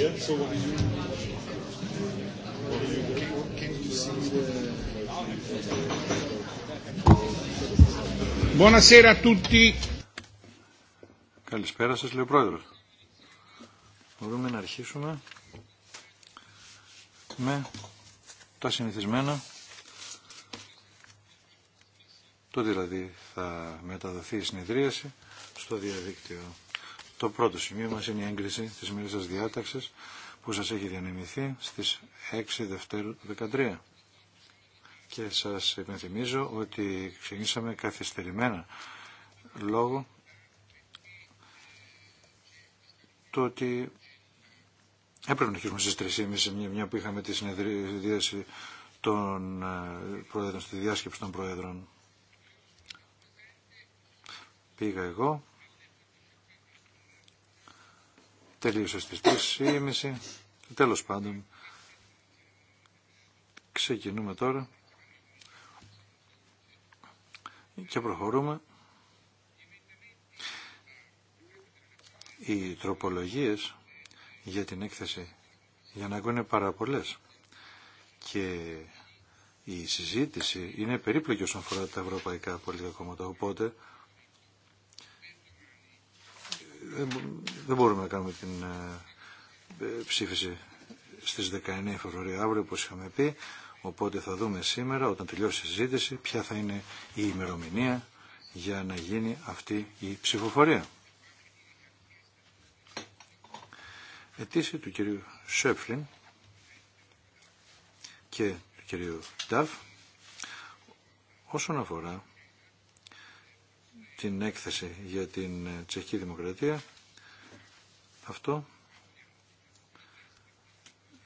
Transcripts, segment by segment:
Yeah, so what did you What did you working what came to see the... Buonasera a tutti. Καλησπέρα σας, λέει ο Πρόεδρος. Μπορούμε να αρχίσουμε με τα συνηθισμένα. Τότε δηλαδή θα μεταδοθεί η συνεδρίαση στο διαδίκτυο. Το πρώτο σημείο μας είναι η έγκριση της μίλησας διάταξης που σας έχει διανεμηθεί στις 6 Δευτέρου του 2013. Και σας υπενθυμίζω ότι ξεκινήσαμε καθυστερημένα λόγω του ότι έπρεπε να αρχίσουμε στις 3.30 μια, μια που είχαμε τη συνεδρίαση των ε, Προέδρων, στη διάσκεψη των Προέδρων. Πήγα εγώ τελείωσε στις 3.30. Τέλος πάντων, ξεκινούμε τώρα και προχωρούμε. Οι τροπολογίες για την έκθεση για να πάρα παραπολές και η συζήτηση είναι περίπλοκη όσον αφορά τα ευρωπαϊκά πολιτικά κόμματα οπότε δεν μπορούμε να κάνουμε την ε, ε, ψήφιση στις 19 Φεβρουαρίου αύριο όπως είχαμε πει οπότε θα δούμε σήμερα όταν τελειώσει η συζήτηση ποια θα είναι η ημερομηνία για να γίνει αυτή η ψηφοφορία. Ετήση του κυρίου Σέφλιν και του κυρίου Νταφ όσον αφορά την έκθεση για την ε, τσεχική δημοκρατία. Αυτό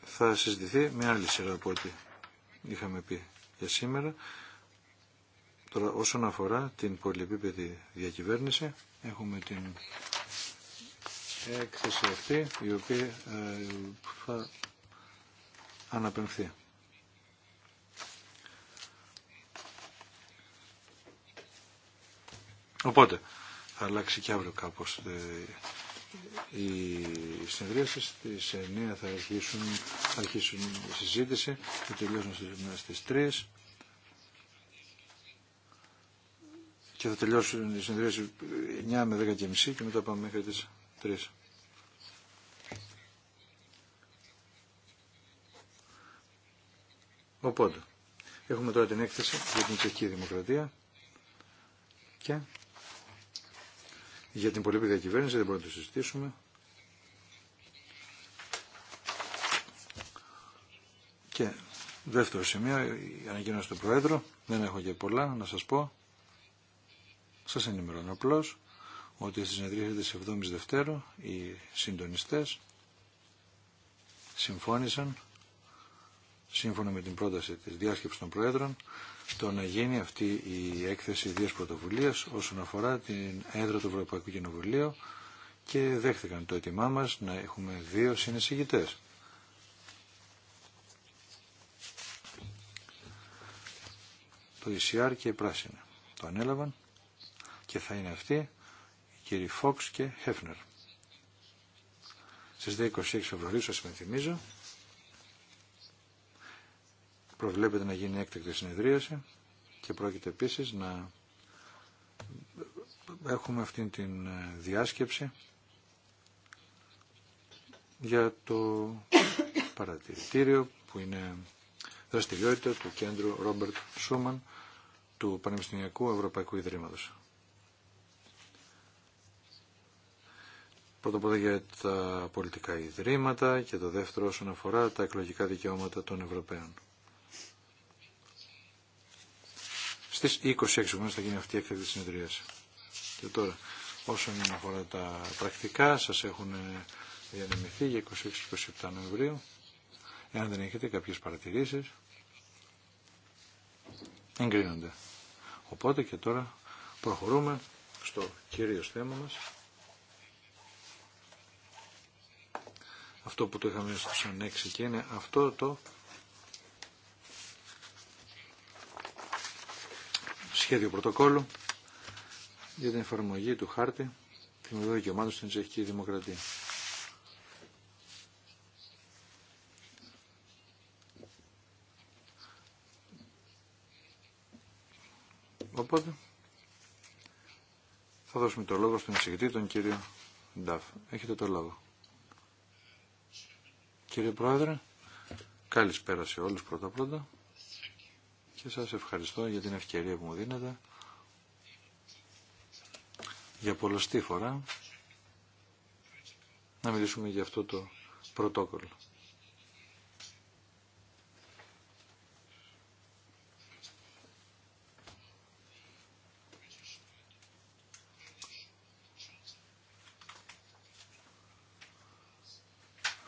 θα συζητηθεί με άλλη σειρά από ό,τι είχαμε πει για σήμερα. Τώρα όσον αφορά την πολυεπίπεδη διακυβέρνηση έχουμε την έκθεση αυτή η οποία ε, θα αναπαιμφθεί. Οπότε, θα αλλάξει και αύριο κάπως οι ε, συνεδρίαση στις 9 θα αρχίσουν, θα αρχίσουν η συζήτηση και τελειώσουν στις 3 και θα τελειώσουν οι συνεδρίασεις 9 με 10 και μισή και μετά πάμε μέχρι τις 3. Οπότε, έχουμε τώρα την έκθεση για την Τσεχική Δημοκρατία και για την πολιτική κυβέρνηση, δεν μπορούμε να το συζητήσουμε. Και δεύτερο σημείο, η ανακοίνωση του Προέδρου, δεν έχω και πολλά να σας πω. Σας ενημερώνω απλώ ότι στη συνεδρία της 7ης Δευτέρου οι συντονιστές συμφώνησαν σύμφωνα με την πρόταση της διάσκεψης των Προέδρων, το να γίνει αυτή η έκθεση δύο πρωτοβουλίας όσον αφορά την έδρα του Ευρωπαϊκού Κοινοβουλίου και δέχθηκαν το έτοιμά μας να έχουμε δύο συνεισηγητές. Το ECR και η Πράσινη το ανέλαβαν και θα είναι αυτοί οι κύριοι Φόξ και Χέφνερ. Στις 26 Φεβρουαρίου σας θυμίζω προβλέπεται να γίνει έκτακτη συνεδρίαση και πρόκειται επίσης να έχουμε αυτήν την ε, διάσκεψη για το παρατηρητήριο που είναι δραστηριότητα του κέντρου Ρόμπερτ Σούμαν του Πανεπιστημιακού Ευρωπαϊκού Ιδρύματος. Πρώτα απ' για τα πολιτικά ιδρύματα και το δεύτερο όσον αφορά τα εκλογικά δικαιώματα των Ευρωπαίων. στι 26 Οκτωβρίου θα γίνει αυτή η τη συνεδρία. Και τώρα, όσον αφορά τα πρακτικά, σας έχουν ε, διανεμηθεί για 26-27 Νοεμβρίου. Εάν δεν έχετε κάποιες παρατηρήσεις, εγκρίνονται. Οπότε και τώρα προχωρούμε στο κυρίως θέμα μας. Αυτό που το είχαμε στους ανέξει και είναι αυτό το σχέδιο πρωτοκόλλου για την εφαρμογή του χάρτη θεμελιωδών δικαιωμάτων στην Τσεχική Δημοκρατία. Οπότε θα δώσουμε το λόγο στον εισηγητή, τον κύριο Νταφ. Έχετε το λόγο. Κύριε Πρόεδρε, καλησπέρα σε όλους πρώτα-πρώτα και σας ευχαριστώ για την ευκαιρία που μου δίνετε για πολλωστή φορά να μιλήσουμε για αυτό το πρωτόκολλο.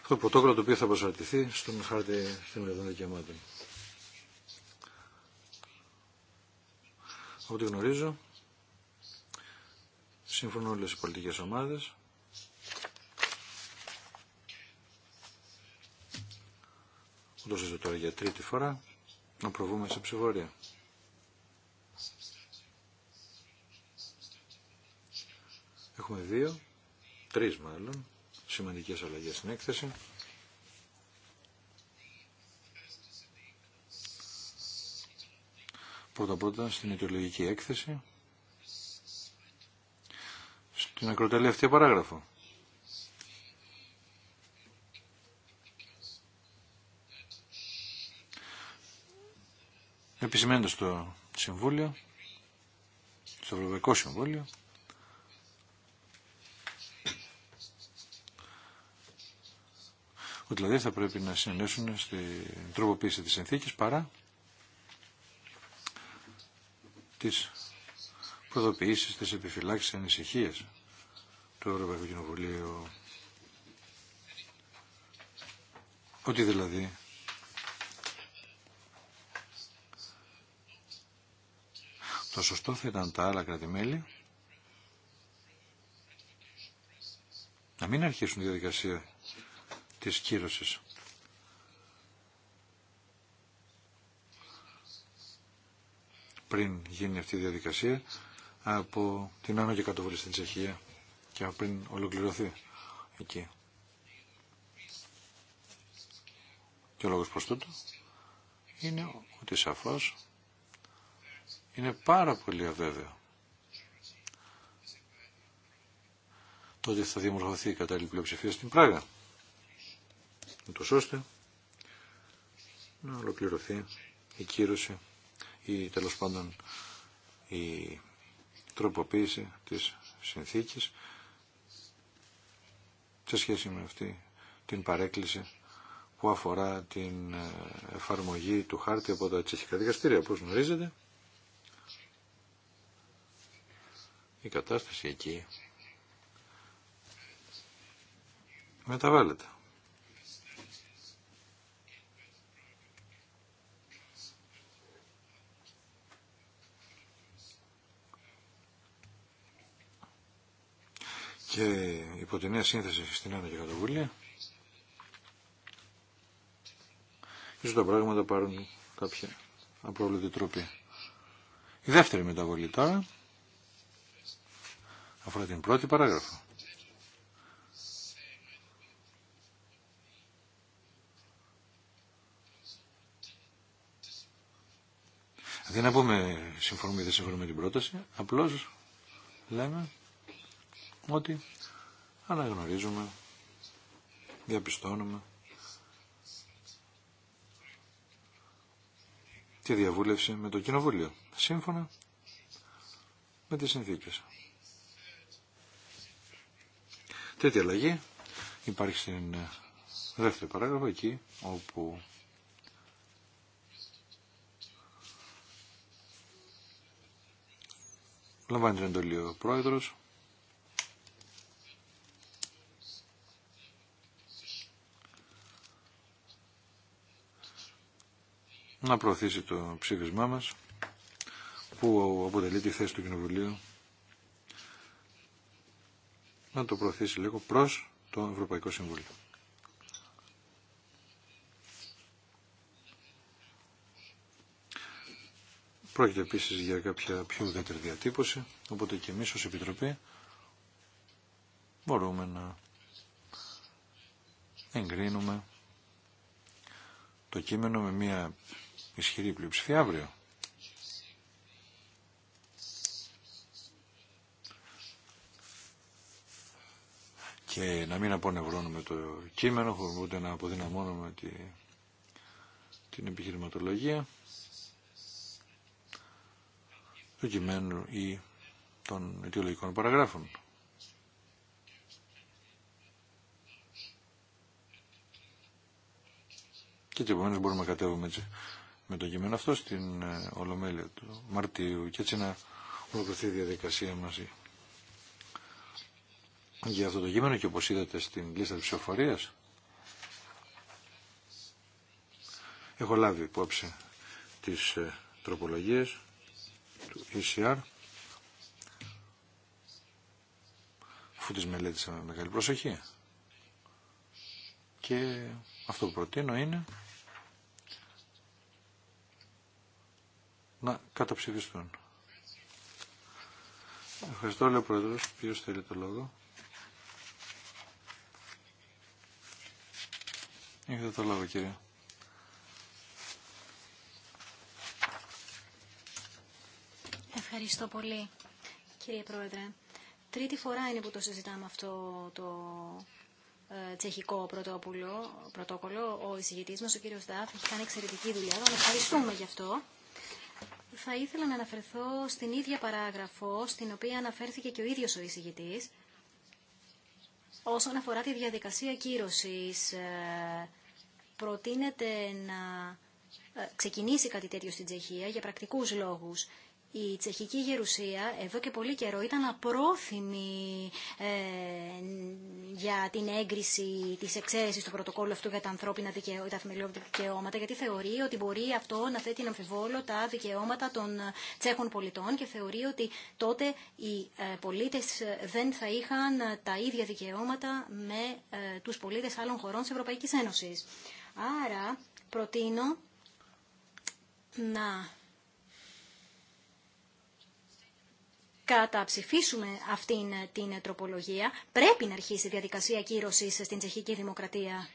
Το πρωτόκολλο το οποίο θα προσαρτηθεί στον χάρτη των δικαιωμάτων. ό,τι γνωρίζω, σύμφωνα όλες οι πολιτικές ομάδες. Ούτως τώρα για τρίτη φορά να προβούμε σε ψηφορία. Έχουμε δύο, τρεις μάλλον, σημαντικές αλλαγές στην έκθεση. πρώτα-πρώτα στην αιτιολογική έκθεση, στην αυτή παράγραφο. Επισημαίνεται στο Συμβούλιο, στο Ευρωπαϊκό Συμβούλιο, ότι δηλαδή θα πρέπει να συνενέσουν στην τροποποίηση της συνθήκης παρά τις προδοποιήσεις, τις επιφυλάξεις, ανησυχίες του Ευρωπαϊκού Κοινοβουλίου. Ότι δηλαδή το σωστό θα ήταν τα άλλα κρατημέλη να μην αρχίσουν τη διαδικασία της κύρωσης πριν γίνει αυτή η διαδικασία από την Άνω και Κατοβουλή στην Τσεχία και πριν ολοκληρωθεί εκεί. Και ο λόγος προς τούτο είναι ότι σαφώς είναι πάρα πολύ αβέβαιο το ότι θα δημορφωθεί η κατάλληλη πλειοψηφία στην Πράγα. Ούτως ώστε να ολοκληρωθεί η κύρωση ή τέλο πάντων η τροποποίηση της συνθήκης σε σχέση με αυτή την παρέκκληση που αφορά την ε, εφαρμογή του χάρτη από τα τσεχικά δικαστήρια, όπως γνωρίζετε. Η κατάσταση εκεί μεταβάλλεται. και υπό τη νέα σύνθεση στην Άννα και Καταβούλια ίσως τα πράγματα πάρουν κάποια απρόβλητη τροπή. Η δεύτερη μεταβολή τώρα αφορά την πρώτη παράγραφο. Δεν να πούμε συμφωνούμε ή δεν συμφωνούμε την πρόταση, απλώς λέμε ότι αναγνωρίζουμε, διαπιστώνουμε τη διαβούλευση με το Κοινοβούλιο, σύμφωνα με τις συνθήκες. Τέτοια αλλαγή υπάρχει στην δεύτερη παράγραφο εκεί όπου λαμβάνει την εντολή ο πρόεδρος να προωθήσει το ψήφισμά μας που αποτελεί τη θέση του Κοινοβουλίου να το προωθήσει λίγο προς το Ευρωπαϊκό Συμβούλιο. Πρόκειται επίσης για κάποια πιο ουδέτερη διατύπωση, οπότε και εμείς ως Επιτροπή μπορούμε να εγκρίνουμε το κείμενο με μια ισχυρή πλειοψηφία αύριο. Και να μην απονευρώνουμε το κείμενο, ούτε να αποδυναμώνουμε τη, την επιχειρηματολογία του κειμένου ή των αιτιολογικών παραγράφων. Και τι επομένως μπορούμε να κατέβουμε έτσι με το κείμενο αυτό στην ε, Ολομέλεια του Μαρτίου και έτσι να ολοκληρωθεί η διαδικασία μαζί. Για αυτό το κείμενο και όπως είδατε στην λίστα της ψηφοφορίας έχω λάβει υπόψη τις ε, τροπολογίες του ECR αφού τις μελέτησα με μεγάλη προσοχή και αυτό που προτείνω είναι να καταψηφιστούν. Ευχαριστώ, λέει ο Πρόεδρος. Ποιος θέλει το λόγο. Έχετε το λόγο, κύριε. Ευχαριστώ πολύ, κύριε Πρόεδρε. Τρίτη φορά είναι που το συζητάμε αυτό το ε, τσεχικό πρωτόκολλο. Ο εισηγητής μας, ο κύριος Δάφ, έχει κάνει εξαιρετική δουλειά. Τον ευχαριστούμε γι' αυτό θα ήθελα να αναφερθώ στην ίδια παράγραφο, στην οποία αναφέρθηκε και ο ίδιος ο εισηγητής, όσον αφορά τη διαδικασία κύρωσης. Ε, προτείνεται να ε, ξεκινήσει κάτι τέτοιο στην Τσεχία για πρακτικούς λόγους η τσεχική γερουσία εδώ και πολύ καιρό ήταν απρόθυμη ε, για την έγκριση τη εξαίρεση του πρωτοκόλλου αυτού για τα ανθρώπινα τα δικαιώματα, γιατί θεωρεί ότι μπορεί αυτό να θέτει την αμφιβόλο τα δικαιώματα των ε, τσέχων πολιτών και θεωρεί ότι τότε οι ε, πολίτες δεν θα είχαν τα ίδια δικαιώματα με τους πολίτες άλλων χωρών τη Ευρωπαϊκή Ένωση. Άρα προτείνω να καταψηφίσουμε αυτήν ε, την ε, τροπολογία, πρέπει να αρχίσει η διαδικασία κύρωσης ε, στην τσεχική δημοκρατία.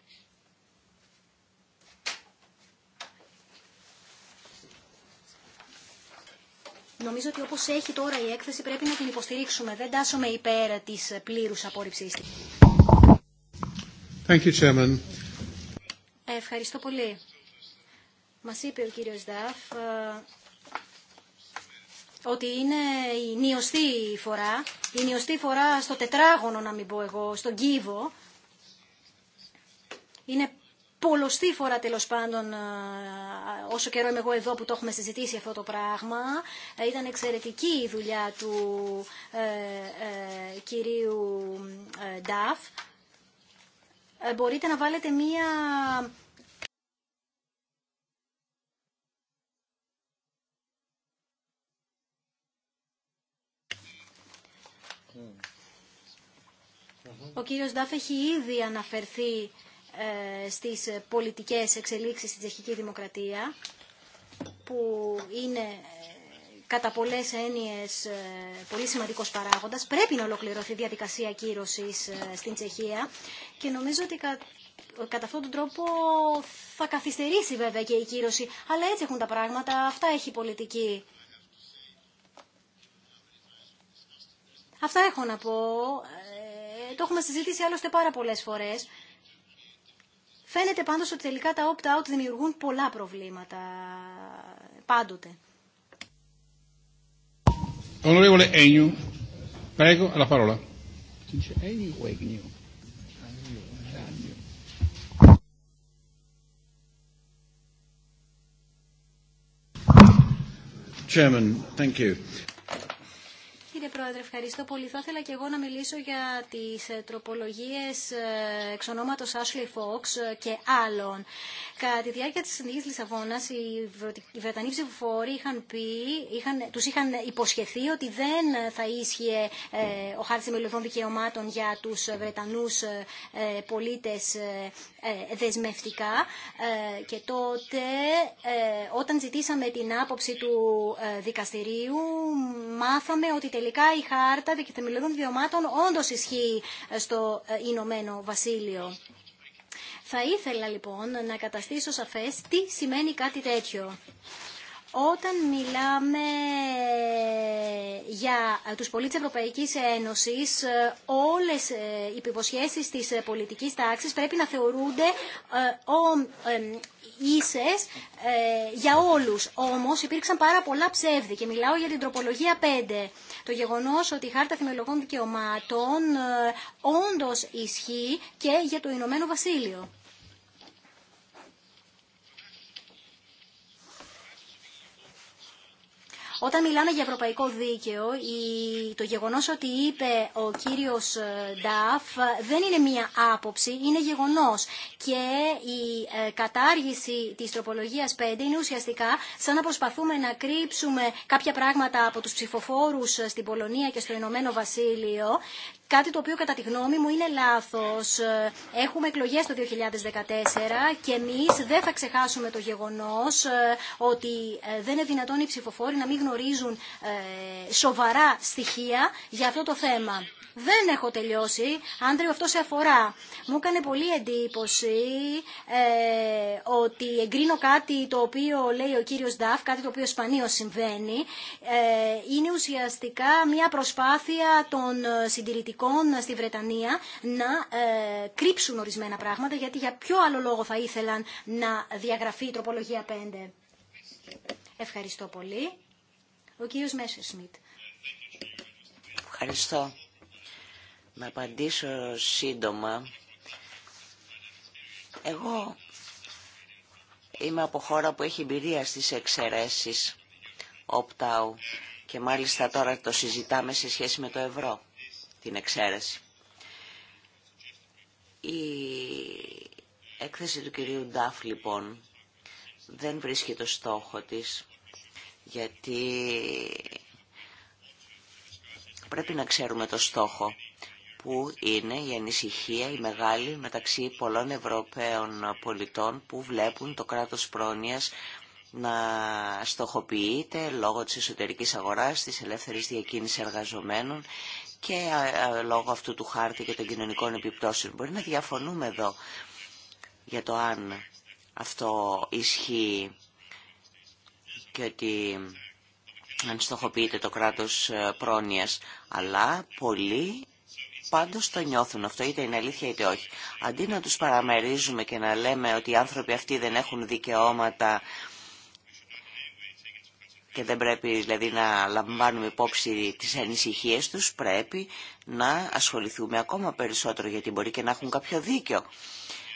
Νομίζω ότι όπως έχει τώρα η έκθεση πρέπει να την υποστηρίξουμε. Δεν τάσσομαι υπέρ της πλήρους απόρριψής Thank you, Ευχαριστώ πολύ. Μας είπε ο κύριος Δαφ ότι είναι η νιωστή φορά, η νιωστή φορά στο τετράγωνο να μην πω εγώ, στον κύβο. Είναι πολλωστή φορά τέλο πάντων όσο καιρό είμαι εγώ εδώ που το έχουμε συζητήσει αυτό το πράγμα. Ε, ήταν εξαιρετική η δουλειά του ε, ε, κυρίου Νταφ. Μπορείτε να βάλετε μία Ο κύριος Ντάφ έχει ήδη αναφερθεί ε, στις πολιτικές εξελίξεις στην Τσεχική Δημοκρατία που είναι ε, κατά πολλές έννοιες ε, πολύ σημαντικός παράγοντας. Πρέπει να ολοκληρωθεί η διαδικασία κύρωσης στην Τσεχία και νομίζω ότι κατά αυτόν τον τρόπο θα καθυστερήσει βέβαια και η κύρωση. Αλλά έτσι έχουν τα πράγματα, αυτά έχει η πολιτική. Αυτά έχω να πω το έχουμε συζητήσει άλλωστε πάρα πολλέ φορέ. Φαίνεται πάντως ότι τελικά τα opt-out δημιουργούν πολλά προβλήματα πάντοτε. Onorevole prego, parola. Chairman, thank you κύριε Πρόεδρε, ευχαριστώ πολύ. Θα ήθελα και εγώ να μιλήσω για τις ε, τροπολογίες ε, εξ ονόματος Ashley Fox ε, και άλλων. Κατά τη διάρκεια της συνδίκη Λισαβόνας, οι Βρετανοί ψηφοφόροι είχαν πει, είχαν, τους είχαν υποσχεθεί ότι δεν θα ίσχυε ο χάρτης μελλοντών δικαιωμάτων για τους Βρετανούς πολίτες δεσμευτικά. και τότε, όταν ζητήσαμε την άποψη του δικαστηρίου, μάθαμε ότι τελικά τελικά η χάρτα και θεμελιωδών βιωμάτων όντως ισχύει ε, στο ε, Ηνωμένο Βασίλειο. Θα ήθελα λοιπόν να καταστήσω σαφές τι σημαίνει κάτι τέτοιο. Όταν μιλάμε για ε, τους πολίτες Ευρωπαϊκής Ένωσης, ε, όλες ε, οι υποσχέσεις της πολιτικής τάξης πρέπει να θεωρούνται ίσες για όλους. Όμως υπήρξαν πάρα πολλά ψεύδη και μιλάω για την τροπολογία 5. Το γεγονός ότι η Χάρτα και Δικαιωμάτων όντως ισχύει και για το Ηνωμένο Βασίλειο. Όταν μιλάμε για ευρωπαϊκό δίκαιο, το γεγονός ότι είπε ο κύριος ε, Νταφ δεν είναι μία άποψη, είναι γεγονός. Και η ε, κατάργηση της τροπολογίας 5 είναι ουσιαστικά σαν να προσπαθούμε να κρύψουμε κάποια πράγματα από τους ψηφοφόρους ε, στην Πολωνία και στο Ηνωμένο Βασίλειο Κάτι το οποίο κατά τη γνώμη μου είναι λάθος. Ε, έχουμε εκλογές το 2014 και εμείς δεν θα ξεχάσουμε το γεγονός ε, ότι ε, δεν είναι δυνατόν οι ψηφοφόροι να μην γνωρίζουν σοβαρά στοιχεία για αυτό το θέμα. Δεν έχω τελειώσει. Άντριο, αυτό σε αφορά. Μου έκανε πολύ εντύπωση ότι εγκρίνω κάτι το οποίο λέει ο κύριος Νταφ, κάτι το οποίο σπανίω συμβαίνει. είναι ουσιαστικά μια προσπάθεια των συντηρητικών πολιτικών ε, στη Βρετανία να ε, κρύψουν ορισμένα πράγματα, γιατί για ποιο άλλο λόγο θα ήθελαν να διαγραφεί η τροπολογία 5. Ευχαριστώ πολύ. Ο κύριος Μέσερ Ευχαριστώ. Να απαντήσω σύντομα. Εγώ είμαι από χώρα που έχει εμπειρία στις εξαιρέσεις και μάλιστα τώρα το συζητάμε σε σχέση με το ευρώ την εξαίρεση. Η έκθεση του κυρίου Ντάφ, λοιπόν, δεν βρίσκει το στόχο της, γιατί πρέπει να ξέρουμε το στόχο που είναι η ανησυχία, η μεγάλη μεταξύ πολλών Ευρωπαίων πολιτών που βλέπουν το κράτος πρόνοιας να στοχοποιείται λόγω της εσωτερικής αγοράς, της ελεύθερης διακίνησης εργαζομένων και λόγω αυτού του χάρτη και των κοινωνικών επιπτώσεων. Μπορεί να διαφωνούμε εδώ για το αν αυτό ισχύει και ότι αν στοχοποιείται το κράτος ε, πρόνοιας, αλλά πολλοί πάντως το νιώθουν αυτό, είτε είναι αλήθεια είτε όχι. Αντί να τους παραμερίζουμε και να λέμε ότι οι άνθρωποι αυτοί δεν έχουν δικαιώματα και δεν πρέπει δηλαδή να λαμβάνουμε υπόψη τις ανησυχίες τους, πρέπει να ασχοληθούμε ακόμα περισσότερο γιατί μπορεί και να έχουν κάποιο δίκιο.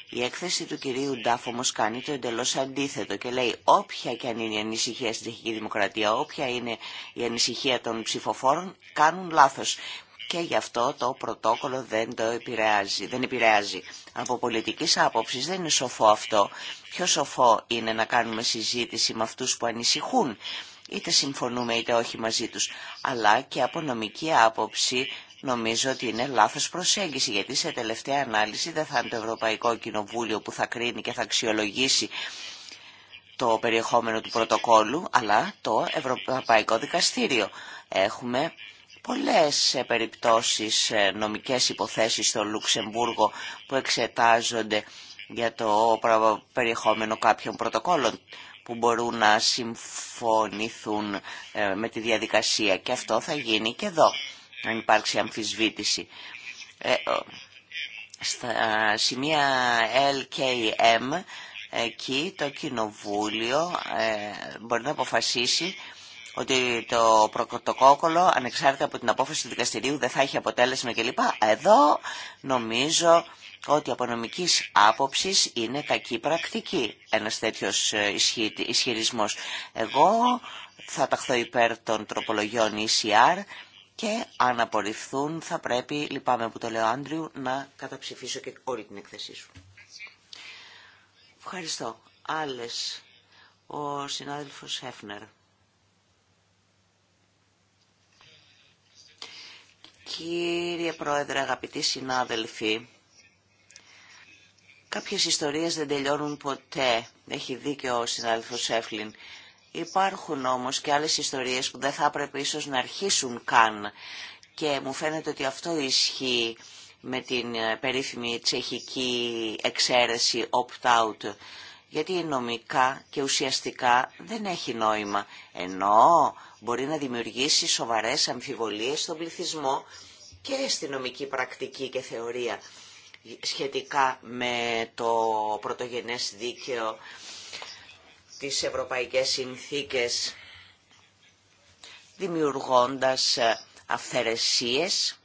Η έκθεση του κυρίου Ντάφ κάνει το εντελώς αντίθετο και λέει όποια και αν είναι η ανησυχία στην τεχνική δημοκρατία, όποια είναι η ανησυχία των ψηφοφόρων, κάνουν λάθος. Και γι' αυτό το πρωτόκολλο δεν το επηρεάζει. Δεν επηρεάζει. Από πολιτική άποψη, δεν είναι σοφό αυτό. Πιο σοφό είναι να κάνουμε συζήτηση με αυτούς που ανησυχούν είτε συμφωνούμε είτε όχι μαζί τους. Αλλά και από νομική άποψη νομίζω ότι είναι λάθος προσέγγιση, γιατί σε τελευταία ανάλυση δεν θα είναι το Ευρωπαϊκό Κοινοβούλιο που θα κρίνει και θα αξιολογήσει το περιεχόμενο του πρωτοκόλλου αλλά το Ευρωπαϊκό Δικαστήριο. Έχουμε πολλές ε, περιπτώσεις ε, νομικές υποθέσεις στο Λουξεμβούργο που εξετάζονται για το περιεχόμενο κάποιων πρωτοκόλλων που μπορούν να συμφωνηθούν ε, με τη διαδικασία. Και αυτό θα γίνει και εδώ, αν υπάρξει αμφισβήτηση. Ε, στα σημεία LKM, εκεί το Κοινοβούλιο ε, μπορεί να αποφασίσει ότι το πρωτοκόκολο ανεξάρτητα από την απόφαση του δικαστηρίου δεν θα έχει αποτέλεσμα κλπ. Εδώ νομίζω ότι από νομικής άποψης είναι κακή πρακτική ένας τέτοιος ε, ισχυρισμός. Εγώ θα ταχθώ υπέρ των τροπολογιών ECR και αν απορριφθούν θα πρέπει, λυπάμαι που το λέω Άντριου, να καταψηφίσω και όλη την εκθεσή σου. Ευχαριστώ. Άλλες. Ο συνάδελφος Έφνερ. Κύριε Πρόεδρε, αγαπητοί συνάδελφοι, κάποιες ιστορίες δεν τελειώνουν ποτέ. Έχει δίκιο ο συνάδελφος Σέφλιν. Υπάρχουν όμως και άλλες ιστορίες που δεν θα έπρεπε ίσως να αρχίσουν καν. Και μου φαίνεται ότι αυτό ισχύει με την περίφημη τσεχική εξαίρεση opt-out γιατί νομικά και ουσιαστικά δεν έχει νόημα. Ενώ μπορεί να δημιουργήσει σοβαρές αμφιβολίες στον πληθυσμό και στη νομική πρακτική και θεωρία σχετικά με το πρωτογενές δίκαιο, τις ευρωπαϊκές συνθήκες, δημιουργώντας ε, αυθαιρεσίες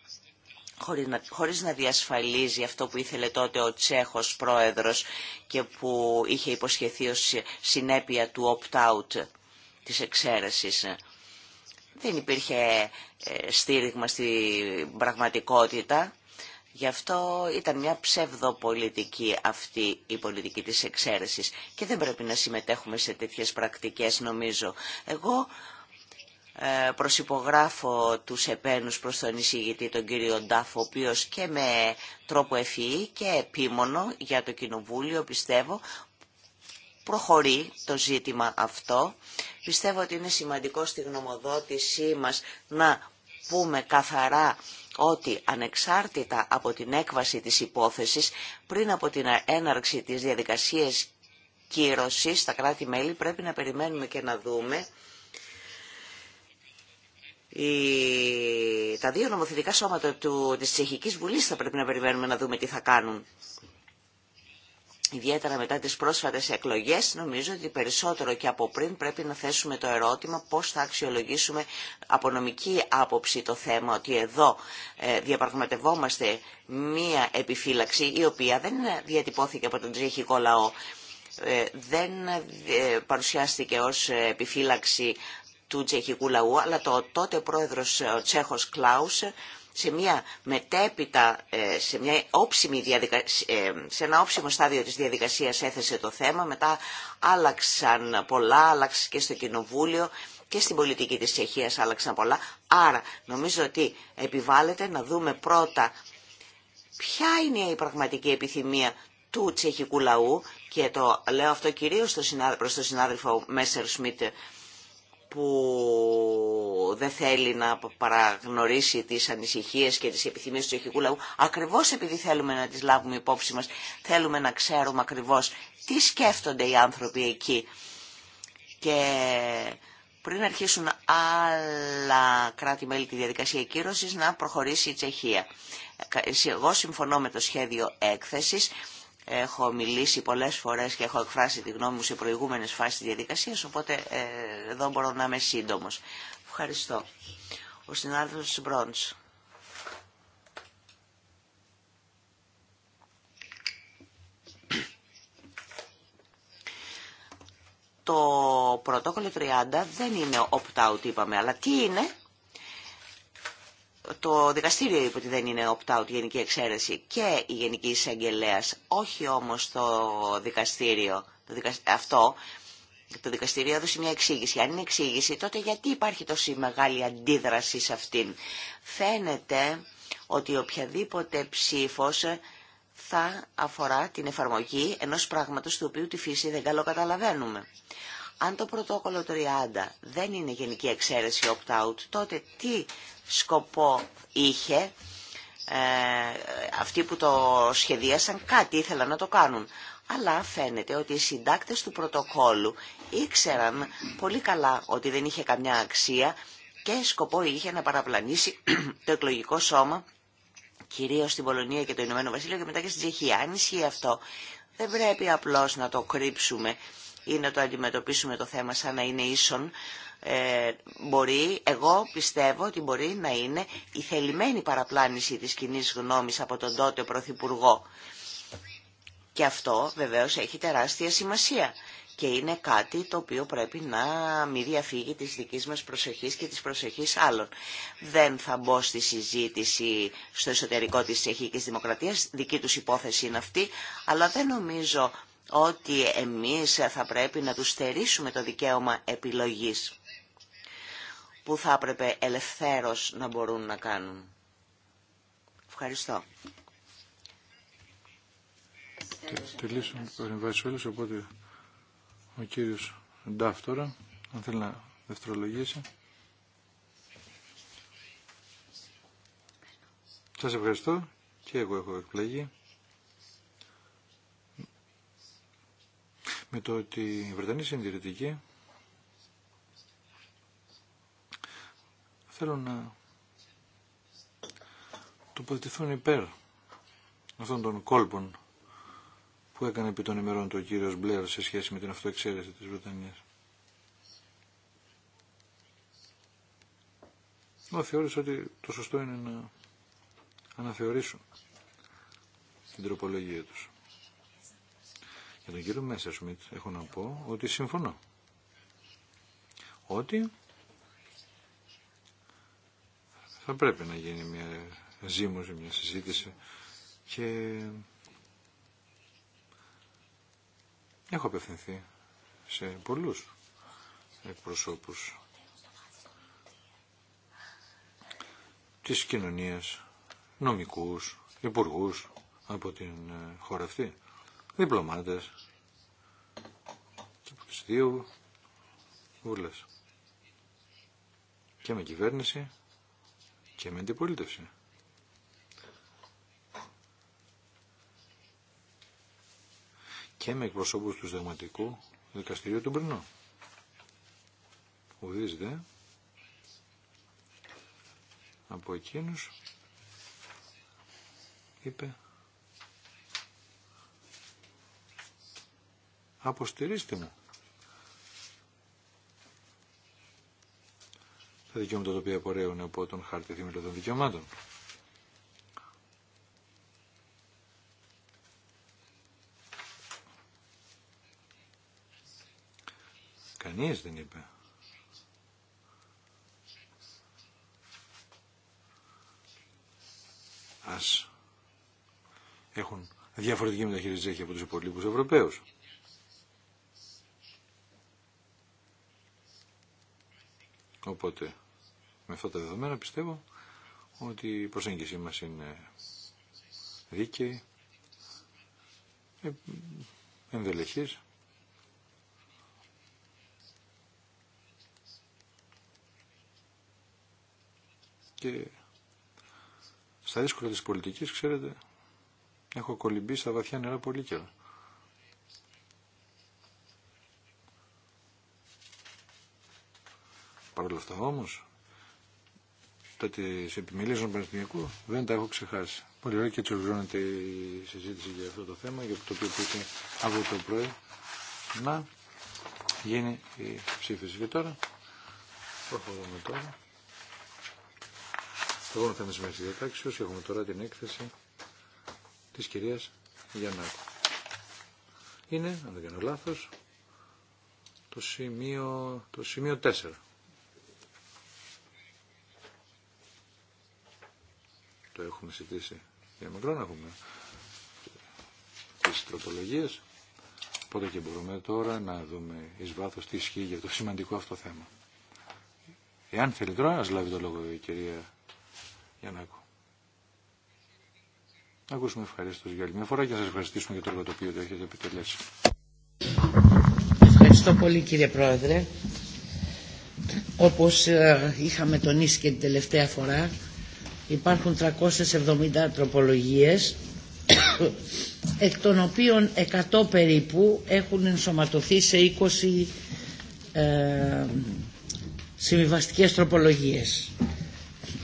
χωρίς να, χωρίς να διασφαλίζει αυτό που ήθελε τότε ο Τσέχος πρόεδρος και που είχε υποσχεθεί ως συνέπεια του opt-out της εξαίρεσης. Δεν υπήρχε ε, στήριγμα στην πραγματικότητα, γι' αυτό ήταν μια ψευδοπολιτική αυτή η πολιτική της εξαίρεσης και δεν πρέπει να συμμετέχουμε σε τέτοιες πρακτικές νομίζω. Εγώ ε, προσυπογράφω τους επένους προς τον εισηγητή τον κύριο Ντάφ, ο οποίος και με τρόπο ευφυή και επίμονο για το Κοινοβούλιο, πιστεύω, προχωρεί το ζήτημα αυτό. Πιστεύω ότι είναι σημαντικό στη γνωμοδότησή μας να πούμε καθαρά ότι ανεξάρτητα από την έκβαση της υπόθεσης, πριν από την έναρξη της διαδικασίας κύρωσης στα κράτη-μέλη, πρέπει να περιμένουμε και να δούμε η... Τα δύο νομοθετικά σώματα του... της Τσεχικής Βουλής θα πρέπει να περιμένουμε να δούμε τι θα κάνουν. Ιδιαίτερα μετά τις πρόσφατες εκλογές, νομίζω ότι περισσότερο και από πριν πρέπει να θέσουμε το ερώτημα πώς θα αξιολογήσουμε από νομική άποψη το θέμα ότι εδώ ε, διαπραγματευόμαστε μία επιφύλαξη η οποία δεν διατυπώθηκε από τον τσεχικό λαό ε, δεν ε, παρουσιάστηκε ως επιφύλαξη του τσεχικού λαού, αλλά το τότε πρόεδρος ε, ο Τσέχος Κλάους ε, σε μια μετέπειτα, ε, σε, μια όψιμη διαδικα... σε ένα όψιμο στάδιο της διαδικασίας έθεσε το θέμα, μετά άλλαξαν πολλά, άλλαξε και στο κοινοβούλιο και στην πολιτική της Τσεχίας άλλαξαν πολλά. Άρα νομίζω ότι επιβάλλεται να δούμε πρώτα ποια είναι η πραγματική επιθυμία του τσεχικού λαού και το λέω αυτό κυρίως προς τον συνάδελφο Μέσερ Σμιτ που δεν θέλει να παραγνωρίσει τις ανησυχίες και τις επιθυμίες του τσεχικού λαού, ακριβώς επειδή θέλουμε να τις λάβουμε υπόψη μας, θέλουμε να ξέρουμε ακριβώς τι σκέφτονται οι άνθρωποι εκεί. Και πριν αρχίσουν άλλα κράτη-μέλη τη διαδικασία κύρωσης, να προχωρήσει η Τσεχία. Ε, ε, εγώ συμφωνώ με το σχέδιο έκθεσης Έχω μιλήσει πολλές φορές και έχω εκφράσει τη γνώμη μου σε προηγούμενες φάσεις της διαδικασίας, οπότε ε, εδώ μπορώ να είμαι σύντομος. Ευχαριστώ. Ο συνάδελφος Μπρόντς. Το πρωτόκολλο 30 δεν είναι opt-out είπαμε, αλλά τι είναι το δικαστήριο είπε ότι δεν είναι opt-out γενική εξαίρεση και η γενική εισαγγελέα, όχι όμως το δικαστήριο το αυτό. Το δικαστήριο έδωσε μια εξήγηση. Αν είναι εξήγηση, τότε γιατί υπάρχει τόση μεγάλη αντίδραση σε αυτήν. Φαίνεται ότι οποιαδήποτε ψήφος θα αφορά την εφαρμογή ενός πράγματος του οποίου τη φύση δεν καλό καταλαβαίνουμε. Αν το πρωτόκολλο 30 δεν είναι γενική εξαίρεση opt-out, τότε τι σκοπό είχε ε, αυτοί που το σχεδίασαν κάτι ήθελαν να το κάνουν. Αλλά φαίνεται ότι οι συντάκτες του πρωτοκόλλου ήξεραν πολύ καλά ότι δεν είχε καμιά αξία και σκοπό είχε να παραπλανήσει το εκλογικό σώμα κυρίως στην Πολωνία και το Ηνωμένο Βασίλειο και μετά και στην Τσεχία. Αν ισχύει αυτό, δεν πρέπει απλώς να το κρύψουμε ή να το αντιμετωπίσουμε το θέμα σαν να είναι ίσον. Ε, μπορεί, εγώ πιστεύω ότι μπορεί να είναι η θελημένη παραπλάνηση της κοινή γνώμης από τον τότε Πρωθυπουργό. Και αυτό βεβαίως έχει τεράστια σημασία και είναι κάτι το οποίο πρέπει να μην διαφύγει της δικής μας προσοχής και της προσοχής άλλων. Δεν θα μπω στη συζήτηση στο εσωτερικό της Τσεχικής Δημοκρατίας, δική τους υπόθεση είναι αυτή, αλλά δεν νομίζω ότι εμείς θα πρέπει να τους στερήσουμε το δικαίωμα επιλογής που θα έπρεπε ελευθέρως να μπορούν να κάνουν. Ευχαριστώ. Τελείωσαν οι παρεμβάσεις όλες, οπότε ο κύριος Ντάφ τώρα, αν θέλει να δευτερολογήσει. Σας ευχαριστώ και εγώ έχω εκπλαγεί. με το ότι οι Βρετανοί συντηρητικοί θέλουν να τοποθετηθούν υπέρ αυτών των κόλπων που έκανε επί των ημερών του ο κύριος Μπλερ σε σχέση με την αυτοεξαίρεση της Βρετανίας. Μα θεώρησε ότι το σωστό είναι να αναθεωρήσουν την τροπολογία τους. Για τον κύριο Μέσα Σμιτ έχω να πω ότι συμφωνώ. Ότι θα πρέπει να γίνει μια ζήμωση, μια συζήτηση και έχω απευθυνθεί σε πολλούς εκπροσώπους της κοινωνίας, νομικούς, υπουργούς από την χώρα αυτή διπλωμάτες και από τις δύο βουλές. Και με κυβέρνηση και με αντιπολίτευση. Και με εκπροσώπους του συνταγματικού δικαστηρίου του Μπρινού. ουδείς δε από εκείνους είπε Αποστηρίστε μου. Τα δικαιώματα τα οποία απορρέουν από τον χάρτη θύμιλο των δικαιωμάτων. Κανείς δεν είπε. Ας έχουν διαφορετική μεταχείριση από τους υπολείπους Ευρωπαίους. Οπότε με αυτά τα δεδομένα πιστεύω ότι η προσέγγιση μας είναι δίκαιη, ε, ενδελεχής. Και στα δύσκολα της πολιτικής, ξέρετε, έχω κολυμπήσει στα βαθιά νερά πολύ καιρό. Παρ' όλα αυτά όμως, τα σε επιμελίας των Πανεπιστημιακού δεν τα έχω ξεχάσει. Πολύ ωραία και έτσι ολοκληρώνεται η συζήτηση για αυτό το θέμα, για το οποίο πρέπει αύριο το πρωί να γίνει η ψήφιση. Και τώρα, προχωρούμε τώρα. το θα είμαι σήμερα στη διατάξη, έχουμε τώρα την έκθεση της κυρίας Γιαννάκου. Είναι, αν δεν κάνω λάθος, το σημείο, το σημείο 4. το έχουμε συζητήσει για μικρό να έχουμε τις τροπολογίες. Οπότε και μπορούμε τώρα να δούμε εις βάθος τι ισχύει για το σημαντικό αυτό θέμα. Εάν θέλει τώρα, ας λάβει το λόγο η κυρία Γιαννάκου. Να ακούσουμε ευχαριστώ για άλλη μια φορά και να σας ευχαριστήσουμε για το έργο το οποίο το έχετε επιτελέσει. Ευχαριστώ πολύ κύριε Πρόεδρε. Όπως ε, είχαμε τονίσει και την τελευταία φορά, υπάρχουν 370 τροπολογίες εκ των οποίων 100 περίπου έχουν ενσωματωθεί σε 20 ε, συμβιβαστικές τροπολογίες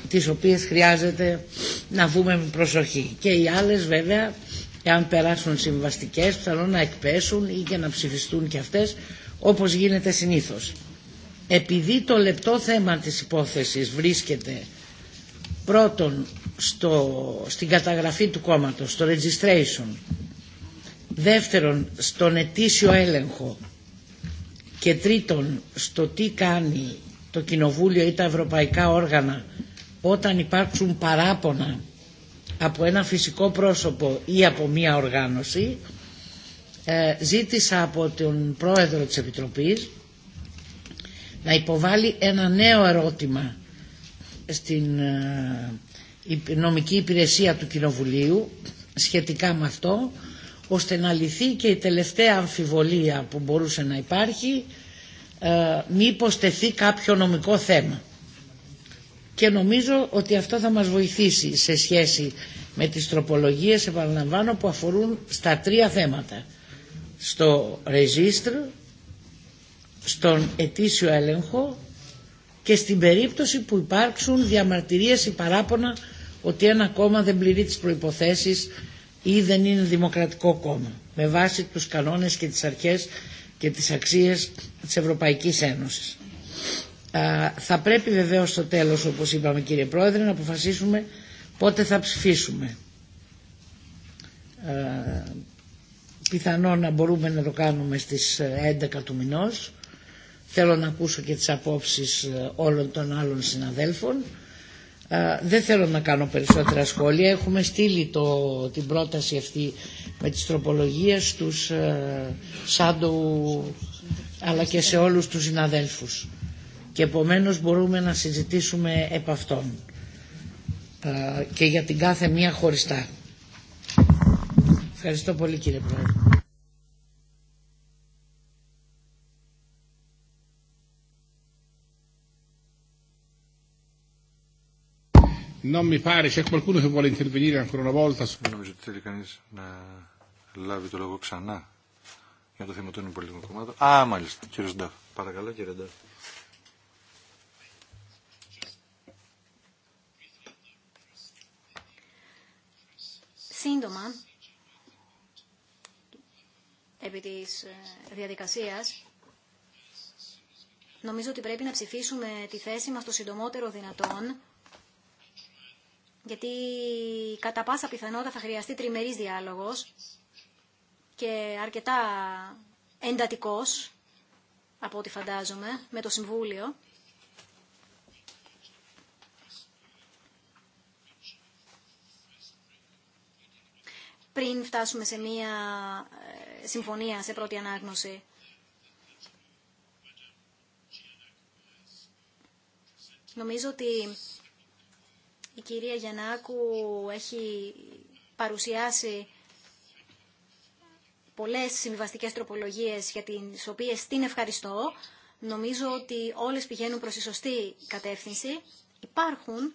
τις οποίες χρειάζεται να βούμε με προσοχή και οι άλλες βέβαια εάν περάσουν συμβαστικές πιθανόν να εκπέσουν ή και να ψηφιστούν και αυτές όπως γίνεται συνήθως. Επειδή το λεπτό θέμα της υπόθεσης βρίσκεται Πρώτον, στο, στην καταγραφή του κόμματος, στο registration. Δεύτερον, στον ετήσιο έλεγχο. Και τρίτον, στο τι κάνει το Κοινοβούλιο ή τα ευρωπαϊκά όργανα όταν υπάρξουν παράπονα από ένα φυσικό πρόσωπο ή από μία οργάνωση ε, ζήτησα από τον πρόεδρο της Επιτροπής να υποβάλει ένα νέο ερώτημα στην ε, νομική υπηρεσία του Κοινοβουλίου σχετικά με αυτό ώστε να λυθεί και η τελευταία αμφιβολία που μπορούσε να υπάρχει ε, μη υποστεθεί κάποιο νομικό θέμα. Και νομίζω ότι αυτό θα μας βοηθήσει σε σχέση με τις τροπολογίες, επαναλαμβάνω, που αφορούν στα τρία θέματα. Στο ρεζίστρ, στον ετήσιο έλεγχο και στην περίπτωση που υπάρξουν διαμαρτυρίες ή παράπονα ότι ένα κόμμα δεν πληρεί τις προϋποθέσεις ή δεν είναι δημοκρατικό κόμμα με βάση τους κανόνες και τις αρχές και τις αξίες της Ευρωπαϊκής Ένωσης. Θα πρέπει βεβαίως στο τέλος, όπως είπαμε κύριε Πρόεδρε, να αποφασίσουμε πότε θα ψηφίσουμε. Πιθανόν να μπορούμε να το κάνουμε στις 11 του μηνός Θέλω να ακούσω και τις απόψεις ε, όλων των άλλων συναδέλφων. Ε, δεν θέλω να κάνω περισσότερα σχόλια. Έχουμε στείλει το, την πρόταση αυτή με τις τροπολογίες στους ε, Σάντου αλλά και σε όλους τους συναδέλφους. Και επομένως μπορούμε να συζητήσουμε επ' αυτών και για την κάθε μία χωριστά. Ευχαριστώ πολύ κύριε Πρόεδρε. Non mi pare, c'è qualcuno che vuole intervenire ancora una volta. Δεν νομίζω ότι θέλει κανεί να λάβει το λόγο ξανά για το θέμα των πολιτικών κομμάτων. Α, μάλιστα, κύριε Σντάφ. Παρακαλώ, κύριε Σντάφ. Σύντομα, επί της ε, διαδικασίας, νομίζω ότι πρέπει να ψηφίσουμε τη θέση μας το συντομότερο δυνατόν γιατί κατά πάσα πιθανότητα θα χρειαστεί τριμερής διάλογος και αρκετά εντατικός, από ό,τι φαντάζομαι, με το Συμβούλιο. πριν φτάσουμε σε μία ε, συμφωνία σε πρώτη ανάγνωση. Νομίζω ότι η κυρία Γιαννάκου έχει παρουσιάσει πολλές συμβιβαστικές τροπολογίες για τις οποίες την ευχαριστώ. Νομίζω ότι όλες πηγαίνουν προς τη σωστή κατεύθυνση. Υπάρχουν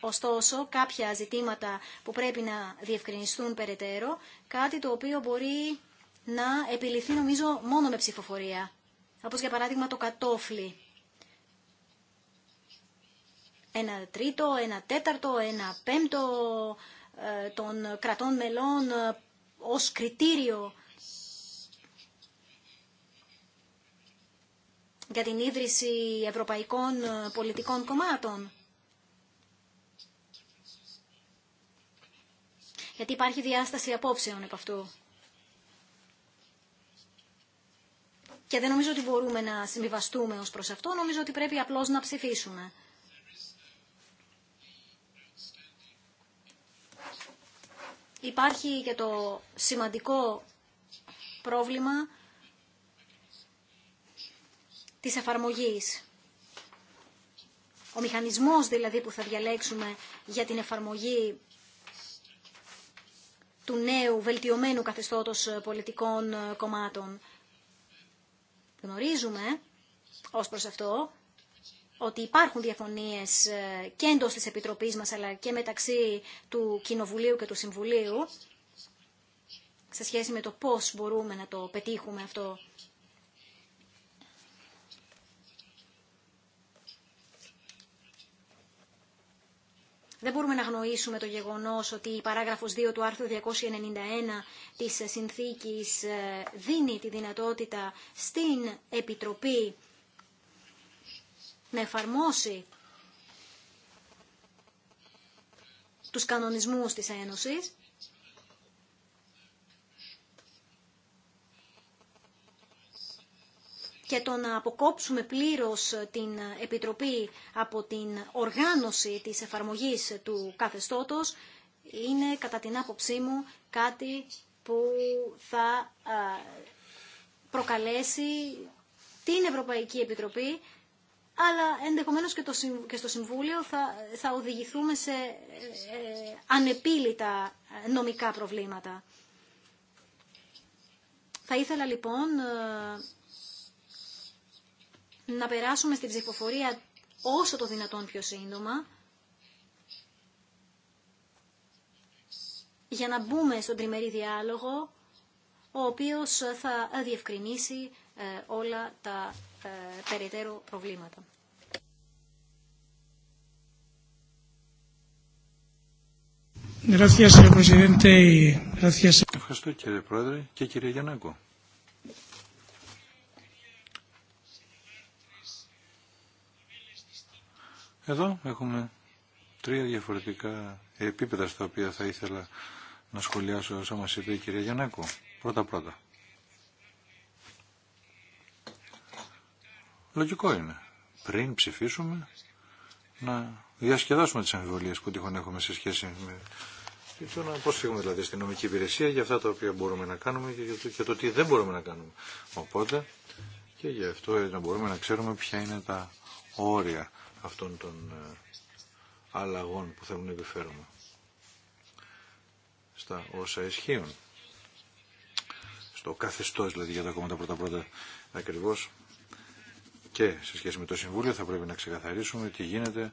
Ωστόσο, κάποια ζητήματα που πρέπει να διευκρινιστούν περαιτέρω, κάτι το οποίο μπορεί να επιληθεί νομίζω μόνο με ψηφοφορία. Όπως για παράδειγμα το κατόφλι ένα τρίτο, ένα τέταρτο, ένα πέμπτο ε, των κρατών μελών ε, ως κριτήριο για την ίδρυση ευρωπαϊκών ε, πολιτικών κομμάτων. Γιατί υπάρχει διάσταση απόψεων επ' αυτού. Και δεν νομίζω ότι μπορούμε να συμβιβαστούμε ως προς αυτό, νομίζω ότι πρέπει απλώς να ψηφίσουμε. Υπάρχει και το σημαντικό πρόβλημα της εφαρμογής. Ο μηχανισμός δηλαδή που θα διαλέξουμε για την εφαρμογή του νέου βελτιωμένου καθεστώτος πολιτικών κομμάτων. Γνωρίζουμε ως προς αυτό ότι υπάρχουν διαφωνίες ε, και εντός της Επιτροπής μας αλλά και μεταξύ του Κοινοβουλίου και του Συμβουλίου σε σχέση με το πώς μπορούμε να το πετύχουμε αυτό. Δεν μπορούμε να γνωρίσουμε το γεγονός ότι η παράγραφος 2 του άρθρου 291 της συνθήκης ε, δίνει τη δυνατότητα στην Επιτροπή να εφαρμόσει τους κανονισμούς της Ένωσης και το να αποκόψουμε πλήρως την Επιτροπή από την οργάνωση της εφαρμογής του καθεστώτος είναι κατά την άποψή μου κάτι που θα ε, προκαλέσει την Ευρωπαϊκή Επιτροπή αλλά ενδεχομένως και, στο Συμβούλιο θα, θα οδηγηθούμε σε ε, ανεπίλητα νομικά προβλήματα. Θα ήθελα λοιπόν ε, να περάσουμε στην ψηφοφορία όσο το δυνατόν πιο σύντομα, για να μπούμε στον τριμερή διάλογο, ο οποίος θα διευκρινίσει ε, όλα τα ε, περιττέρω προβλήματα. Ευχαριστώ κύριε Πρόεδρε και κύριε Γιαννάκο. Εδώ έχουμε τρία διαφορετικά επίπεδα στα οποία θα ήθελα να σχολιάσω όσα μας είπε η κυρία Γιαννάκο. Πρώτα πρώτα. Λογικό είναι. Πριν ψηφίσουμε να διασκεδάσουμε τις αμφιβολίε που τυχόν έχουμε σε σχέση με το να προσφύγουμε δηλαδή στην νομική υπηρεσία για αυτά τα οποία μπορούμε να κάνουμε και για το, τι δεν μπορούμε να κάνουμε. Οπότε και γι' αυτό ε, να μπορούμε να ξέρουμε ποια είναι τα όρια αυτών των ε, αλλαγών που θέλουν να επιφέρουμε στα όσα ισχύουν. Στο καθεστώς δηλαδή για τα κόμματα πρώτα-πρώτα ακριβώς και σε σχέση με το Συμβούλιο θα πρέπει να ξεκαθαρίσουμε τι γίνεται,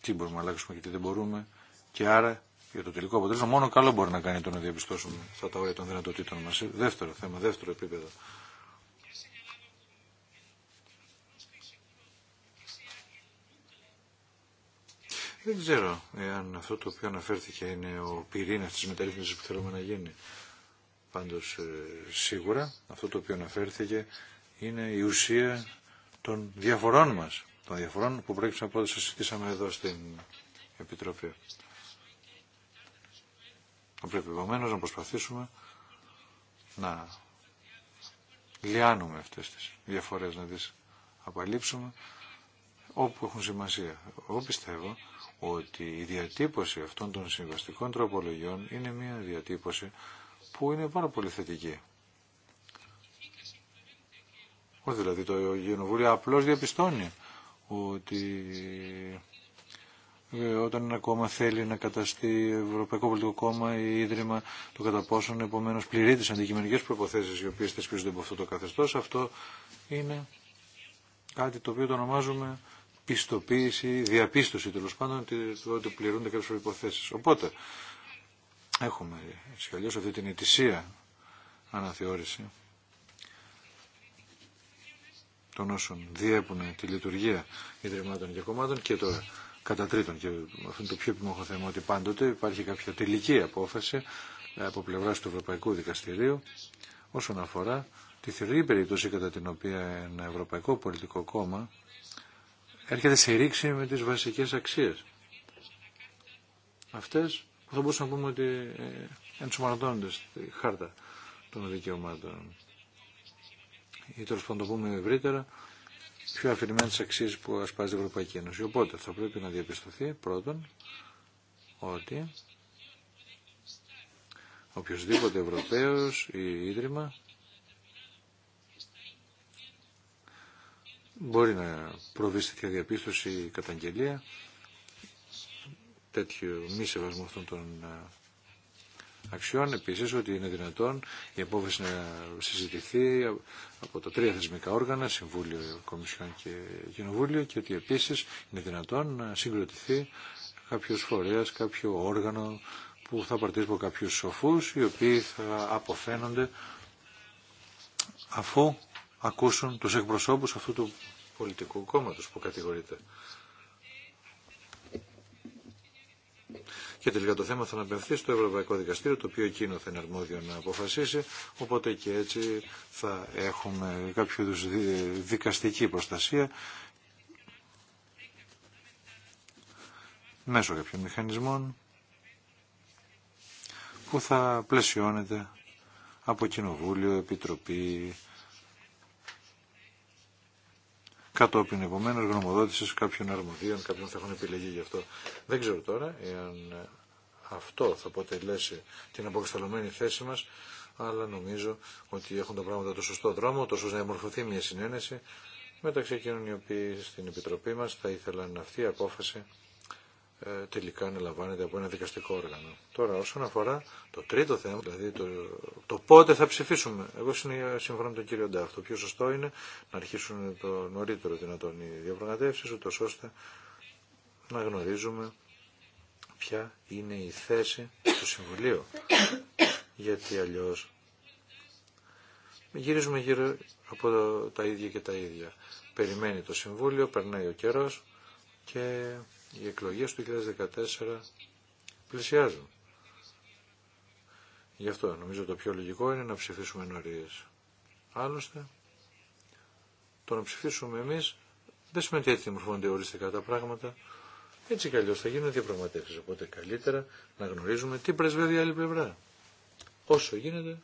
τι μπορούμε να αλλάξουμε και τι δεν μπορούμε και άρα για το τελικό αποτέλεσμα μόνο καλό μπορεί να κάνει το να διαπιστώσουμε αυτά τα όρια των δυνατοτήτων μας. Ε, δεύτερο θέμα, δεύτερο επίπεδο. Δεν ξέρω εάν αυτό το οποίο αναφέρθηκε είναι ο πυρήνας της μεταρρύθμισης που θέλουμε να γίνει. Πάντως ε, σίγουρα αυτό το οποίο αναφέρθηκε είναι η ουσία των διαφορών μας, των διαφορών που πρέπει να πω συζητήσαμε εδώ στην Επιτροπή. Θα πρέπει επομένως να προσπαθήσουμε να λιάνουμε αυτές τις διαφορές, να τις απαλείψουμε όπου έχουν σημασία. Εγώ πιστεύω ότι η διατύπωση αυτών των συμβαστικών τροπολογιών είναι μια διατύπωση που είναι πάρα πολύ θετική. Όχι δηλαδή το Γενοβούλιο απλώς διαπιστώνει ότι ε, όταν ένα κόμμα θέλει να καταστεί Ευρωπαϊκό Πολιτικό Κόμμα ή Ίδρυμα το κατά πόσον επομένω πληρεί τις αντικειμενικές προποθέσει οι οποίες θεσπίζονται από αυτό το καθεστώς. αυτό είναι κάτι το οποίο το ονομάζουμε πιστοποίηση, διαπίστωση τέλο πάντων ότι πληρούνται κάποιε προποθέσει. Οπότε Έχουμε σχεδόν αυτή την ετησία αναθεώρηση των όσων διέπουν τη λειτουργία ιδρυμάτων και κομμάτων και τώρα κατά τρίτον και αυτό είναι το πιο επιμόχο θέμα ότι πάντοτε υπάρχει κάποια τελική απόφαση από πλευρά του Ευρωπαϊκού Δικαστηρίου όσον αφορά τη θεωρή περίπτωση κατά την οποία ένα Ευρωπαϊκό Πολιτικό Κόμμα έρχεται σε ρήξη με τις βασικές αξίες. Αυτές θα μπορούσαμε να πούμε ότι ε, ενσωματώνονται στη χάρτα των δικαιωμάτων. Ή τέλο πάντων το πούμε ευρύτερα, πιο αφηρημένε αξίε που ασπάζει η Ευρωπαϊκή Ένωση. Οπότε θα πρέπει να διαπιστωθεί πρώτον ότι οποιοδήποτε Ευρωπαίος ή Ίδρυμα μπορεί να προβεί στη διαπίστωση ή καταγγελία τέτοιο μη σεβασμό αυτών των ε, αξιών. Επίσης ότι είναι δυνατόν η απόφαση να συζητηθεί από τα τρία θεσμικά όργανα, Συμβούλιο, Κομισιόν και Κοινοβούλιο και ότι επίσης είναι δυνατόν να συγκροτηθεί κάποιος φορέας, κάποιο όργανο που θα παρτίζει από κάποιους σοφούς οι οποίοι θα αποφαίνονται αφού ακούσουν τους εκπροσώπους αυτού του πολιτικού κόμματος που κατηγορείται. Και τελικά το θέμα θα αναπευθεί στο Ευρωπαϊκό Δικαστήριο, το οποίο εκείνο θα είναι αρμόδιο να αποφασίσει, οπότε και έτσι θα έχουμε κάποιο είδου δικαστική προστασία μέσω κάποιων μηχανισμών που θα πλαισιώνεται από Κοινοβούλιο, Επιτροπή, κατόπιν επομένω γνωμοδότηση κάποιων αρμοδίων, κάποιων θα έχουν επιλεγεί γι' αυτό. Δεν ξέρω τώρα εάν ε, αυτό θα αποτελέσει την αποκρισταλωμένη θέση μας, αλλά νομίζω ότι έχουν τα πράγματα το σωστό δρόμο, τόσο να εμορφωθεί μια συνένεση μεταξύ εκείνων οι οποίοι στην Επιτροπή μας θα ήθελαν αυτή η απόφαση ε, τελικά αναλαμβάνεται από ένα δικαστικό όργανο. Τώρα, όσον αφορά το τρίτο θέμα, δηλαδή το, το πότε θα ψηφίσουμε, εγώ συμφωνώ με τον κύριο Ντάφ. Το πιο σωστό είναι να αρχίσουν το νωρίτερο δυνατόν οι διαπραγματεύσει, ούτω ώστε να γνωρίζουμε ποια είναι η θέση του Συμβουλίου. Γιατί αλλιώ γυρίζουμε γύρω από τα ίδια και τα ίδια. Περιμένει το Συμβούλιο, περνάει ο καιρό και οι εκλογές του 2014 πλησιάζουν. Γι' αυτό νομίζω το πιο λογικό είναι να ψηφίσουμε νωρίες. Άλλωστε, το να ψηφίσουμε εμείς δεν σημαίνει ότι έτσι μορφώνονται οριστικά τα πράγματα. Έτσι κι θα γίνουν διαπραγματεύσεις. Οπότε καλύτερα να γνωρίζουμε τι πρεσβεύει η άλλη πλευρά. Όσο γίνεται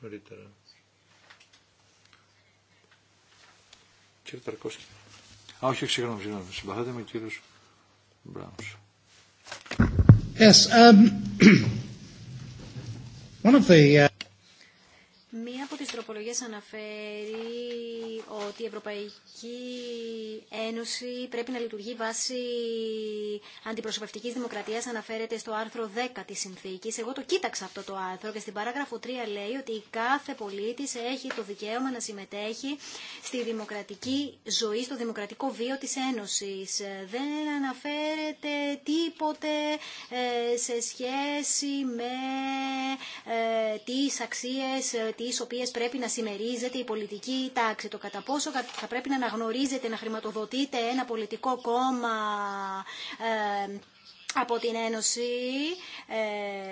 νωρίτερα. Κύριε Ταρκόσκη. Α, όχι, συγγνώμη, συγγνώμη. Συμπαθάτε με Browns. Yes. Um, one of the. Μία από τις τροπολογίες αναφέρει ότι η Ευρωπαϊκή Ένωση πρέπει να λειτουργεί βάσει αντιπροσωπευτικής δημοκρατίας, αναφέρεται στο άρθρο 10 της συνθήκης. Εγώ το κοίταξα αυτό το άρθρο και στην παράγραφο 3 λέει ότι κάθε πολίτης έχει το δικαίωμα να συμμετέχει στη δημοκρατική ζωή, στο δημοκρατικό βίο της Ένωσης. Δεν αναφέρεται τίποτε ε, σε σχέση με ε, τις αξίες ε, τι οποίε πρέπει να συμμερίζεται η πολιτική τάξη. Το κατά πόσο θα πρέπει να αναγνωρίζεται, να χρηματοδοτείται ένα πολιτικό κόμμα ε, από την Ένωση ε,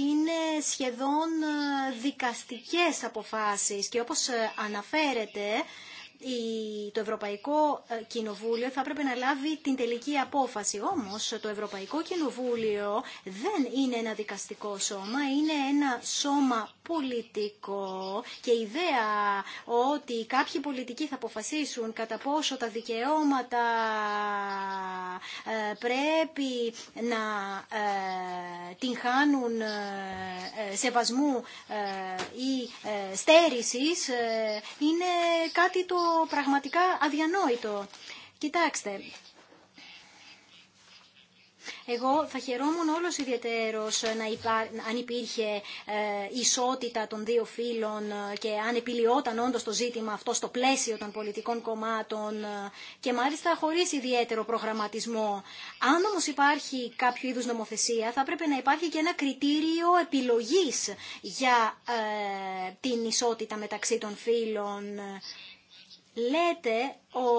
είναι σχεδόν ε, δικαστικές αποφάσεις και όπως ε, αναφέρεται το Ευρωπαϊκό ε, Κοινοβούλιο θα έπρεπε να λάβει την τελική απόφαση. Όμως το Ευρωπαϊκό Κοινοβούλιο δεν είναι ένα δικαστικό σώμα, είναι ένα σώμα πολιτικό και η ιδέα ότι κάποιοι πολιτικοί θα αποφασίσουν κατά πόσο τα δικαιώματα ε, πρέπει να ε, την χάνουν σεβασμού ή στέρησης είναι κάτι το πραγματικά αδιανόητο. Κοιτάξτε, εγώ θα χαιρόμουν όλος ιδιαίτερος να αν υπήρχε ε, ισότητα των δύο φίλων και αν επιλειόταν όντως το ζήτημα αυτό στο πλαίσιο των πολιτικών κομμάτων ε, και μάλιστα χωρίς ιδιαίτερο προγραμματισμό. Αν όμως υπάρχει κάποιο είδους νομοθεσία θα πρέπει να υπάρχει και ένα κριτήριο επιλογής για ε, την ισότητα μεταξύ των φύλων λέτε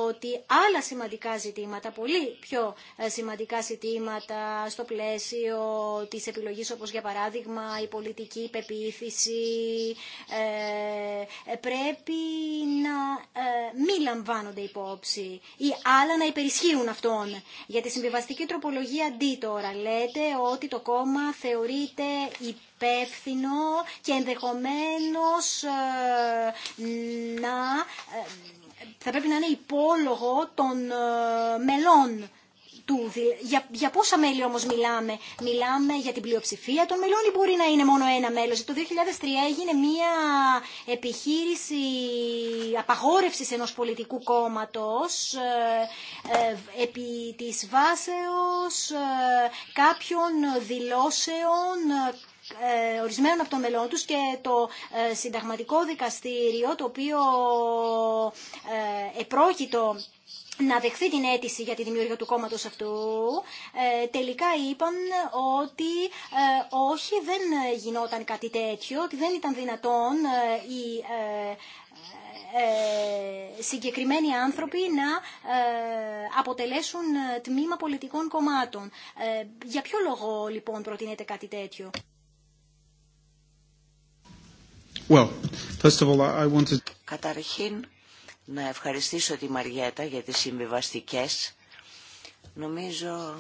ότι άλλα σημαντικά ζητήματα, πολύ πιο ε, σημαντικά ζητήματα στο πλαίσιο της επιλογής όπως για παράδειγμα η πολιτική πεποίθηση ε, ε, πρέπει να μην λαμβάνονται υπόψη ή άλλα να υπερισχύουν αυτόν. Για τη συμβιβαστική τροπολογία αντί τώρα λέτε ότι το κόμμα θεωρείται υπεύθυνο και ενδεχομένως να θα πρέπει να είναι υπόλογο των ε, μελών του. Για, για πόσα μέλη όμως μιλάμε. Μιλάμε για την πλειοψηφία των μελών ή μπορεί να είναι μόνο ένα μέλος. Το 2003 έγινε μια επιχείρηση απαγόρευσης ενός πολιτικού κόμματος ε, ε επί της βάσεως ε, κάποιων δηλώσεων ε, ορισμένων από το μελών τους και το ε, συνταγματικό δικαστήριο το οποίο ε, επρόκειτο να δεχθεί την αίτηση για τη δημιουργία του κόμματος αυτού, τελικά είπαν ότι όχι, δεν γινόταν κάτι τέτοιο, ότι δεν ήταν δυνατόν ε, οι συγκεκριμένοι άνθρωποι να αποτελέσουν τμήμα πολιτικών κομμάτων. Για ποιο λόγο λοιπόν προτείνεται κάτι τέτοιο. Καταρχήν, να ευχαριστήσω τη Μαριέτα για τις συμβιβαστικές. Νομίζω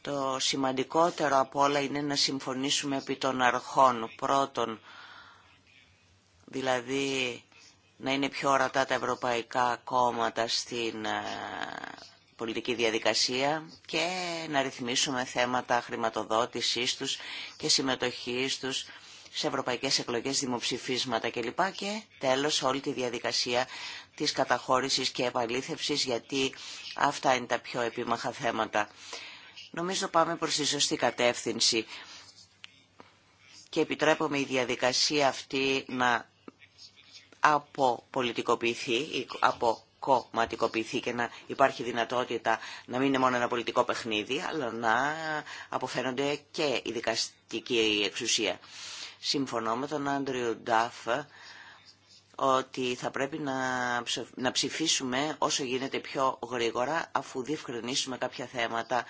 το σημαντικότερο από όλα είναι να συμφωνήσουμε επί των αρχών. πρώτων, δηλαδή να είναι πιο ορατά τα ευρωπαϊκά κόμματα στην ε, πολιτική διαδικασία και να ρυθμίσουμε θέματα χρηματοδότησής τους και συμμετοχής τους σε ευρωπαϊκές εκλογές, δημοψηφίσματα κλπ. Και τέλος όλη τη διαδικασία της καταχώρησης και επαλήθευσης γιατί αυτά είναι τα πιο επίμαχα θέματα. Νομίζω πάμε προς τη σωστή κατεύθυνση και επιτρέπουμε η διαδικασία αυτή να αποπολιτικοποιηθεί, από κομματικοποιηθεί και να υπάρχει δυνατότητα να μην είναι μόνο ένα πολιτικό παιχνίδι, αλλά να αποφαίνονται και η δικαστική εξουσία συμφωνώ με τον Άντριο Ντάφ ε, ότι θα πρέπει να ψηφίσουμε όσο γίνεται πιο γρήγορα αφού διευκρινίσουμε κάποια θέματα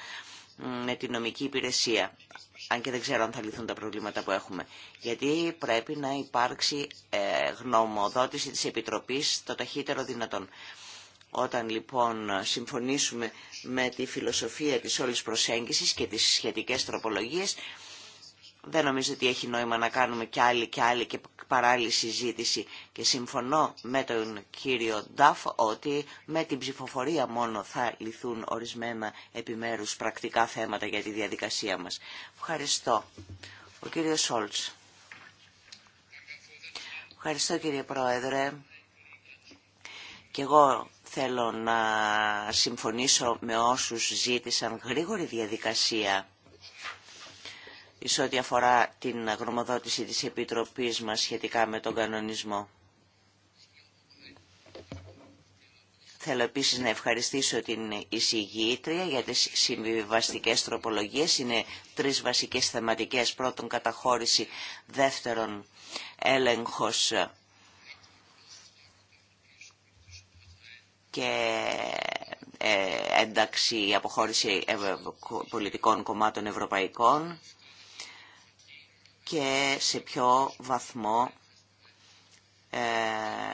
με την νομική υπηρεσία αν και δεν ξέρω αν θα λυθούν τα προβλήματα που έχουμε. Γιατί πρέπει να υπάρξει ε, γνωμοδότηση της Επιτροπής το ταχύτερο δυνατόν. Όταν λοιπόν συμφωνήσουμε με τη φιλοσοφία της όλης προσέγγισης και τις σχετικές τροπολογίες, δεν νομίζω ότι έχει νόημα να κάνουμε κι άλλη και άλλη και παράλληλη συζήτηση και συμφωνώ με τον κύριο Νταφ ότι με την ψηφοφορία μόνο θα λυθούν ορισμένα επιμέρους πρακτικά θέματα για τη διαδικασία μας. Ευχαριστώ. Ο κύριος Σόλτς. Ευχαριστώ κύριε Πρόεδρε. Και εγώ θέλω να συμφωνήσω με όσους ζήτησαν γρήγορη διαδικασία σε ό,τι αφορά την γνωμοδότηση της Επιτροπής μας σχετικά με τον κανονισμό. Θέλω επίσης να ευχαριστήσω την εισηγήτρια για τις συμβιβαστικές τροπολογίες. Είναι τρεις βασικές θεματικές. Πρώτον, καταχώρηση. Δεύτερον, έλεγχος. Και ε, ένταξη, αποχώρηση ε, πολιτικών κομμάτων ευρωπαϊκών και σε ποιο βαθμό ε,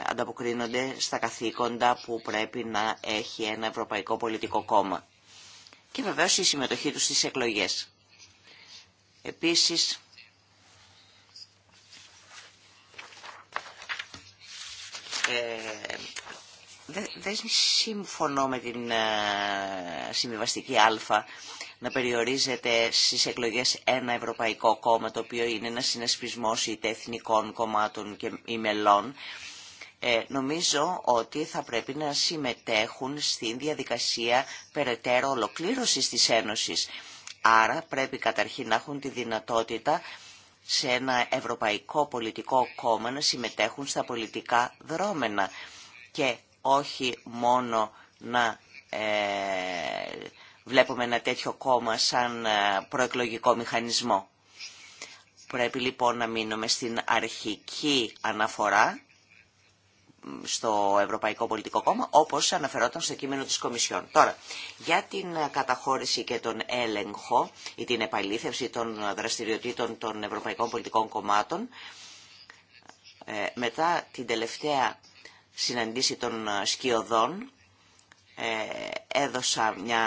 ανταποκρίνονται στα καθήκοντα που πρέπει να έχει ένα Ευρωπαϊκό Πολιτικό Κόμμα. Και βεβαίως η συμμετοχή τους στις εκλογές. Επίσης, ε, δεν συμφωνώ με την ε, συμβιβαστική Α να περιορίζεται στις εκλογές ένα ευρωπαϊκό κόμμα, το οποίο είναι ένα συνασπισμός είτε εθνικών κομμάτων και ή μελών, ε, νομίζω ότι θα πρέπει να συμμετέχουν στην διαδικασία περαιτέρω ολοκλήρωσης της Ένωσης. Άρα πρέπει καταρχήν να έχουν τη δυνατότητα σε ένα ευρωπαϊκό πολιτικό κόμμα να συμμετέχουν στα πολιτικά δρόμενα και όχι μόνο να ε, βλέπουμε ένα τέτοιο κόμμα σαν ε, προεκλογικό μηχανισμό. Πρέπει λοιπόν να μείνουμε στην αρχική αναφορά στο Ευρωπαϊκό Πολιτικό Κόμμα, όπως αναφερόταν στο κείμενο της Κομισιόν. Τώρα, για την ε, καταχώρηση και τον έλεγχο ή την επαλήθευση των δραστηριοτήτων των Ευρωπαϊκών Πολιτικών Κομμάτων, ε, μετά την τελευταία συναντήση των σκιωδών, ε, έδωσα μια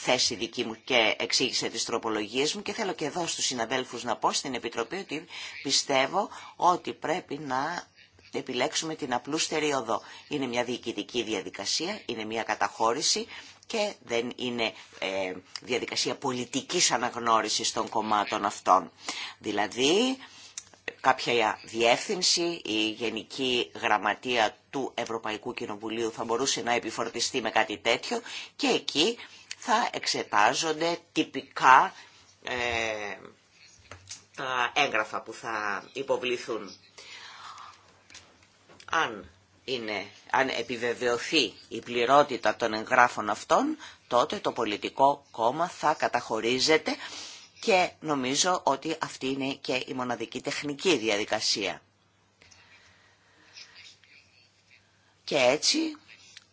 θέση δική μου και εξήγησε τις τροπολογίες μου και θέλω και εδώ στους συναδέλφους να πω στην Επιτροπή ότι πιστεύω ότι πρέπει να επιλέξουμε την απλούστερη οδό. Είναι μια διοικητική διαδικασία, είναι μια καταχώρηση και δεν είναι ε, διαδικασία πολιτικής αναγνώρισης των κομμάτων αυτών. Δηλαδή κάποια διεύθυνση, η Γενική Γραμματεία του Ευρωπαϊκού Κοινοβουλίου θα μπορούσε να επιφορτιστεί με κάτι τέτοιο και εκεί θα εξετάζονται τυπικά ε, τα έγγραφα που θα υποβληθούν. Αν, είναι, αν επιβεβαιωθεί η πληρότητα των εγγράφων αυτών, τότε το πολιτικό κόμμα θα καταχωρίζεται και νομίζω ότι αυτή είναι και η μοναδική τεχνική διαδικασία. Και έτσι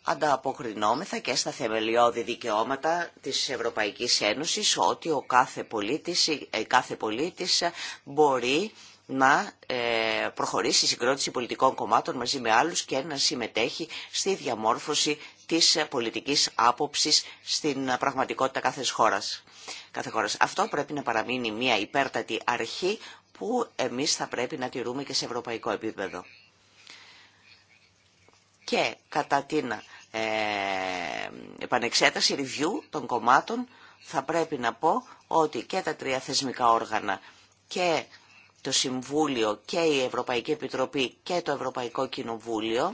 ανταποκρινόμεθα και στα θεμελιώδη δικαιώματα της Ευρωπαϊκής Ένωσης ότι ο κάθε πολίτης, ε, κάθε πολίτης μπορεί να ε, προχωρήσει η συγκρότηση πολιτικών κομμάτων μαζί με άλλους και να συμμετέχει στη διαμόρφωση της ε, πολιτικής άποψης στην ε, πραγματικότητα κάθε χώρας. Κάθε Αυτό πρέπει να παραμείνει μια υπέρτατη αρχή που εμείς θα πρέπει να τηρούμε και σε ευρωπαϊκό επίπεδο. Και κατά την ε, επανεξέταση review των κομμάτων θα πρέπει να πω ότι και τα τρία θεσμικά όργανα και το Συμβούλιο και η Ευρωπαϊκή Επιτροπή και το Ευρωπαϊκό Κοινοβούλιο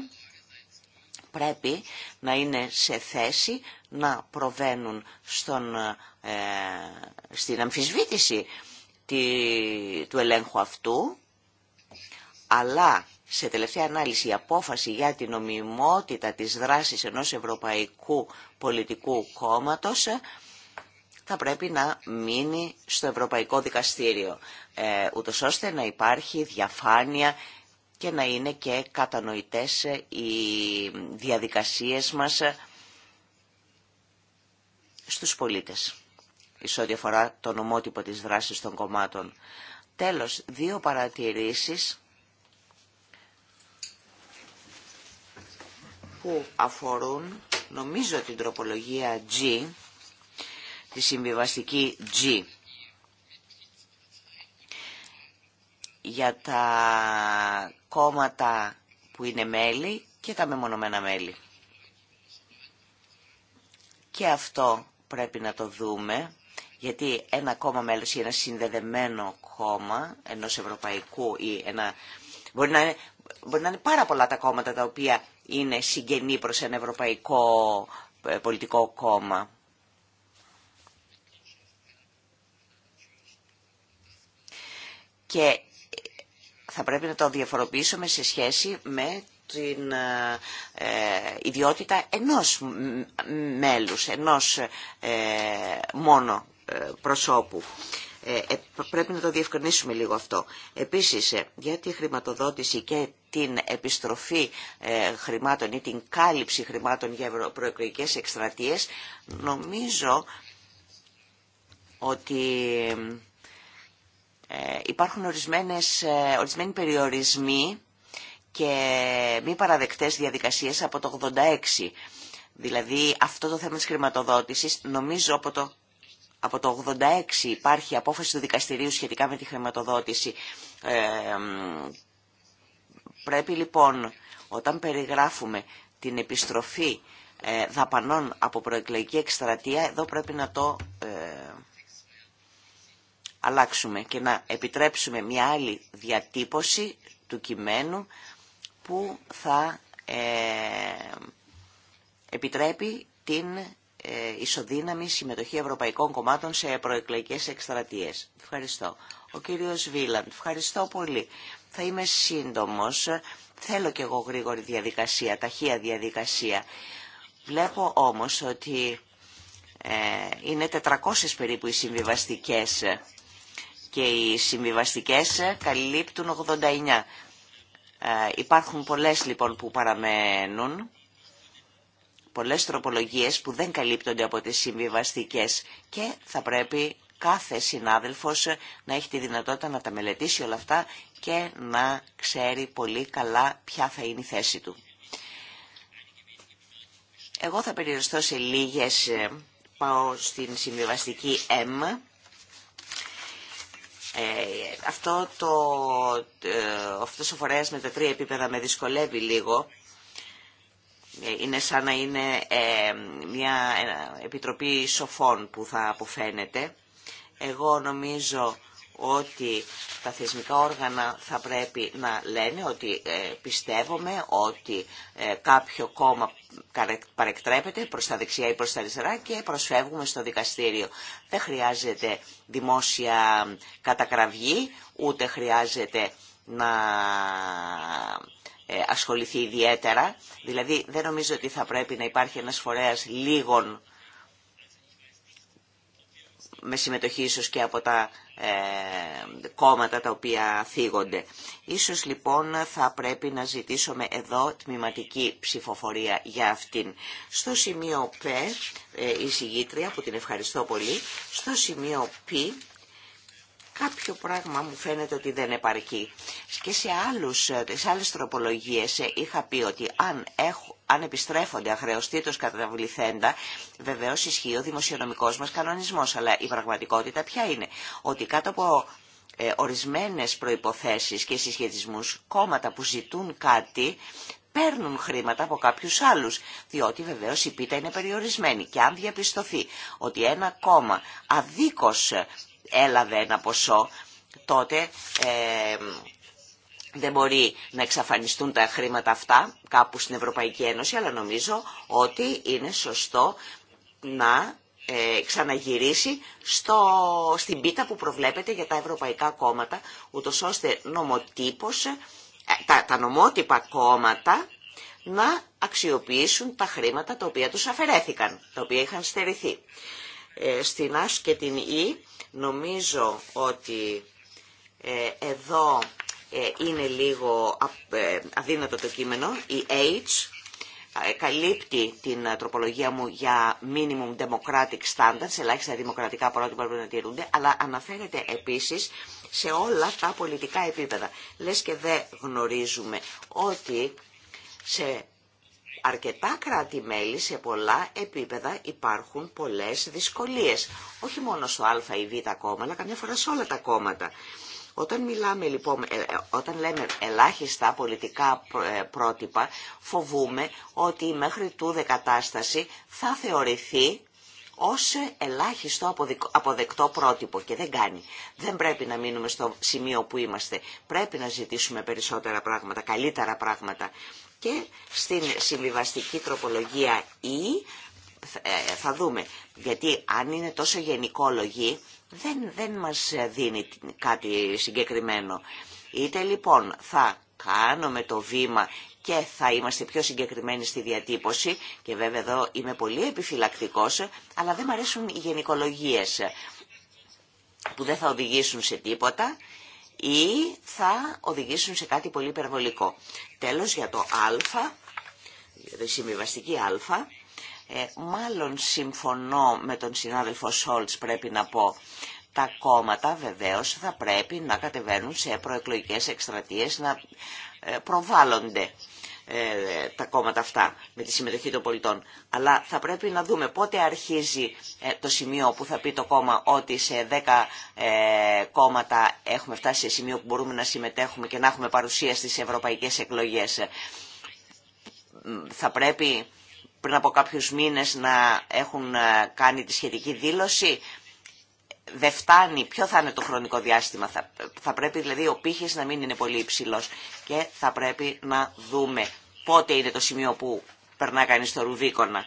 πρέπει να είναι σε θέση να προβαίνουν στον, ε, στην αμφισβήτηση του ελέγχου αυτού, αλλά σε τελευταία ανάλυση η απόφαση για την ομιμότητα της δράσης ενός Ευρωπαϊκού Πολιτικού Κόμματος ε, θα πρέπει να μείνει στο Ευρωπαϊκό Δικαστήριο, ε, ώστε να υπάρχει διαφάνεια και να είναι και κατανοητές ε, οι διαδικασίες μας ε, στους πολίτες, εις ό,τι αφορά το νομότυπο της δράσης των κομμάτων. Τέλος, δύο παρατηρήσεις που αφορούν, νομίζω, την τροπολογία G, τη συμβιβαστική G. για τα κόμματα που είναι μέλη και τα μεμονωμένα μέλη. Και αυτό πρέπει να το δούμε, γιατί ένα κόμμα μέλος ή ένα συνδεδεμένο κόμμα ενός ευρωπαϊκού ή ένα... Μπορεί να, είναι, μπορεί να είναι πάρα πολλά τα κόμματα τα οποία είναι συγγενή προς ένα ευρωπαϊκό ε, πολιτικό κόμμα. και θα πρέπει να το διαφοροποιήσουμε σε σχέση με την ε, ε, ιδιότητα ενός μέλους, ενός ε, μόνο προσώπου. Ε, πρέπει να το διευκρινίσουμε λίγο αυτό. Επίσης, για τη χρηματοδότηση και την επιστροφή χρημάτων ή την κάλυψη χρημάτων για προεκλογικέ εκστρατείες, νομίζω ότι ε, υπάρχουν ορισμένες, ε, ορισμένοι περιορισμοί και μη παραδεκτές διαδικασίες από το 86. Δηλαδή αυτό το θέμα της χρηματοδότησης νομίζω από το, από το 86 υπάρχει απόφαση του δικαστηρίου σχετικά με τη χρηματοδότηση. Ε, πρέπει λοιπόν όταν περιγράφουμε την επιστροφή δαπανών από προεκλογική εκστρατεία εδώ πρέπει να το αλλάξουμε και να επιτρέψουμε μια άλλη διατύπωση του κειμένου που θα ε, επιτρέπει την ε, ισοδύναμη συμμετοχή ευρωπαϊκών κομμάτων σε προεκλογικές εκστρατείες. Ευχαριστώ. Ο κύριος Βίλαντ, ευχαριστώ πολύ. Θα είμαι σύντομος. Θέλω κι εγώ γρήγορη διαδικασία, ταχεία διαδικασία. Βλέπω όμως ότι ε, είναι 400 περίπου οι συμβιβαστικές και οι συμβιβαστικές ε, καλύπτουν 89. Ε, υπάρχουν πολλές λοιπόν που παραμένουν, πολλές τροπολογίες που δεν καλύπτονται από τις συμβιβαστικές και θα πρέπει κάθε συνάδελφος ε, να έχει τη δυνατότητα να τα μελετήσει όλα αυτά και να ξέρει πολύ καλά ποια θα είναι η θέση του. Εγώ θα περιοριστώ σε λίγες, πάω στην συμβιβαστική M, ε, αυτό το, ε, αυτός ο φορέας με τα τρία επίπεδα με δυσκολεύει λίγο. Ε, είναι σαν να είναι μια επιτροπή σοφών που θα αποφαίνεται. Εγώ νομίζω ότι τα θεσμικά όργανα θα πρέπει να λένε ότι ε, πιστεύουμε ότι ε, κάποιο κόμμα παρεκτρέπεται προς τα δεξιά ή προς τα αριστερά και προσφεύγουμε στο δικαστήριο. Δεν χρειάζεται δημόσια κατακραυγή, ούτε χρειάζεται να ε, ασχοληθεί ιδιαίτερα. Δηλαδή δεν νομίζω ότι θα πρέπει να υπάρχει ένας φορέας λίγων με συμμετοχή ίσως και από τα ε, κόμματα τα οποία θίγονται. Ίσως λοιπόν θα πρέπει να ζητήσουμε εδώ τμηματική ψηφοφορία για αυτήν. Στο σημείο Π, ε, η συγγήτρια που την ευχαριστώ πολύ, στο σημείο Π κάποιο πράγμα μου φαίνεται ότι δεν επαρκεί. Και σε, άλλους, ε, σε άλλες τροπολογίες είχα πει ότι αν έχω, αν επιστρέφονται αχρεωστήτως καταβληθέντα, βεβαίως ισχύει ο δημοσιονομικό μας κανονισμό. Αλλά η πραγματικότητα ποια είναι, ότι κάτω από ε, ορισμένες προϋποθέσεις και συσχετισμούς κόμματα που ζητούν κάτι παίρνουν χρήματα από κάποιους άλλους, διότι βεβαίως η πίτα είναι περιορισμένη. Και αν διαπιστωθεί ότι ένα κόμμα αδίκως ε, έλαβε ένα ποσό, τότε... Ε, δεν μπορεί να εξαφανιστούν τα χρήματα αυτά κάπου στην Ευρωπαϊκή Ένωση, αλλά νομίζω ότι είναι σωστό να ε, ξαναγυρίσει στο, στην πίτα που προβλέπεται για τα ευρωπαϊκά κόμματα, ούτω ώστε νομοτύπος, ε, τα, τα νομότυπα κόμματα να αξιοποιήσουν τα χρήματα τα οποία τους αφαιρέθηκαν, τα οποία είχαν στερηθεί. Ε, στην ΑΣ και την Ι νομίζω ότι εδώ ε, είναι λίγο ε, αδύνατο το κείμενο, η H ε, καλύπτει την τροπολογία μου για minimum democratic standards, ελάχιστα δημοκρατικά πρότυπα που να τηρούνται, αλλά αναφέρεται επίσης σε όλα τα πολιτικά επίπεδα. Λες και δεν γνωρίζουμε ότι σε αρκετά κράτη-μέλη σε πολλά επίπεδα υπάρχουν πολλές δυσκολίες. Όχι μόνο στο α ή β κόμμα, αλλά καμιά φορά σε όλα τα κόμματα. Όταν μιλάμε λοιπόν, ε, ε, όταν λέμε ελάχιστα πολιτικά ε, πρότυπα, φοβούμε ότι η μέχρι τούδε κατάσταση θα θεωρηθεί ως ελάχιστο αποδεκτό πρότυπο και δεν κάνει. Δεν πρέπει να μείνουμε στο σημείο που είμαστε. Πρέπει να ζητήσουμε περισσότερα πράγματα, καλύτερα πράγματα. Και στην συμβιβαστική τροπολογία Ή e, θα δούμε, γιατί αν είναι τόσο γενικόλογη, δεν, δεν μας δίνει κάτι συγκεκριμένο. Είτε λοιπόν θα κάνουμε το βήμα και θα είμαστε πιο συγκεκριμένοι στη διατύπωση και βέβαια εδώ είμαι πολύ επιφυλακτικός, αλλά δεν μου αρέσουν οι γενικολογίες που δεν θα οδηγήσουν σε τίποτα ή θα οδηγήσουν σε κάτι πολύ υπερβολικό. Τέλος για το α, τη συμβιβαστική α, ε, μάλλον συμφωνώ με τον συνάδελφο Σόλτς πρέπει να πω. Τα κόμματα βεβαίως θα πρέπει να κατεβαίνουν σε προεκλογικές εκστρατείες να ε, προβάλλονται ε, τα κόμματα αυτά με τη συμμετοχή των πολιτών. Αλλά θα πρέπει να δούμε πότε αρχίζει το σημείο που θα πει το κόμμα ότι σε 10 κόμματα έχουμε φτάσει σε σημείο που μπορούμε να συμμετέχουμε και να έχουμε παρουσία στις ευρωπαϊκές εκλογές. Θα πρέπει πριν από κάποιους μήνες να έχουν ε, κάνει τη σχετική δήλωση. Δεν φτάνει. Ποιο θα είναι το χρονικό διάστημα. Θα, θα πρέπει δηλαδή ο πύχης να μην είναι πολύ υψηλό Και θα πρέπει να δούμε πότε είναι το σημείο που περνά κανείς το ρουβίκονα.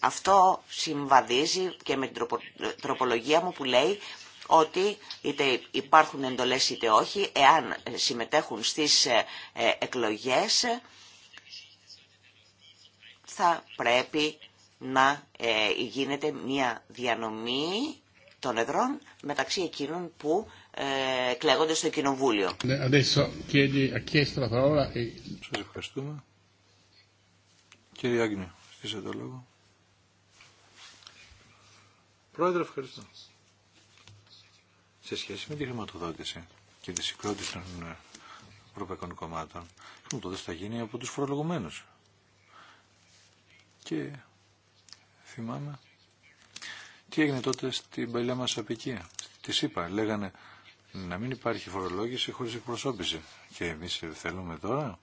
Αυτό συμβαδίζει και με την ε, τροπολογία μου που λέει ότι είτε υπάρχουν εντολές είτε όχι, εάν ε, συμμετέχουν στις εκλογές θα πρέπει να ε, γίνεται μια διανομή των εδρών μεταξύ εκείνων που ε, κλαίγονται στο κοινοβούλιο. Ναι, e- Σα ευχαριστούμε. Κύριε Άγνιο, στήσε το λόγο. Πρόεδρε, ευχαριστώ. Σε σχέση με τη χρηματοδότηση και τη συγκρότηση των ε, ευρωπαϊκών κομμάτων, το δεν θα γίνει από τους φορολογουμένους. Και θυμάμαι τι έγινε τότε στην παλιά μας απικία. Τη είπα, λέγανε να μην υπάρχει φορολόγηση χωρίς εκπροσώπηση. Και εμείς ε, θέλουμε τώρα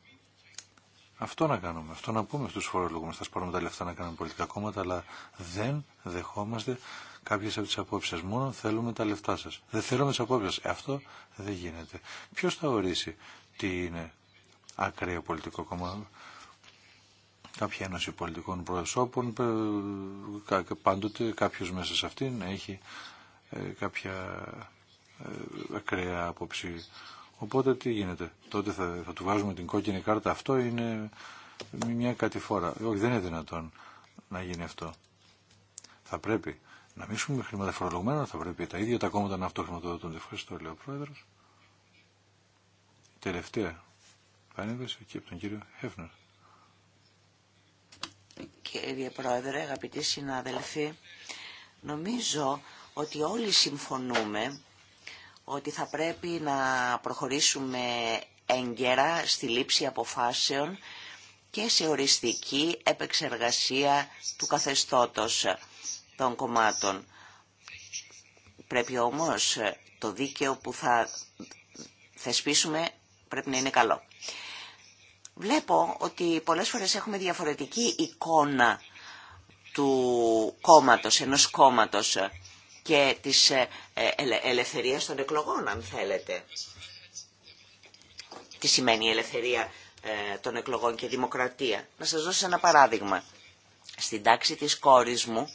αυτό να κάνουμε, αυτό να πούμε στους φορολογούμενους. Θα σπάρουμε τα λεφτά να κάνουμε πολιτικά κόμματα, αλλά δεν δεχόμαστε κάποιες από τις απόψεις Μόνο θέλουμε τα λεφτά σας. Δεν θέλουμε τις απόψεις Αυτό δεν γίνεται. Ποιος θα ορίσει τι είναι ακραίο πολιτικό κόμμα κάποια ένωση πολιτικών προσώπων, πάντοτε κάποιος μέσα σε αυτήν έχει ε, κάποια ε, ακραία άποψη. Οπότε τι γίνεται, τότε θα, θα του βάζουμε την κόκκινη κάρτα, αυτό είναι μια κατηφόρα. Όχι, δεν είναι δυνατόν να γίνει αυτό. Θα πρέπει να μην σούμε χρήματα θα πρέπει τα ίδια τα κόμματα να αυτοχρηματοδοτούνται. Ευχαριστώ, λέει ο Πρόεδρος. Τελευταία πανέβαση και από τον κύριο Χέφνερ κύριε Πρόεδρε, αγαπητοί συνάδελφοι. Νομίζω ότι όλοι συμφωνούμε ότι θα πρέπει να προχωρήσουμε έγκαιρα στη λήψη αποφάσεων και σε οριστική επεξεργασία του καθεστώτος των κομμάτων. Πρέπει όμως το δίκαιο που θα θεσπίσουμε πρέπει να είναι καλό. Βλέπω ότι πολλές φορές έχουμε διαφορετική εικόνα του κόμματος, ενός κόμματος και της ε, ε, ελευθερίας των εκλογών, αν θέλετε. Τι σημαίνει η ελευθερία ε, των εκλογών και δημοκρατία. Να σας δώσω ένα παράδειγμα. Στην τάξη της κόρης μου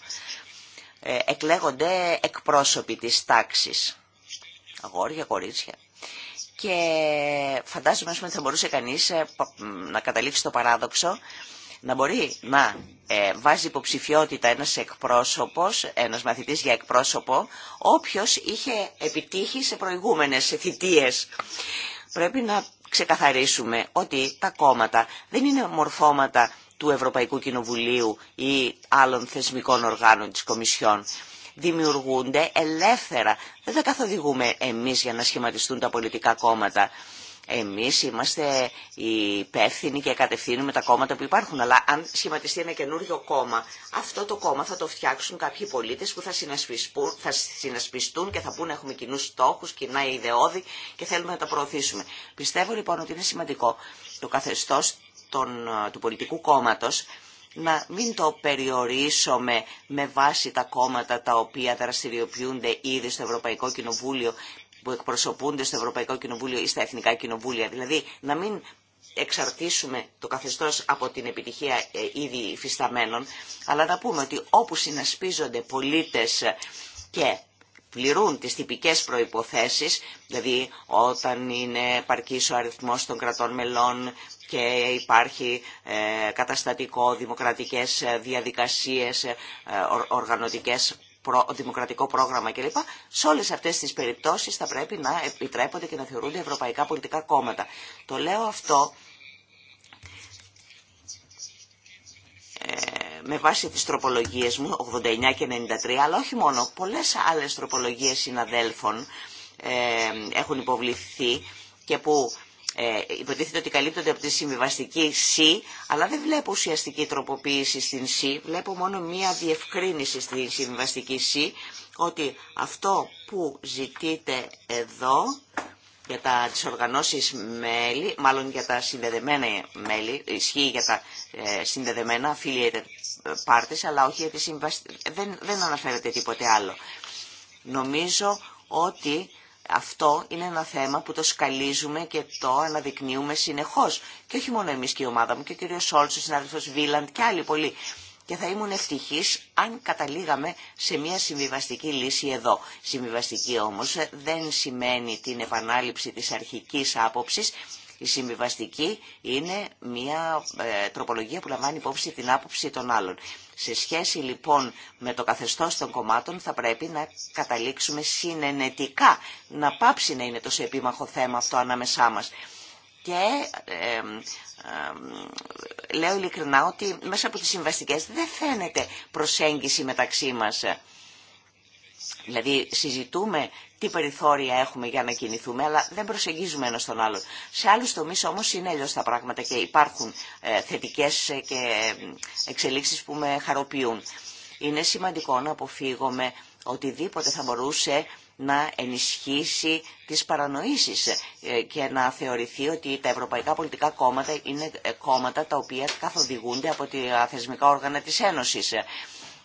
εκλέγονται εκπρόσωποι της τάξης. Αγόρια, κορίτσια. Και φαντάζομαι ότι θα μπορούσε κανείς ε, να καταλήξει το παράδοξο να μπορεί να ε, βάζει υποψηφιότητα ένας εκπρόσωπος, ένας μαθητής για εκπρόσωπο, όποιος είχε επιτύχει σε προηγούμενες θητείες. Πρέπει να ξεκαθαρίσουμε ότι τα κόμματα δεν είναι μορφώματα του Ευρωπαϊκού Κοινοβουλίου ή άλλων θεσμικών οργάνων της Κομισιόν δημιουργούνται ελεύθερα. Δεν τα καθοδηγούμε εμείς για να σχηματιστούν τα πολιτικά κόμματα. Εμείς είμαστε οι υπεύθυνοι και κατευθύνουμε τα κόμματα που υπάρχουν, αλλά αν σχηματιστεί ένα καινούριο κόμμα, αυτό το κόμμα θα το φτιάξουν κάποιοι πολίτες που θα, θα συνασπιστούν και θα πούνε έχουμε κοινούς στόχους, κοινά ιδεώδη και θέλουμε να τα προωθήσουμε. Πιστεύω λοιπόν ότι είναι σημαντικό το καθεστώς του πολιτικού κόμματος να μην το περιορίσουμε με βάση τα κόμματα τα οποία δραστηριοποιούνται ήδη στο Ευρωπαϊκό Κοινοβούλιο, που εκπροσωπούνται στο Ευρωπαϊκό Κοινοβούλιο ή στα Εθνικά Κοινοβούλια. Δηλαδή να μην εξαρτήσουμε το καθεστώς από την επιτυχία ε, ήδη υφισταμένων, αλλά να πούμε ότι όπου συνασπίζονται πολίτες και πληρούν τις τυπικές προϋποθέσεις, δηλαδή όταν είναι παρκής ο αριθμός των κρατών μελών, και υπάρχει ε, καταστατικό, δημοκρατικές ε, διαδικασίες, ε, οργανωτικές δημοκρατικό πρόγραμμα κλπ. Σε όλε αυτέ τι περιπτώσει θα πρέπει να επιτρέπονται και να θεωρούνται ευρωπαϊκά πολιτικά κόμματα. Το λέω αυτό με βάση τις τροπολογίες μου, 89 και 93, αλλά όχι μόνο, πολλές άλλες τροπολογίες συναδέλφων έχουν υποβληθεί και που ε, υποτίθεται ότι καλύπτονται από τη συμβιβαστική C, αλλά δεν βλέπω ουσιαστική τροποποίηση στην C, βλέπω μόνο μία διευκρίνηση στη συμβιβαστική C, ότι αυτό που ζητείτε εδώ για τα, τις οργανώσεις μέλη, μάλλον για τα συνδεδεμένα μέλη, ισχύει για τα ε, συνδεδεμένα affiliated parties, αλλά όχι για τη δεν, δεν αναφέρεται τίποτε άλλο. Νομίζω ότι αυτό είναι ένα θέμα που το σκαλίζουμε και το αναδεικνύουμε συνεχώς. Και όχι μόνο εμείς και η ομάδα μου και ο κύριος Σόλτς, ο συνάδελφος Βίλαντ και άλλοι πολλοί. Και θα ήμουν ευτυχής αν καταλήγαμε σε μια συμβιβαστική λύση εδώ. Συμβιβαστική όμως δεν σημαίνει την επανάληψη της αρχικής άποψη. Η συμβιβαστική είναι μια ε, τροπολογία που λαμβάνει υπόψη την άποψη των άλλων. Σε σχέση λοιπόν με το καθεστώς των κομμάτων θα πρέπει να καταλήξουμε συνενετικά, να πάψει να είναι τόσο επίμαχο θέμα αυτό ανάμεσά μας. Και λέω ειλικρινά ότι μέσα από τις συμβαστικές δεν φαίνεται προσέγγιση μεταξύ μας. Δηλαδή συζητούμε τι περιθώρια έχουμε για να κινηθούμε, αλλά δεν προσεγγίζουμε ένα τον άλλον. Σε άλλους τομεί όμως είναι αλλιώ τα πράγματα και υπάρχουν ε, θετικές ε, και ε, εξελίξεις που με χαροποιούν. Είναι σημαντικό να αποφύγουμε οτιδήποτε θα μπορούσε να ενισχύσει τις παρανοήσεις και να θεωρηθεί ότι τα ευρωπαϊκά πολιτικά κόμματα είναι κόμματα τα οποία καθοδηγούνται από τα θεσμικά όργανα της Ένωσης.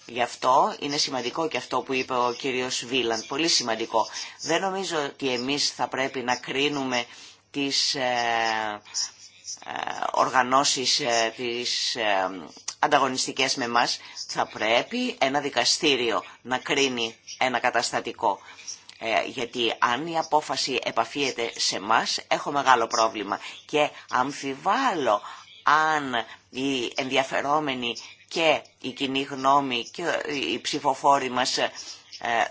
Γι' αυτό είναι σημαντικό και αυτό που είπε ο κύριος Βίλαν, πολύ σημαντικό. Δεν νομίζω ότι εμείς θα πρέπει να κρίνουμε τις ε, ε, οργανώσεις ε, τις ανταγωνιστικές με μας θα πρέπει ένα δικαστήριο να κρίνει ένα καταστατικό. γιατί αν η απόφαση επαφίεται σε μας έχω μεγάλο πρόβλημα και αμφιβάλλω αν οι ενδιαφερόμενοι και η κοινή γνώμη και οι ψηφοφόροι μας ε,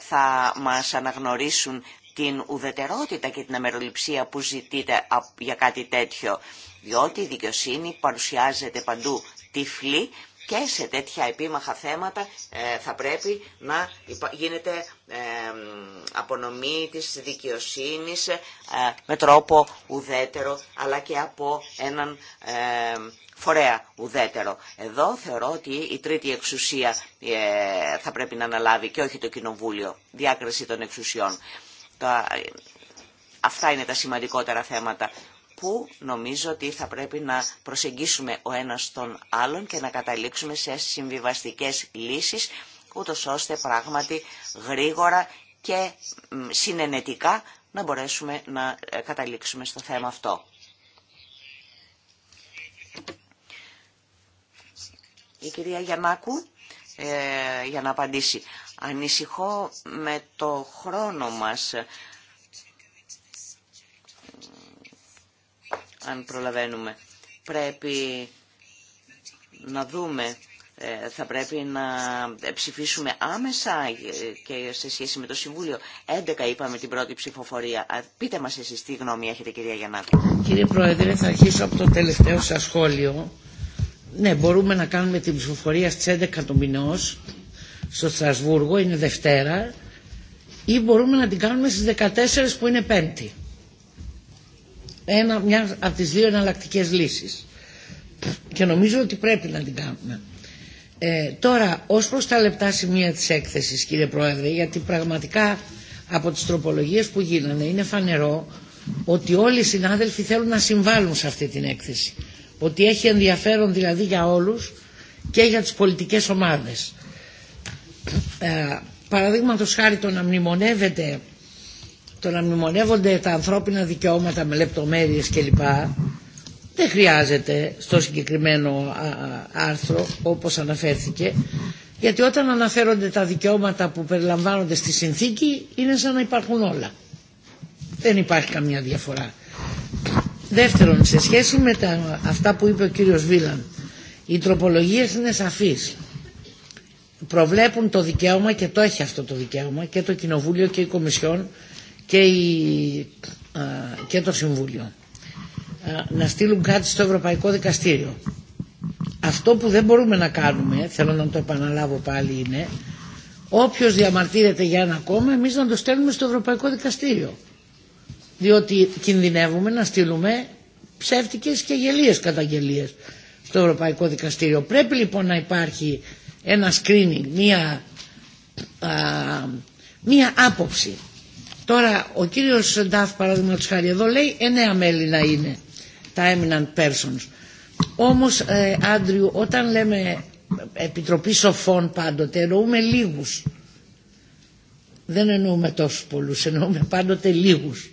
θα μας αναγνωρίσουν την ουδετερότητα και την αμεροληψία που ζητείτε για κάτι τέτοιο. Διότι η δικαιοσύνη παρουσιάζεται παντού τυφλή και σε τέτοια επίμαχα θέματα ε, θα πρέπει να γίνεται ε, απονομή της δικαιοσύνης με τρόπο ουδέτερο αλλά και από έναν φορέα ουδέτερο. Εδώ θεωρώ ότι η τρίτη εξουσία ε, θα πρέπει να αναλάβει και όχι το κοινοβούλιο διάκριση των εξουσιών. Αυτά είναι τα σημαντικότερα θέματα που νομίζω ότι θα πρέπει να προσεγγίσουμε ο ένας τον άλλον και να καταλήξουμε σε συμβιβαστικές λύσεις, ούτως ώστε πράγματι γρήγορα και συνενετικά να μπορέσουμε να ε, καταλήξουμε στο θέμα αυτό. η κυρία Γιαννάκου ε, για να απαντήσει. Ανησυχώ με το χρόνο μας, αν προλαβαίνουμε. Πρέπει να δούμε, ε, θα πρέπει να ψηφίσουμε άμεσα ε, και σε σχέση με το Συμβούλιο. 11 είπαμε την πρώτη ψηφοφορία. Πείτε μας εσείς τι γνώμη έχετε κυρία Γιαννάκου. Κύριε Πρόεδρε, θα αρχίσω από το τελευταίο σας σχόλιο ναι, μπορούμε να κάνουμε την ψηφοφορία στις 11 του μηνός στο Στρασβούργο, είναι Δευτέρα ή μπορούμε να την κάνουμε στις 14 που είναι Πέμπτη. Ένα, μια από τις δύο εναλλακτικέ λύσεις. Και νομίζω ότι πρέπει να την κάνουμε. Ε, τώρα, ως προς τα λεπτά σημεία της έκθεσης, κύριε Πρόεδρε, γιατί πραγματικά από τις τροπολογίες που γίνανε είναι φανερό ότι όλοι οι συνάδελφοι θέλουν να συμβάλλουν σε αυτή την έκθεση ότι έχει ενδιαφέρον δηλαδή για όλους και για τις πολιτικές ομάδες. Ε, παραδείγματος χάρη το να μνημονεύεται το να μνημονεύονται τα ανθρώπινα δικαιώματα με λεπτομέρειες κλπ δεν χρειάζεται στο συγκεκριμένο άρθρο όπως αναφέρθηκε γιατί όταν αναφέρονται τα δικαιώματα που περιλαμβάνονται στη συνθήκη είναι σαν να υπάρχουν όλα. Δεν υπάρχει καμία διαφορά. Δεύτερον, σε σχέση με τα, αυτά που είπε ο κύριος Βίλαν, οι τροπολογίες είναι σαφείς. Προβλέπουν το δικαίωμα και το έχει αυτό το δικαίωμα και το Κοινοβούλιο και η Κομισιόν και, και το Συμβούλιο να στείλουν κάτι στο Ευρωπαϊκό Δικαστήριο. Αυτό που δεν μπορούμε να κάνουμε, θέλω να το επαναλάβω πάλι, είναι όποιος διαμαρτύρεται για ένα κόμμα εμείς να το στέλνουμε στο Ευρωπαϊκό Δικαστήριο διότι κινδυνεύουμε να στείλουμε ψεύτικες και γελίες καταγγελίες στο Ευρωπαϊκό Δικαστήριο. Πρέπει λοιπόν να υπάρχει ένα screening, μία, μία άποψη. Τώρα ο κύριος Ντάφ παραδείγματος χάρη εδώ λέει εννέα μέλη να είναι τα eminent persons. Όμως ε, Άντριου όταν λέμε επιτροπή σοφών πάντοτε εννοούμε λίγους. Δεν εννοούμε τόσους πολλούς, εννοούμε πάντοτε λίγους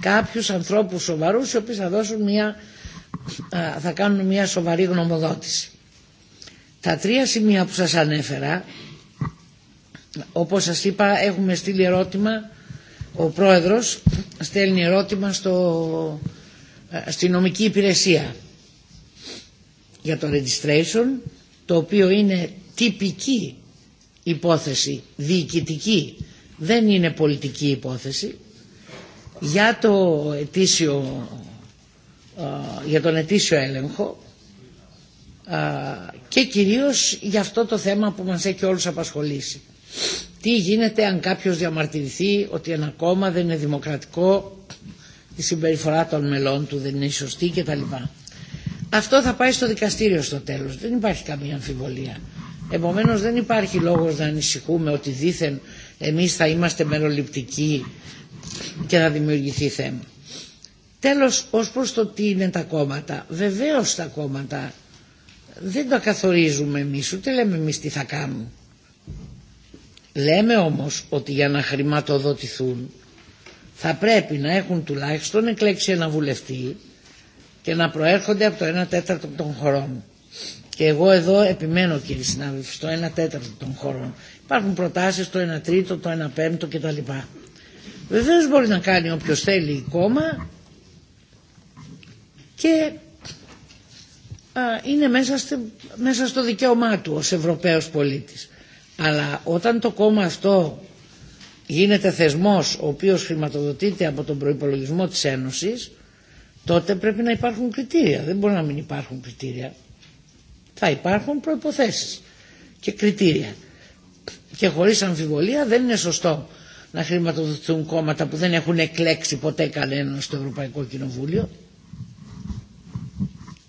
κάποιους ανθρώπους σοβαρούς οι οποίοι θα, δώσουν μια, θα κάνουν μια σοβαρή γνωμοδότηση. Τα τρία σημεία που σας ανέφερα, όπως σας είπα έχουμε στείλει ερώτημα, ο πρόεδρος στέλνει ερώτημα στο, στη νομική υπηρεσία για το registration, το οποίο είναι τυπική υπόθεση, διοικητική, δεν είναι πολιτική υπόθεση για, το ετήσιο, για τον ετήσιο έλεγχο και κυρίως για αυτό το θέμα που μας έχει όλους απασχολήσει. Τι γίνεται αν κάποιος διαμαρτυρηθεί ότι ένα κόμμα δεν είναι δημοκρατικό, η συμπεριφορά των μελών του δεν είναι σωστή κτλ. Αυτό θα πάει στο δικαστήριο στο τέλος, δεν υπάρχει καμία αμφιβολία. Επομένως δεν υπάρχει λόγος να ανησυχούμε ότι δήθεν εμείς θα είμαστε μεροληπτικοί και να δημιουργηθεί θέμα. Τέλος, ως προς το τι είναι τα κόμματα. Βεβαίως τα κόμματα δεν τα καθορίζουμε εμείς, ούτε λέμε εμείς τι θα κάνουν. Λέμε όμως ότι για να χρηματοδοτηθούν θα πρέπει να έχουν τουλάχιστον εκλέξει ένα βουλευτή και να προέρχονται από το 1 τέταρτο των χωρών. Και εγώ εδώ επιμένω κύριε συνάδελφοι στο 1 τέταρτο των χωρών. Υπάρχουν προτάσεις το 1 τρίτο, το 1 πέμπτο κτλ. Βεβαίω μπορεί να κάνει όποιο θέλει κόμμα και α, είναι μέσα, μέσα στο δικαίωμά του ως Ευρωπαίος πολίτης. Αλλά όταν το κόμμα αυτό γίνεται θεσμός ο οποίος χρηματοδοτείται από τον προϋπολογισμό της Ένωσης τότε πρέπει να υπάρχουν κριτήρια. Δεν μπορεί να μην υπάρχουν κριτήρια. Θα υπάρχουν προϋποθέσεις και κριτήρια. Και χωρίς αμφιβολία δεν είναι σωστό να χρηματοδοτηθούν κόμματα που δεν έχουν εκλέξει ποτέ κανέναν στο Ευρωπαϊκό Κοινοβούλιο.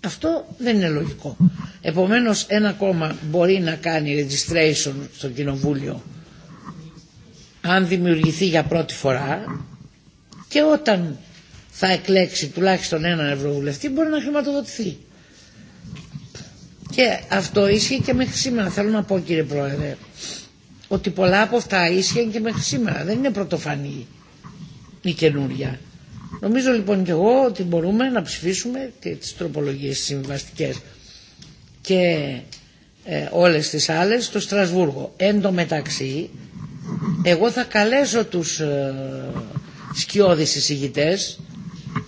Αυτό δεν είναι λογικό. Επομένως ένα κόμμα μπορεί να κάνει registration στο Κοινοβούλιο αν δημιουργηθεί για πρώτη φορά και όταν θα εκλέξει τουλάχιστον έναν ευρωβουλευτή μπορεί να χρηματοδοτηθεί. Και αυτό ίσχυε και μέχρι σήμερα. Θέλω να πω κύριε Πρόεδρε ότι πολλά από αυτά ίσχυαν και μέχρι σήμερα. Δεν είναι πρωτοφανή η καινούρια. Νομίζω λοιπόν και εγώ ότι μπορούμε να ψηφίσουμε τις τροπολογίες συμβαστικές και ε, όλες τις άλλες στο Στρασβούργο. Εν τω μεταξύ, εγώ θα καλέσω τους ε, σκιώδεις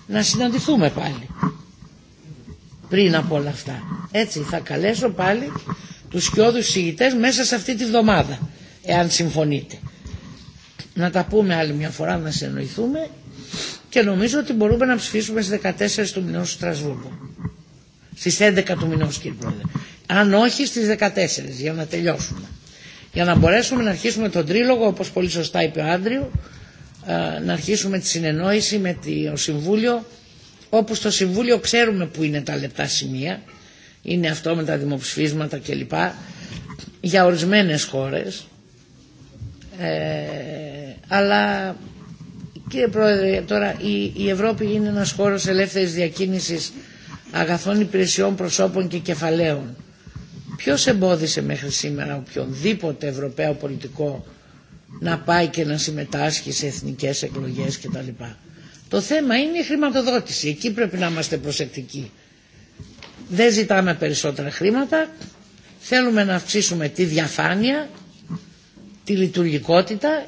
να συναντηθούμε πάλι πριν από όλα αυτά. Έτσι, θα καλέσω πάλι τους σκιώδους εισηγητές μέσα σε αυτή τη βδομάδα εάν συμφωνείτε. Να τα πούμε άλλη μια φορά, να συνεννοηθούμε και νομίζω ότι μπορούμε να ψηφίσουμε στις 14 του μηνός του Στρασβούργου. Στις 11 του μηνός κύριε Πρόεδρε. Αν όχι στις 14 για να τελειώσουμε. Για να μπορέσουμε να αρχίσουμε τον τρίλογο όπως πολύ σωστά είπε ο Άντριο ε, να αρχίσουμε τη συνεννόηση με το Συμβούλιο όπου στο Συμβούλιο ξέρουμε που είναι τα λεπτά σημεία είναι αυτό με τα δημοψηφίσματα κλπ για ορισμένες χώρες ε, αλλά κύριε Πρόεδρε τώρα η, Ευρώπη είναι ένας χώρος ελεύθερης διακίνησης αγαθών υπηρεσιών προσώπων και κεφαλαίων. Ποιος εμπόδισε μέχρι σήμερα οποιονδήποτε Ευρωπαίο πολιτικό να πάει και να συμμετάσχει σε εθνικές εκλογές κτλ. Το θέμα είναι η χρηματοδότηση. Εκεί πρέπει να είμαστε προσεκτικοί. Δεν ζητάμε περισσότερα χρήματα. Θέλουμε να αυξήσουμε τη διαφάνεια τη λειτουργικότητα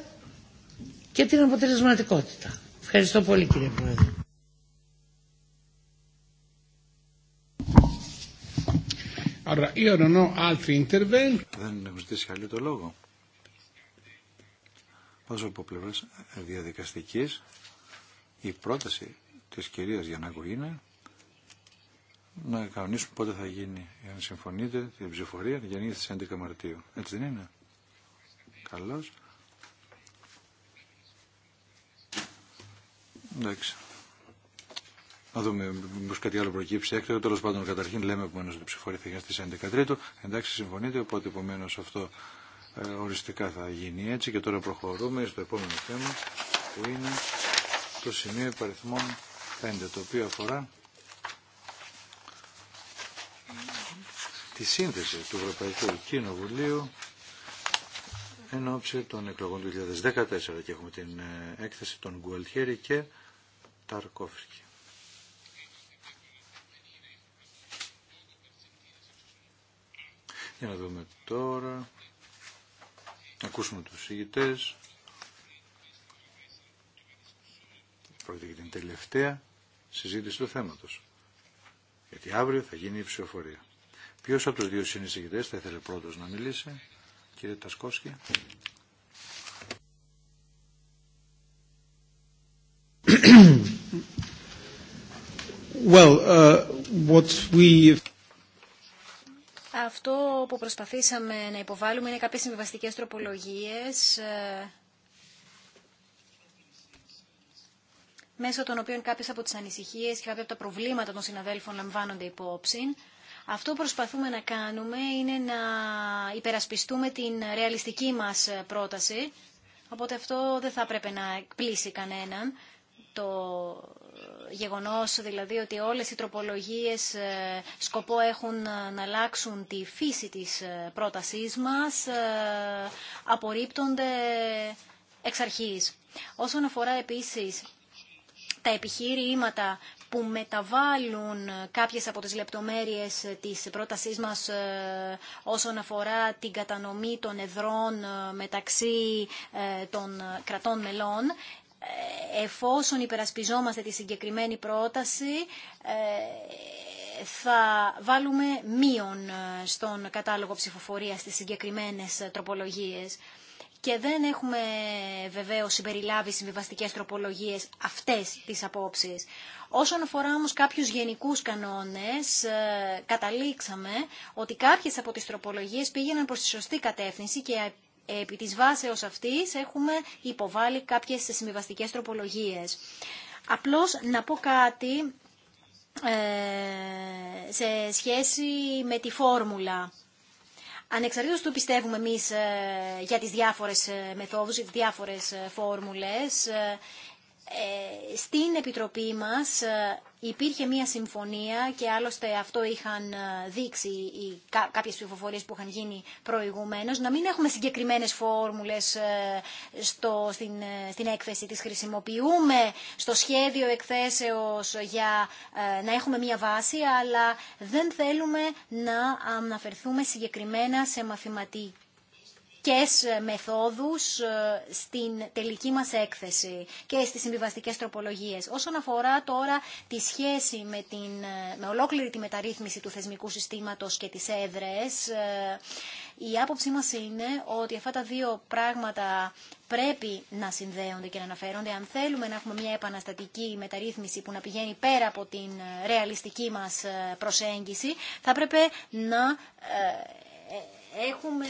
και την αποτελεσματικότητα. Ευχαριστώ πολύ κύριε Πρόεδρε. Άρα, Δεν έχω ζητήσει άλλο το λόγο. Όσο από πλευρά διαδικαστική, η πρόταση τη κυρία Γιαννάκου είναι να κανονίσουμε πότε θα γίνει, αν συμφωνείτε, την ψηφορία να γίνει στι 11 Μαρτίου. Έτσι δεν είναι καλός. Εντάξει. Να δούμε μήπως κάτι άλλο προκύψει έκτοτε. πάντων, καταρχήν λέμε επομένω ότι ψηφορήθηκαν στις 11 Τρίτου. Εντάξει, συμφωνείτε, οπότε επομένω αυτό ε, οριστικά θα γίνει έτσι. Και τώρα προχωρούμε στο επόμενο θέμα που είναι το σημείο υπαριθμών 5, το οποίο αφορά τη σύνθεση του Ευρωπαϊκού Κοινοβουλίου εν ώψη των εκλογών του 2014 και έχουμε την ε, έκθεση των Γκουαλτιέρη και Ταρκόφσκι. Για να δούμε τώρα, να ακούσουμε τους ηγητές. Πρόκειται για την τελευταία συζήτηση του θέματος. Γιατί αύριο θα γίνει η ψηφοφορία. Ποιος από τους δύο συνεισηγητές θα ήθελε πρώτος να μιλήσει. Κύριε Τασκόσκη. Well, uh, what we... Αυτό που προσπαθήσαμε να υποβάλουμε είναι κάποιες συμβιβαστικές τροπολογίες ε, μέσω των οποίων κάποιες από τις ανησυχίες και κάποια από τα προβλήματα των συναδέλφων λαμβάνονται υπόψη. Αυτό που προσπαθούμε να κάνουμε είναι να υπερασπιστούμε την ρεαλιστική μας πρόταση, οπότε αυτό δεν θα έπρεπε να εκπλήσει κανέναν. Το γεγονός δηλαδή ότι όλες οι τροπολογίες ε, σκοπό έχουν να αλλάξουν τη φύση της ε, πρότασής μας ε, απορρίπτονται εξ αρχής. Όσον αφορά επίσης τα επιχείρηματα που μεταβάλλουν κάποιες από τις λεπτομέρειες της πρότασής μας ε, όσον αφορά την κατανομή των εδρών ε, μεταξύ ε, των κρατών μελών εφόσον υπερασπιζόμαστε τη συγκεκριμένη πρόταση, θα βάλουμε μείον στον κατάλογο ψηφοφορίας στις συγκεκριμένες τροπολογίες. Και δεν έχουμε βεβαίως συμπεριλάβει συμβιβαστικές τροπολογίες αυτές τις απόψεις. Όσον αφορά όμως κάποιους γενικούς κανόνες, ε, καταλήξαμε ότι κάποιες από τις τροπολογίες πήγαιναν προς τη σωστή κατεύθυνση και επί της βάσεως αυτής έχουμε υποβάλει κάποιες συμβιβαστικές τροπολογίες. Απλώς να πω κάτι ε, σε σχέση με τη φόρμουλα. Ανεξαρτήτως του πιστεύουμε εμείς ε, για τις διάφορες μεθόδους, τις διάφορες φόρμουλες, ε, στην Επιτροπή μας ε, υπήρχε μία συμφωνία και άλλωστε αυτό είχαν ε, δείξει οι κάποιες που είχαν γίνει προηγουμένως, να μην έχουμε συγκεκριμένες φόρμουλες στο, στην, στην έκθεση της χρησιμοποιούμε στο σχέδιο εκθέσεως για να έχουμε μία βάση, αλλά δεν θέλουμε να αναφερθούμε συγκεκριμένα σε μαθηματική και ε, μεθόδους ε, στην τελική μας έκθεση και στις συμβιβαστικές τροπολογίες. Όσον αφορά τώρα τη σχέση με, την, ε, με ολόκληρη τη μεταρρύθμιση του θεσμικού συστήματος και τις έδρες, η άποψή μας είναι ότι αυτά τα δύο πράγματα πρέπει να συνδέονται και να αναφέρονται. Αν θέλουμε να έχουμε μια επαναστατική μεταρρύθμιση που να πηγαίνει πέρα από την ρεαλιστική μας προσέγγιση, θα πρέπει να έχουμε,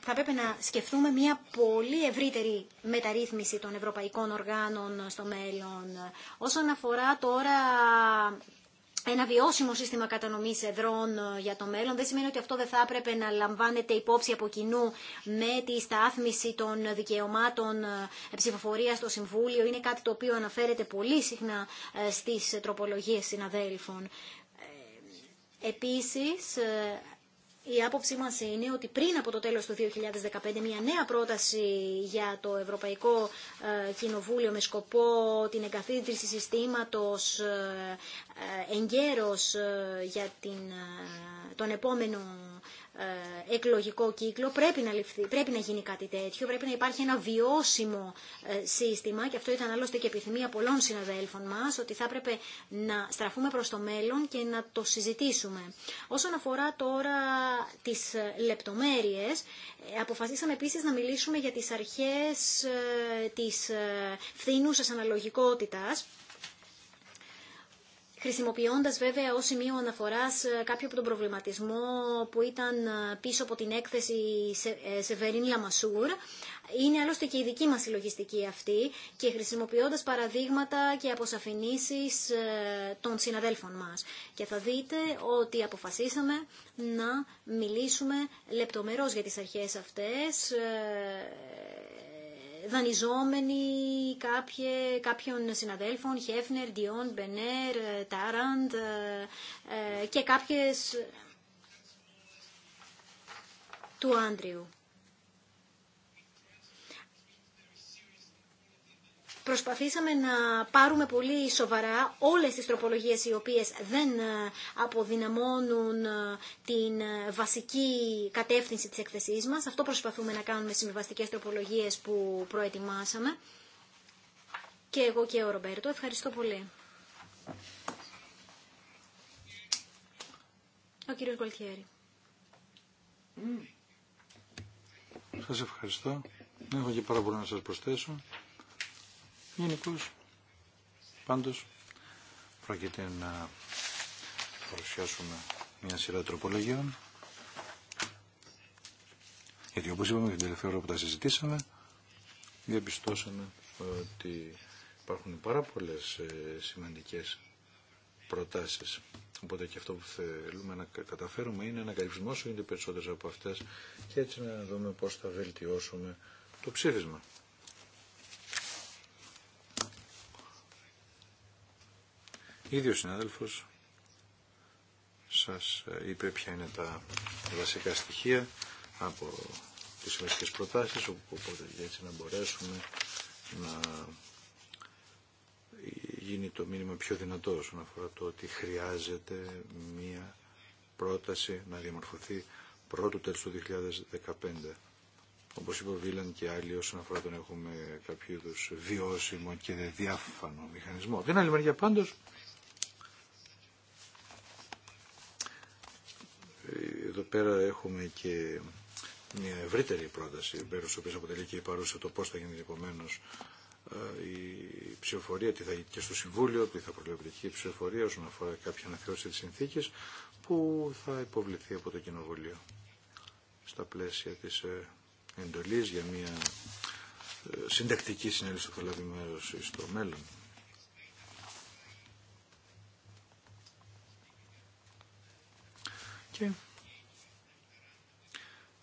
θα πρέπει να σκεφτούμε μια πολύ ευρύτερη μεταρρύθμιση των ευρωπαϊκών οργάνων στο μέλλον. Όσον αφορά τώρα ένα βιώσιμο σύστημα κατανομής εδρών για το μέλλον. Δεν σημαίνει ότι αυτό δεν θα έπρεπε να λαμβάνεται υπόψη από κοινού με τη στάθμιση των δικαιωμάτων ε, ψηφοφορία στο Συμβούλιο. Είναι κάτι το οποίο αναφέρεται πολύ συχνά ε, στι τροπολογίε συναδέλφων. Ε, επίσης, η άποψή μας είναι ότι πριν από το τέλος του 2015 μια νέα πρόταση για το Ευρωπαϊκό ε, Κοινοβούλιο με σκοπό την εγκαθίδρυση συστήματος ε, ε, εγκαίρως για την, τον επόμενο ε, εκλογικό κύκλο. Πρέπει να, ληφθεί, πρέπει να γίνει κάτι τέτοιο, πρέπει να υπάρχει ένα βιώσιμο ε, σύστημα και αυτό ήταν άλλωστε και επιθυμία πολλών συναδέλφων μας, ότι θα έπρεπε να στραφούμε προς το μέλλον και να το συζητήσουμε. Όσον αφορά τώρα τις ε, λεπτομέρειες, αποφασίσαμε επίσης να μιλήσουμε για τις αρχές της φθήνουσας αναλογικότητας χρησιμοποιώντας βέβαια ως σημείο αναφοράς ε, κάποιο από τον προβληματισμό που ήταν ε, πίσω από την έκθεση ε, Σεβερίν Λαμασούρ. Είναι άλλωστε και η δική μας συλλογιστική αυτή και χρησιμοποιώντας παραδείγματα και αποσαφηνήσεις των συναδέλφων μας. Και θα δείτε ότι αποφασίσαμε να μιλήσουμε λεπτομερώς για τις αρχές αυτές δανειζόμενοι κάποιε, κάποιων συναδέλφων, Χέφνερ, Διόν, Μπενέρ, ε, Τάραντ ε, ε, και κάποιες του Άντριου. Προσπαθήσαμε να πάρουμε πολύ σοβαρά όλες τις τροπολογίες οι οποίες δεν ε, αποδυναμώνουν ε, την ε, βασική κατεύθυνση της εκθεσής μας. Αυτό προσπαθούμε να κάνουμε συμβιβαστικές τροπολογίες που προετοιμάσαμε. Και εγώ και ο Ρομπέρτο. Ευχαριστώ πολύ. Ο κύριος Γκολτιέρη. Σας ευχαριστώ. έχω και πάρα πολύ να σας προσθέσω. Γενικώ, πάντως, πρόκειται να παρουσιάσουμε μια σειρά τροπολογιών. Γιατί όπως είπαμε την τελευταία ώρα που τα συζητήσαμε, διαπιστώσαμε ότι υπάρχουν πάρα πολλέ ε, σημαντικές προτάσεις. Οπότε και αυτό που θέλουμε να καταφέρουμε είναι να καλύψουμε όσο γίνεται περισσότερε από αυτές και έτσι να δούμε πώς θα βελτιώσουμε το ψήφισμα. Ήδη ο συνάδελφος σας ε, είπε ποια είναι τα βασικά στοιχεία από τις βασικές προτάσεις, οπότε έτσι να μπορέσουμε να γίνει το μήνυμα πιο δυνατό όσον αφορά το ότι χρειάζεται μία πρόταση να διαμορφωθεί πρώτου τέλους του 2015. Όπως είπε ο Βίλαν και άλλοι όσον αφορά τον έχουμε κάποιο είδου βιώσιμο και διάφανο μηχανισμό. Την άλλη μεριά πάντως εδώ πέρα έχουμε και μια ευρύτερη πρόταση, μέρο τη οποία αποτελεί και η παρούσα το πώ θα γίνει επομένω ε, η ψηφοφορία, τι θα γίνει και στο Συμβούλιο, τι θα προβλέπει και η ψηφοφορία όσον αφορά κάποια αναθεώρηση τη συνθήκη που θα υποβληθεί από το Κοινοβουλίο στα πλαίσια τη ε, εντολή για μια ε, συντακτική συνέλευση που θα λάβει μέρο στο μέλλον.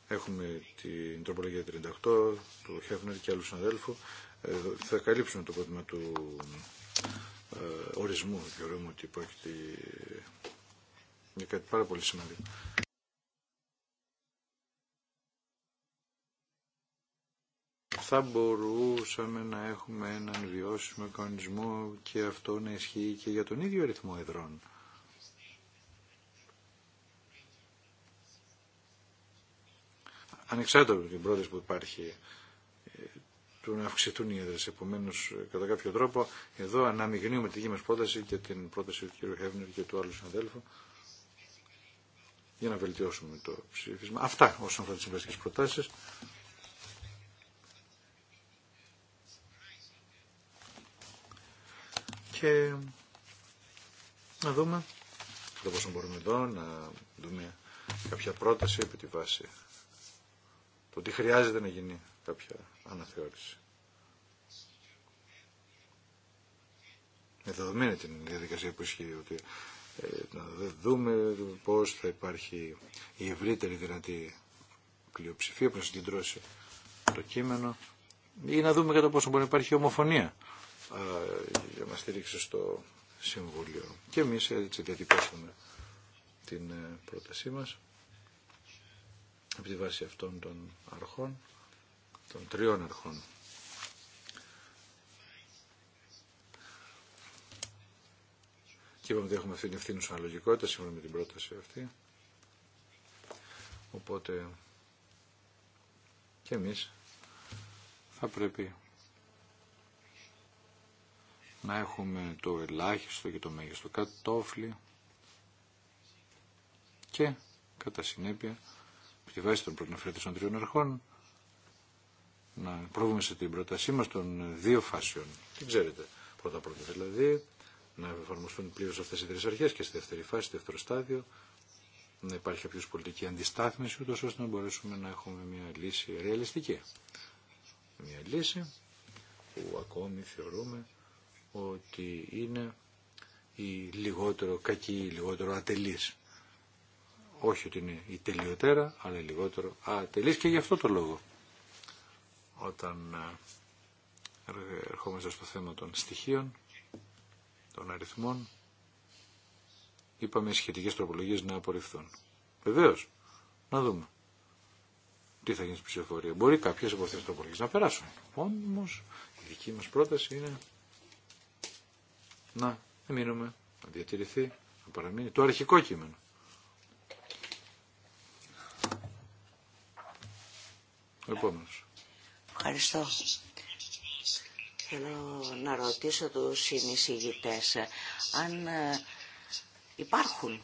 έχουμε την τροπολογία 38 του Χέφνερ και άλλου συναδέλφου. Ε, θα καλύψουμε το πρόβλημα του ε, ορισμού. Θεωρούμε ότι υπάρχει κάτι πάρα πολύ σημαντικό. θα μπορούσαμε να έχουμε έναν βιώσιμο κανονισμό και αυτό να ισχύει και για τον ίδιο αριθμό εδρών. ανεξάρτητα από την πρόταση που υπάρχει ε, του να αυξηθούν οι έδρε. Επομένω, ε, κατά κάποιο τρόπο, εδώ αναμειγνύουμε τη δική μα πρόταση και την πρόταση του κ. Χεύνερ και του άλλου συναδέλφου για να βελτιώσουμε το ψήφισμα. Αυτά όσον αφορά τι συμβαστικέ προτάσει. Και να δούμε κατά πόσο μπορούμε εδώ να δούμε κάποια πρόταση επί τη βάση ότι χρειάζεται να γίνει κάποια αναθεώρηση. Με δεδομένη την διαδικασία που ισχύει ότι ε, να δούμε πώς θα υπάρχει η ευρύτερη δυνατή πλειοψηφία που να συγκεντρώσει το κείμενο ή να δούμε κατά πόσο μπορεί να υπάρχει ομοφωνία για να στηρίξει στο Συμβούλιο. Και εμείς έτσι διατυπώσαμε την ε, πρότασή μας από τη βάση αυτών των αρχών, των τριών αρχών. Και είπαμε ότι έχουμε αυτή την ευθύνη αναλογικότητα σύμφωνα με την πρόταση αυτή. Οπότε και εμείς θα πρέπει να έχουμε το ελάχιστο και το μέγιστο κατόφλι και κατά συνέπεια διασκευάσει των προκνοφέτων των τριών αρχών να προβούμε σε την πρότασή μα των δύο φάσεων. Τι ξέρετε, πρώτα πρώτα δηλαδή, να εφαρμοστούν πλήρω αυτέ οι τρει αρχέ και στη δεύτερη φάση, στο δεύτερο στάδιο, να υπάρχει κάποιο πολιτική αντιστάθμιση, ούτω ώστε να μπορέσουμε να έχουμε μια λύση ρεαλιστική. Μια λύση που ακόμη θεωρούμε ότι είναι η λιγότερο κακή, η λιγότερο ατελής όχι ότι είναι η τελειωτέρα, αλλά λιγότερο ατελής και γι' αυτό το λόγο. Όταν ε, ερχόμαστε στο θέμα των στοιχείων, των αριθμών, είπαμε οι σχετικές τροπολογίες να απορριφθούν. Βεβαίω, να δούμε τι θα γίνει στην ψηφοφορία. Μπορεί κάποιες από αυτές τις τροπολογίες να περάσουν. Όμως, η δική μας πρόταση είναι να μείνουμε, να διατηρηθεί, να παραμείνει το αρχικό κείμενο. Ευχαριστώ. Θέλω να ρωτήσω του συνεισηγητέ αν ε, υπάρχουν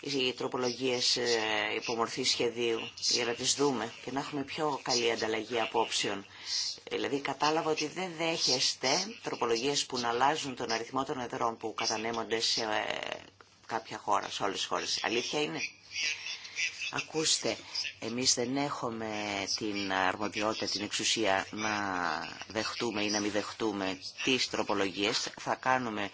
οι τροπολογίες ε, υπομορφή σχεδίου για να τι δούμε και να έχουμε πιο καλή ανταλλαγή απόψεων. Δηλαδή κατάλαβα ότι δεν δέχεστε τροπολογίες που να αλλάζουν τον αριθμό των εδρών που κατανέμονται σε ε, κάποια χώρα, σε όλες τι χώρε. Αλήθεια είναι. Ακούστε, εμείς δεν έχουμε την αρμοδιότητα, την εξουσία να δεχτούμε ή να μην δεχτούμε τις τροπολογίες. Θα κάνουμε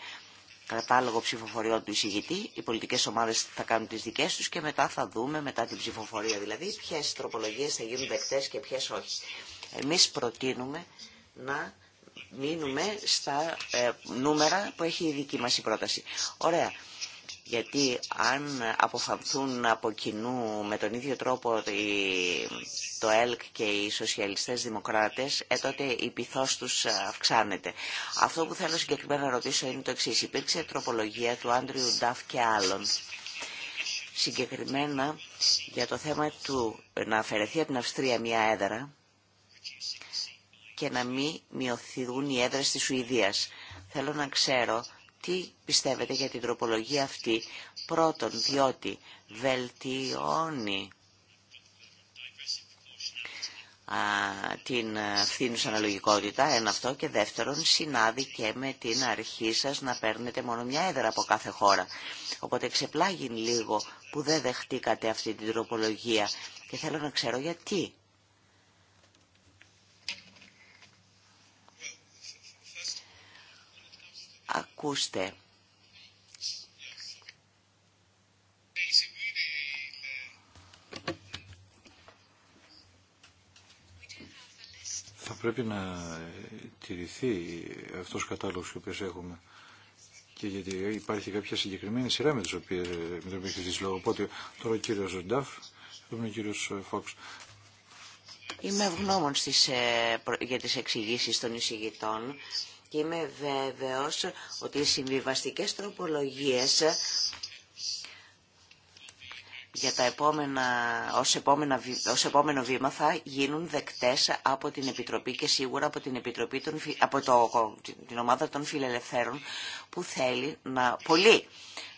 κατάλογο ψηφοφοριών του εισηγητή, οι πολιτικές ομάδες θα κάνουν τις δικές τους και μετά θα δούμε, μετά την ψηφοφορία δηλαδή, ποιες τροπολογίες θα γίνουν δεκτές και ποιες όχι. Εμείς προτείνουμε να μείνουμε στα ε, νούμερα που έχει η δική μας η πρόταση. Ωραία γιατί αν αποφανθούν από κοινού με τον ίδιο τρόπο το ΕΛΚ και οι σοσιαλιστές δημοκράτες, ε, τότε η πυθός τους αυξάνεται. Αυτό που θέλω συγκεκριμένα να ρωτήσω είναι το εξής. Υπήρξε τροπολογία του Άντριου Νταφ και άλλων. Συγκεκριμένα για το θέμα του να αφαιρεθεί από την Αυστρία μια έδρα και να μην μειωθούν οι έδρες της Σουηδίας. Θέλω να ξέρω τι πιστεύετε για την τροπολογία αυτή, πρώτον διότι βελτιώνει την φθήνουσα αναλογικότητα, ένα αυτό, και δεύτερον συνάδει και με την αρχή σας να παίρνετε μόνο μια έδρα από κάθε χώρα. Οπότε ξεπλάγει λίγο που δεν δεχτήκατε αυτή την τροπολογία και θέλω να ξέρω γιατί. Ακούστε. Θα πρέπει να τηρηθεί αυτός ο κατάλογος που έχουμε και γιατί υπάρχει κάποια συγκεκριμένη σειρά με τις οποίες με την οποία έχει λόγο. Οπότε τώρα ο κύριος Νταφ, ο κύριος Φόξ. Είμαι ευγνώμων στις, ε, για τις εξηγήσεις των εισηγητών και είμαι βέβαιος ότι οι συμβιβαστικές τροπολογίες για τα επόμενα, ως, επόμενα, ως επόμενο βήμα θα γίνουν δεκτές από την Επιτροπή και σίγουρα από την, Επιτροπή των, από την ομάδα των φιλελευθέρων που θέλει να, πολύ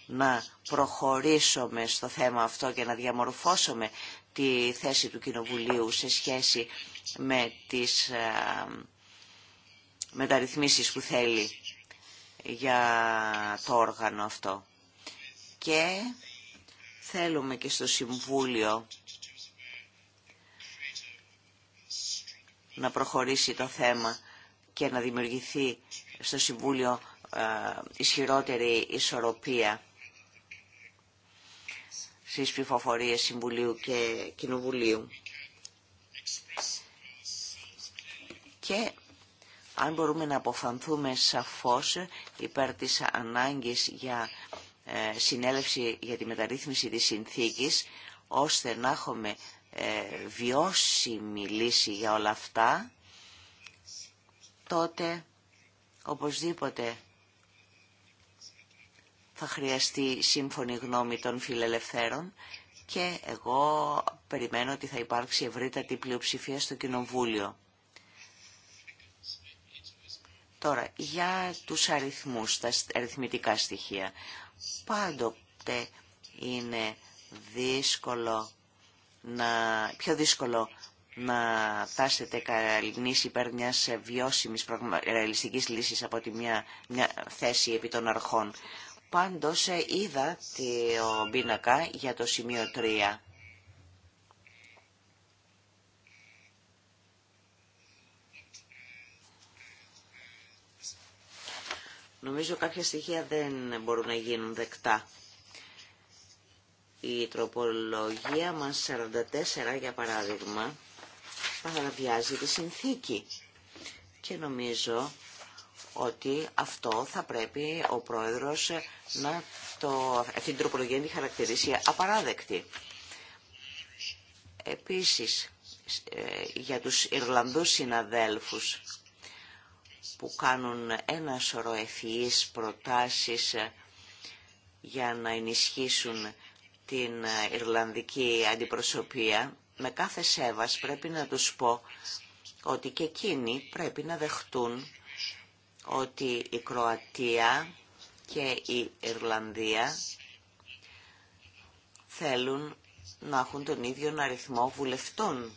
να προχωρήσουμε στο θέμα αυτό και να διαμορφώσουμε τη θέση του Κοινοβουλίου σε σχέση με τις ε, μεταρρυθμίσεις που θέλει για το όργανο αυτό. Και θέλουμε και στο Συμβούλιο να προχωρήσει το θέμα και να δημιουργηθεί στο Συμβούλιο ε, ισχυρότερη ισορροπία στις ψηφοφορίες Συμβουλίου και Κοινοβουλίου. Και αν μπορούμε να αποφανθούμε σαφώς υπέρ της ανάγκης για ε, συνέλευση για τη μεταρρύθμιση της συνθήκης, ώστε να έχουμε ε, βιώσιμη λύση για όλα αυτά, τότε οπωσδήποτε θα χρειαστεί σύμφωνη γνώμη των φιλελευθέρων και εγώ περιμένω ότι θα υπάρξει ευρύτατη πλειοψηφία στο Κοινοβούλιο. Τώρα, για τους αριθμούς, τα αριθμητικά στοιχεία. Πάντοτε είναι δύσκολο να, πιο δύσκολο να φτάσετε γνήση υπέρ μιας βιώσιμης ρεαλιστικής λύσης από τη μια, θέση επί των αρχών. Πάντως ε, είδα ο μπίνακα για το σημείο 3 Νομίζω κάποια στοιχεία δεν μπορούν να γίνουν δεκτά. Η τροπολογία μας 44, για παράδειγμα, παραβιάζει τη συνθήκη. Και νομίζω ότι αυτό θα πρέπει ο πρόεδρος να το, αυτή την τροπολογία είναι τη απαράδεκτη. Επίσης, ε, για τους Ιρλανδούς συναδέλφους, που κάνουν ένα σωρό ευφυείς προτάσεις ε, για να ενισχύσουν την ε, Ιρλανδική αντιπροσωπεία. Με κάθε σέβας πρέπει να τους πω ότι και εκείνοι πρέπει να δεχτούν ότι η Κροατία και η Ιρλανδία θέλουν να έχουν τον ίδιο αριθμό βουλευτών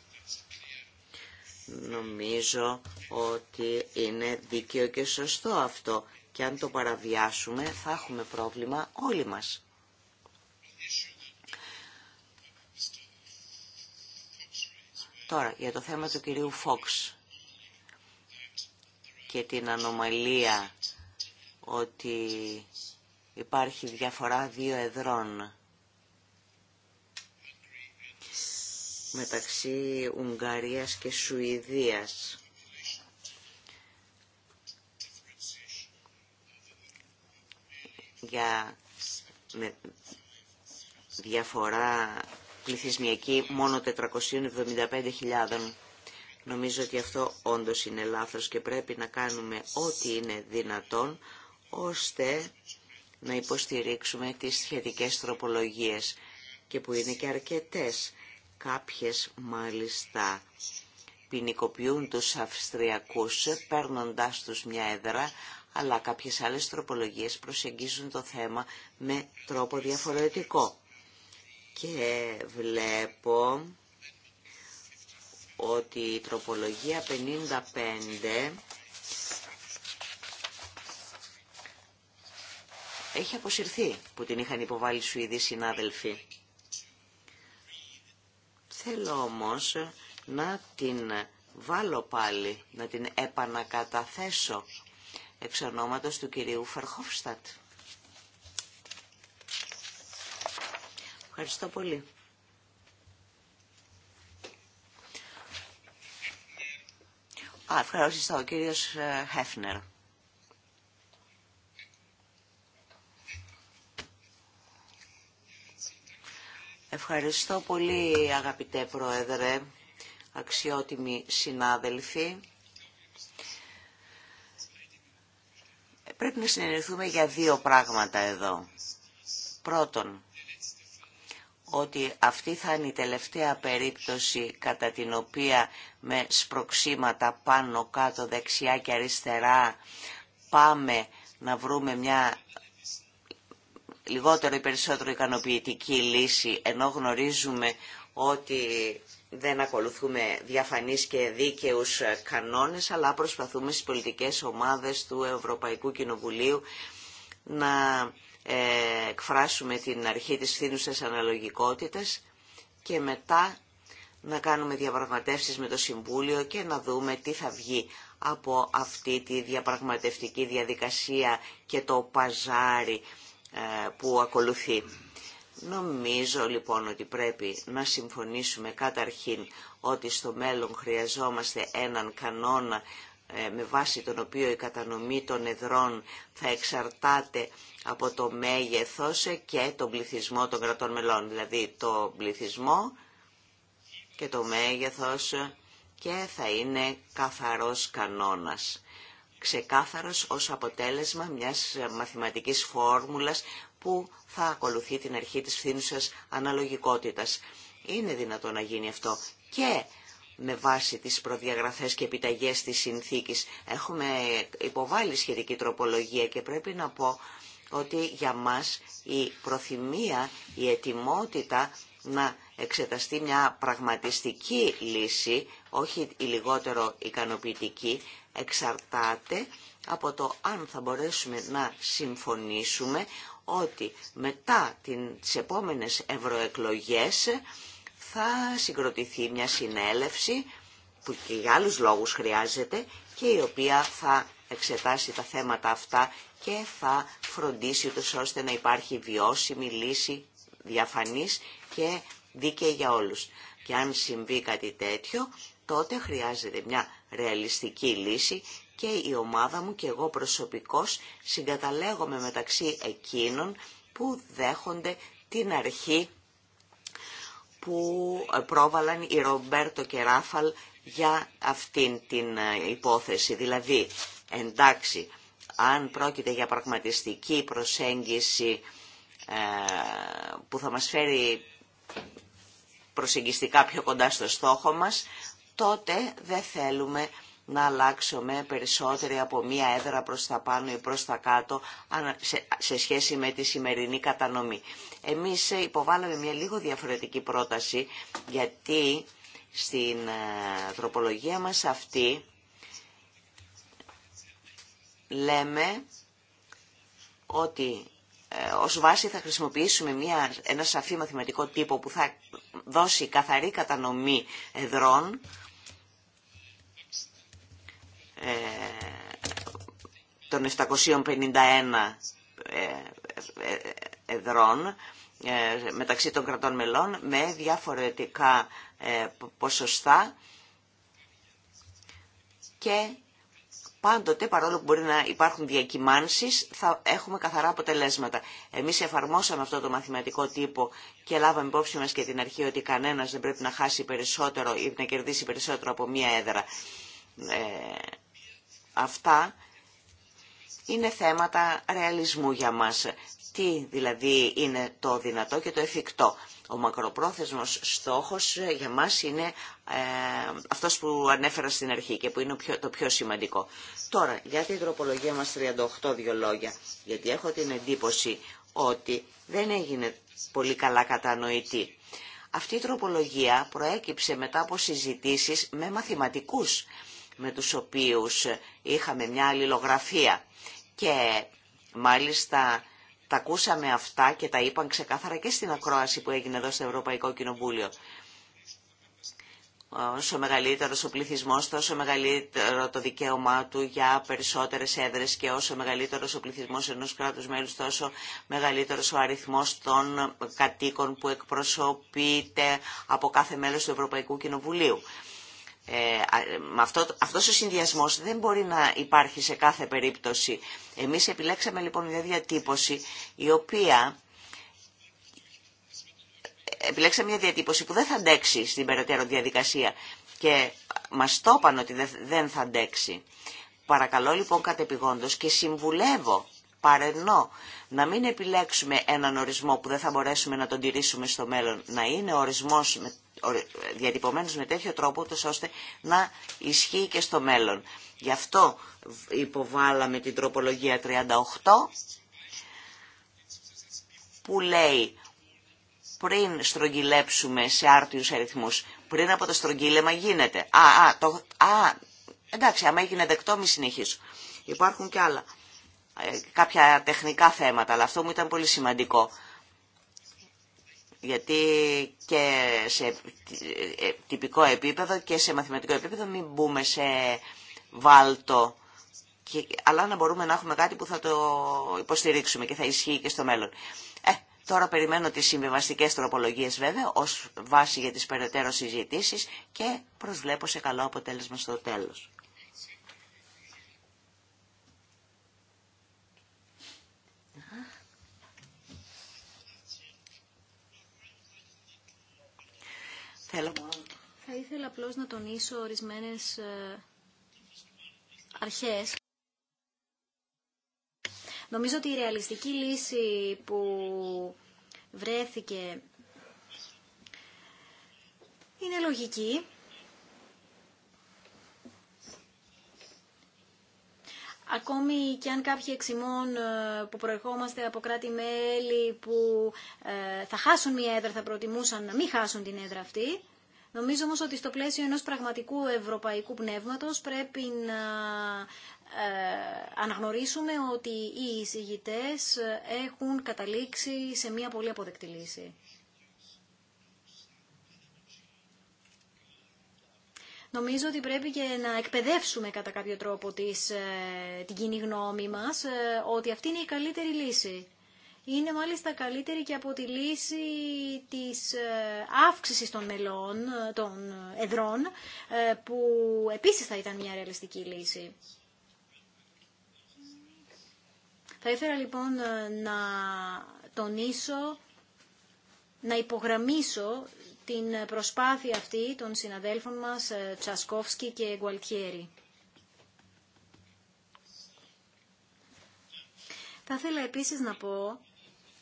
Νομίζω ότι είναι δίκαιο και σωστό αυτό και αν το παραβιάσουμε θα έχουμε πρόβλημα όλοι μας. Τώρα, για το θέμα του κυρίου Φόξ και την ανομαλία ότι υπάρχει διαφορά δύο εδρών μεταξύ Ουγγαρίας και Σουηδίας. Για με διαφορά πληθυσμιακή μόνο 475.000. Νομίζω ότι αυτό όντως είναι λάθος και πρέπει να κάνουμε ό,τι είναι δυνατόν ώστε να υποστηρίξουμε τις σχετικές τροπολογίες και που είναι και αρκετές Κάποιες μάλιστα ποινικοποιούν τους Αυστριακούς παίρνοντάς τους μια έδρα, αλλά κάποιες άλλες τροπολογίες προσεγγίζουν το θέμα με τρόπο διαφορετικό. Και βλέπω ότι η τροπολογία 55 έχει αποσυρθεί που την είχαν υποβάλει Σουηδοί συνάδελφοι. Θέλω όμως να την βάλω πάλι, να την επανακαταθέσω εξ του κυρίου Φερχόφστατ. Ευχαριστώ πολύ. Α, ευχαριστώ, ο κύριος ε, Χέφνερ. Ευχαριστώ πολύ αγαπητέ Πρόεδρε, αξιότιμοι συνάδελφοι. Πρέπει να συνεννοηθούμε για δύο πράγματα εδώ. Πρώτον, ότι αυτή θα είναι η τελευταία περίπτωση κατά την οποία με σπροξήματα πάνω, κάτω, δεξιά και αριστερά πάμε να βρούμε μια λιγότερο ή περισσότερο ικανοποιητική λύση, ενώ γνωρίζουμε ότι δεν ακολουθούμε διαφανείς και δίκαιους κανόνες, αλλά προσπαθούμε στις πολιτικές ομάδες του Ευρωπαϊκού Κοινοβουλίου να ε, εκφράσουμε την αρχή της φθήνουσας αναλογικότητας και μετά να κάνουμε διαπραγματεύσεις με το Συμβούλιο και να δούμε τι θα βγει από αυτή τη διαπραγματευτική διαδικασία και το παζάρι ε, που ακολουθεί. Νομίζω λοιπόν ότι πρέπει να συμφωνήσουμε καταρχήν ότι στο μέλλον χρειαζόμαστε έναν κανόνα ε, με βάση τον οποίο η κατανομή των εδρών θα εξαρτάται από το μέγεθος και τον πληθυσμό των κρατών μελών. Δηλαδή το πληθυσμό και το μέγεθος και θα είναι καθαρός κανόνας ξεκάθαρος ως αποτέλεσμα μιας μαθηματικής φόρμουλας που θα ακολουθεί την αρχή της φθήνουσας αναλογικότητας. Είναι δυνατό να γίνει αυτό και με βάση τις προδιαγραφές και επιταγές της συνθήκης. Έχουμε υποβάλει σχετική τροπολογία και πρέπει να πω ότι για μας η προθυμία, η ετοιμότητα να εξεταστεί μια πραγματιστική λύση, όχι η λιγότερο ικανοποιητική, εξαρτάται από το αν θα μπορέσουμε να συμφωνήσουμε ότι μετά την, τις επόμενες ευρωεκλογές θα συγκροτηθεί μια συνέλευση που και για άλλους λόγους χρειάζεται και η οποία θα εξετάσει τα θέματα αυτά και θα φροντίσει τους ώστε να υπάρχει βιώσιμη λύση διαφανής και δίκαιη για όλους. Και αν συμβεί κάτι τέτοιο, τότε χρειάζεται μια ρεαλιστική λύση και η ομάδα μου και εγώ προσωπικώς συγκαταλέγομαι μεταξύ εκείνων που δέχονται την αρχή που πρόβαλαν οι Ρομπέρτο και Ράφαλ για αυτήν την ε, υπόθεση. Δηλαδή, εντάξει, αν πρόκειται για πραγματιστική προσέγγιση ε, που θα μας φέρει προσεγγιστικά πιο κοντά στο στόχο μας, τότε δεν θέλουμε να αλλάξουμε περισσότερη από μία έδρα προς τα πάνω ή προς τα κάτω σε σχέση με τη σημερινή κατανομή. Εμείς ε, υποβάλαμε μια λίγο διαφορετική πρόταση γιατί στην ε, τροπολογία μας αυτή λέμε ότι ε, ως βάση θα χρησιμοποιήσουμε μια, ένα σαφή μαθηματικό τύπο που θα δώσει καθαρή κατανομή εδρών ε, των 751 ε, ε, εδρών μεταξύ των κρατών μελών με διαφορετικά ποσοστά και πάντοτε παρόλο που μπορεί να υπάρχουν διακυμάνσεις θα έχουμε καθαρά αποτελέσματα. Εμείς εφαρμόσαμε αυτό το μαθηματικό τύπο και λάβαμε υπόψη μας και την αρχή ότι κανένας δεν πρέπει να χάσει περισσότερο ή να κερδίσει περισσότερο από μία έδρα αυτά είναι θέματα ρεαλισμού για μας. Τι δηλαδή είναι το δυνατό και το εφικτό. Ο μακροπρόθεσμος στόχος για μας είναι ε, αυτός που ανέφερα στην αρχή και που είναι το πιο σημαντικό. Τώρα, για την τροπολογία μας 38 δύο λόγια, γιατί έχω την εντύπωση ότι δεν έγινε πολύ καλά κατανοητή. Αυτή η τροπολογία προέκυψε μετά από συζητήσεις με μαθηματικούς με τους οποίους ε, είχαμε μια αλληλογραφία. Και μάλιστα τα ακούσαμε αυτά και τα είπαν ξεκάθαρα και στην ακρόαση που έγινε εδώ στο Ευρωπαϊκό Κοινοβούλιο. Όσο μεγαλύτερος ο πληθυσμός, τόσο μεγαλύτερο το δικαίωμά του για περισσότερες έδρες και όσο μεγαλύτερος ο πληθυσμός ενός κράτους μέλους, τόσο μεγαλύτερος ο αριθμός των κατοίκων που εκπροσωπείται από κάθε μέλος του Ευρωπαϊκού Κοινοβουλίου ε, αυτό, αυτός ο συνδυασμός δεν μπορεί να υπάρχει σε κάθε περίπτωση. Εμείς επιλέξαμε λοιπόν μια διατύπωση η οποία επιλέξαμε μια διατύπωση που δεν θα αντέξει στην περαιτέρω διαδικασία και μας το είπαν ότι δεν θα αντέξει. Παρακαλώ λοιπόν κατεπηγόντως και συμβουλεύω παρενώ να μην επιλέξουμε έναν ορισμό που δεν θα μπορέσουμε να τον τηρήσουμε στο μέλλον, να είναι ορισμός με διατυπωμένες με τέτοιο τρόπο ώστε να ισχύει και στο μέλλον. Γι' αυτό υποβάλαμε την τροπολογία 38 που λέει πριν στρογγυλέψουμε σε άρτιους αριθμούς, πριν από το στρογγύλεμα γίνεται. Α, α, το, α εντάξει, άμα έγινε δεκτό μη συνεχίσω. Υπάρχουν και άλλα, ε, κάποια τεχνικά θέματα, αλλά αυτό μου ήταν πολύ σημαντικό γιατί και σε ε, τυπικό επίπεδο και σε μαθηματικό επίπεδο μην μπούμε σε βάλτο, αλλά να μπορούμε να έχουμε κάτι που θα το υποστηρίξουμε και θα ισχύει και στο μέλλον. Ε, τώρα περιμένω τις συμβιβαστικές τροπολογίες βέβαια ως βάση για τις περαιτέρω συζητήσεις και προσβλέπω σε καλό αποτέλεσμα στο τέλος. Θα ήθελα απλώ να τονίσω ορισμένες ε, αρχές. Νομίζω ότι η ρεαλιστική λύση που βρέθηκε είναι λογική. Ακόμη και αν κάποιοι εξημών ε, που προερχόμαστε από κράτη-μέλη που ε, θα χάσουν μια έδρα, θα προτιμούσαν να μην χάσουν την έδρα αυτή, νομίζω όμως ότι στο πλαίσιο ενός πραγματικού ευρωπαϊκού πνεύματος πρέπει να ε, αναγνωρίσουμε ότι οι εισηγητές έχουν καταλήξει σε μια πολύ αποδεκτή λύση. Νομίζω ότι πρέπει και να εκπαιδεύσουμε κατά κάποιο τρόπο ε, την κοινή γνώμη μας ε, ότι αυτή είναι η καλύτερη λύση. Είναι μάλιστα καλύτερη και από τη λύση της ε, αύξησης των μελών, των εδρών, που επίσης θα ήταν μια ρεαλιστική λύση. Θα ήθελα λοιπόν να τονίσω, να υπογραμμίσω την προσπάθεια αυτή των συναδέλφων μας ε, Τσασκόφσκι και Γκουαλτιέρη. Θα ήθελα επίσης να πω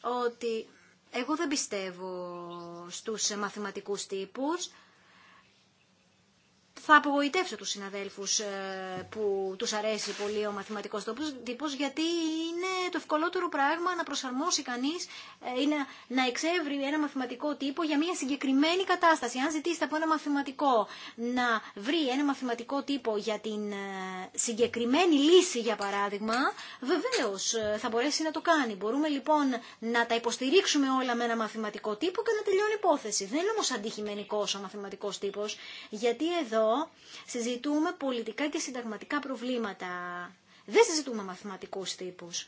ότι εγώ δεν πιστεύω στους μαθηματικούς τύπους, θα απογοητεύσω τους συναδέλφους ε, που τους αρέσει πολύ ο μαθηματικός τύπος, γιατί είναι το ευκολότερο πράγμα να προσαρμόσει κανείς ε, ή να, να εξεύρει ένα μαθηματικό τύπο για μια συγκεκριμένη κατάσταση. Αν ζητήσετε από ένα μαθηματικό να βρει ένα μαθηματικό τύπο για την ε, συγκεκριμένη λύση, για παράδειγμα, βεβαίως θα μπορέσει να το κάνει. Μπορούμε λοιπόν να τα υποστηρίξουμε όλα με ένα μαθηματικό τύπο και να τελειώνει η υπόθεση. Δεν είναι όμως αντικειμενικός ο μαθηματικός τύπος, γιατί εδώ συζητούμε πολιτικά και συνταγματικά προβλήματα. Δεν συζητούμε μαθηματικούς τύπους.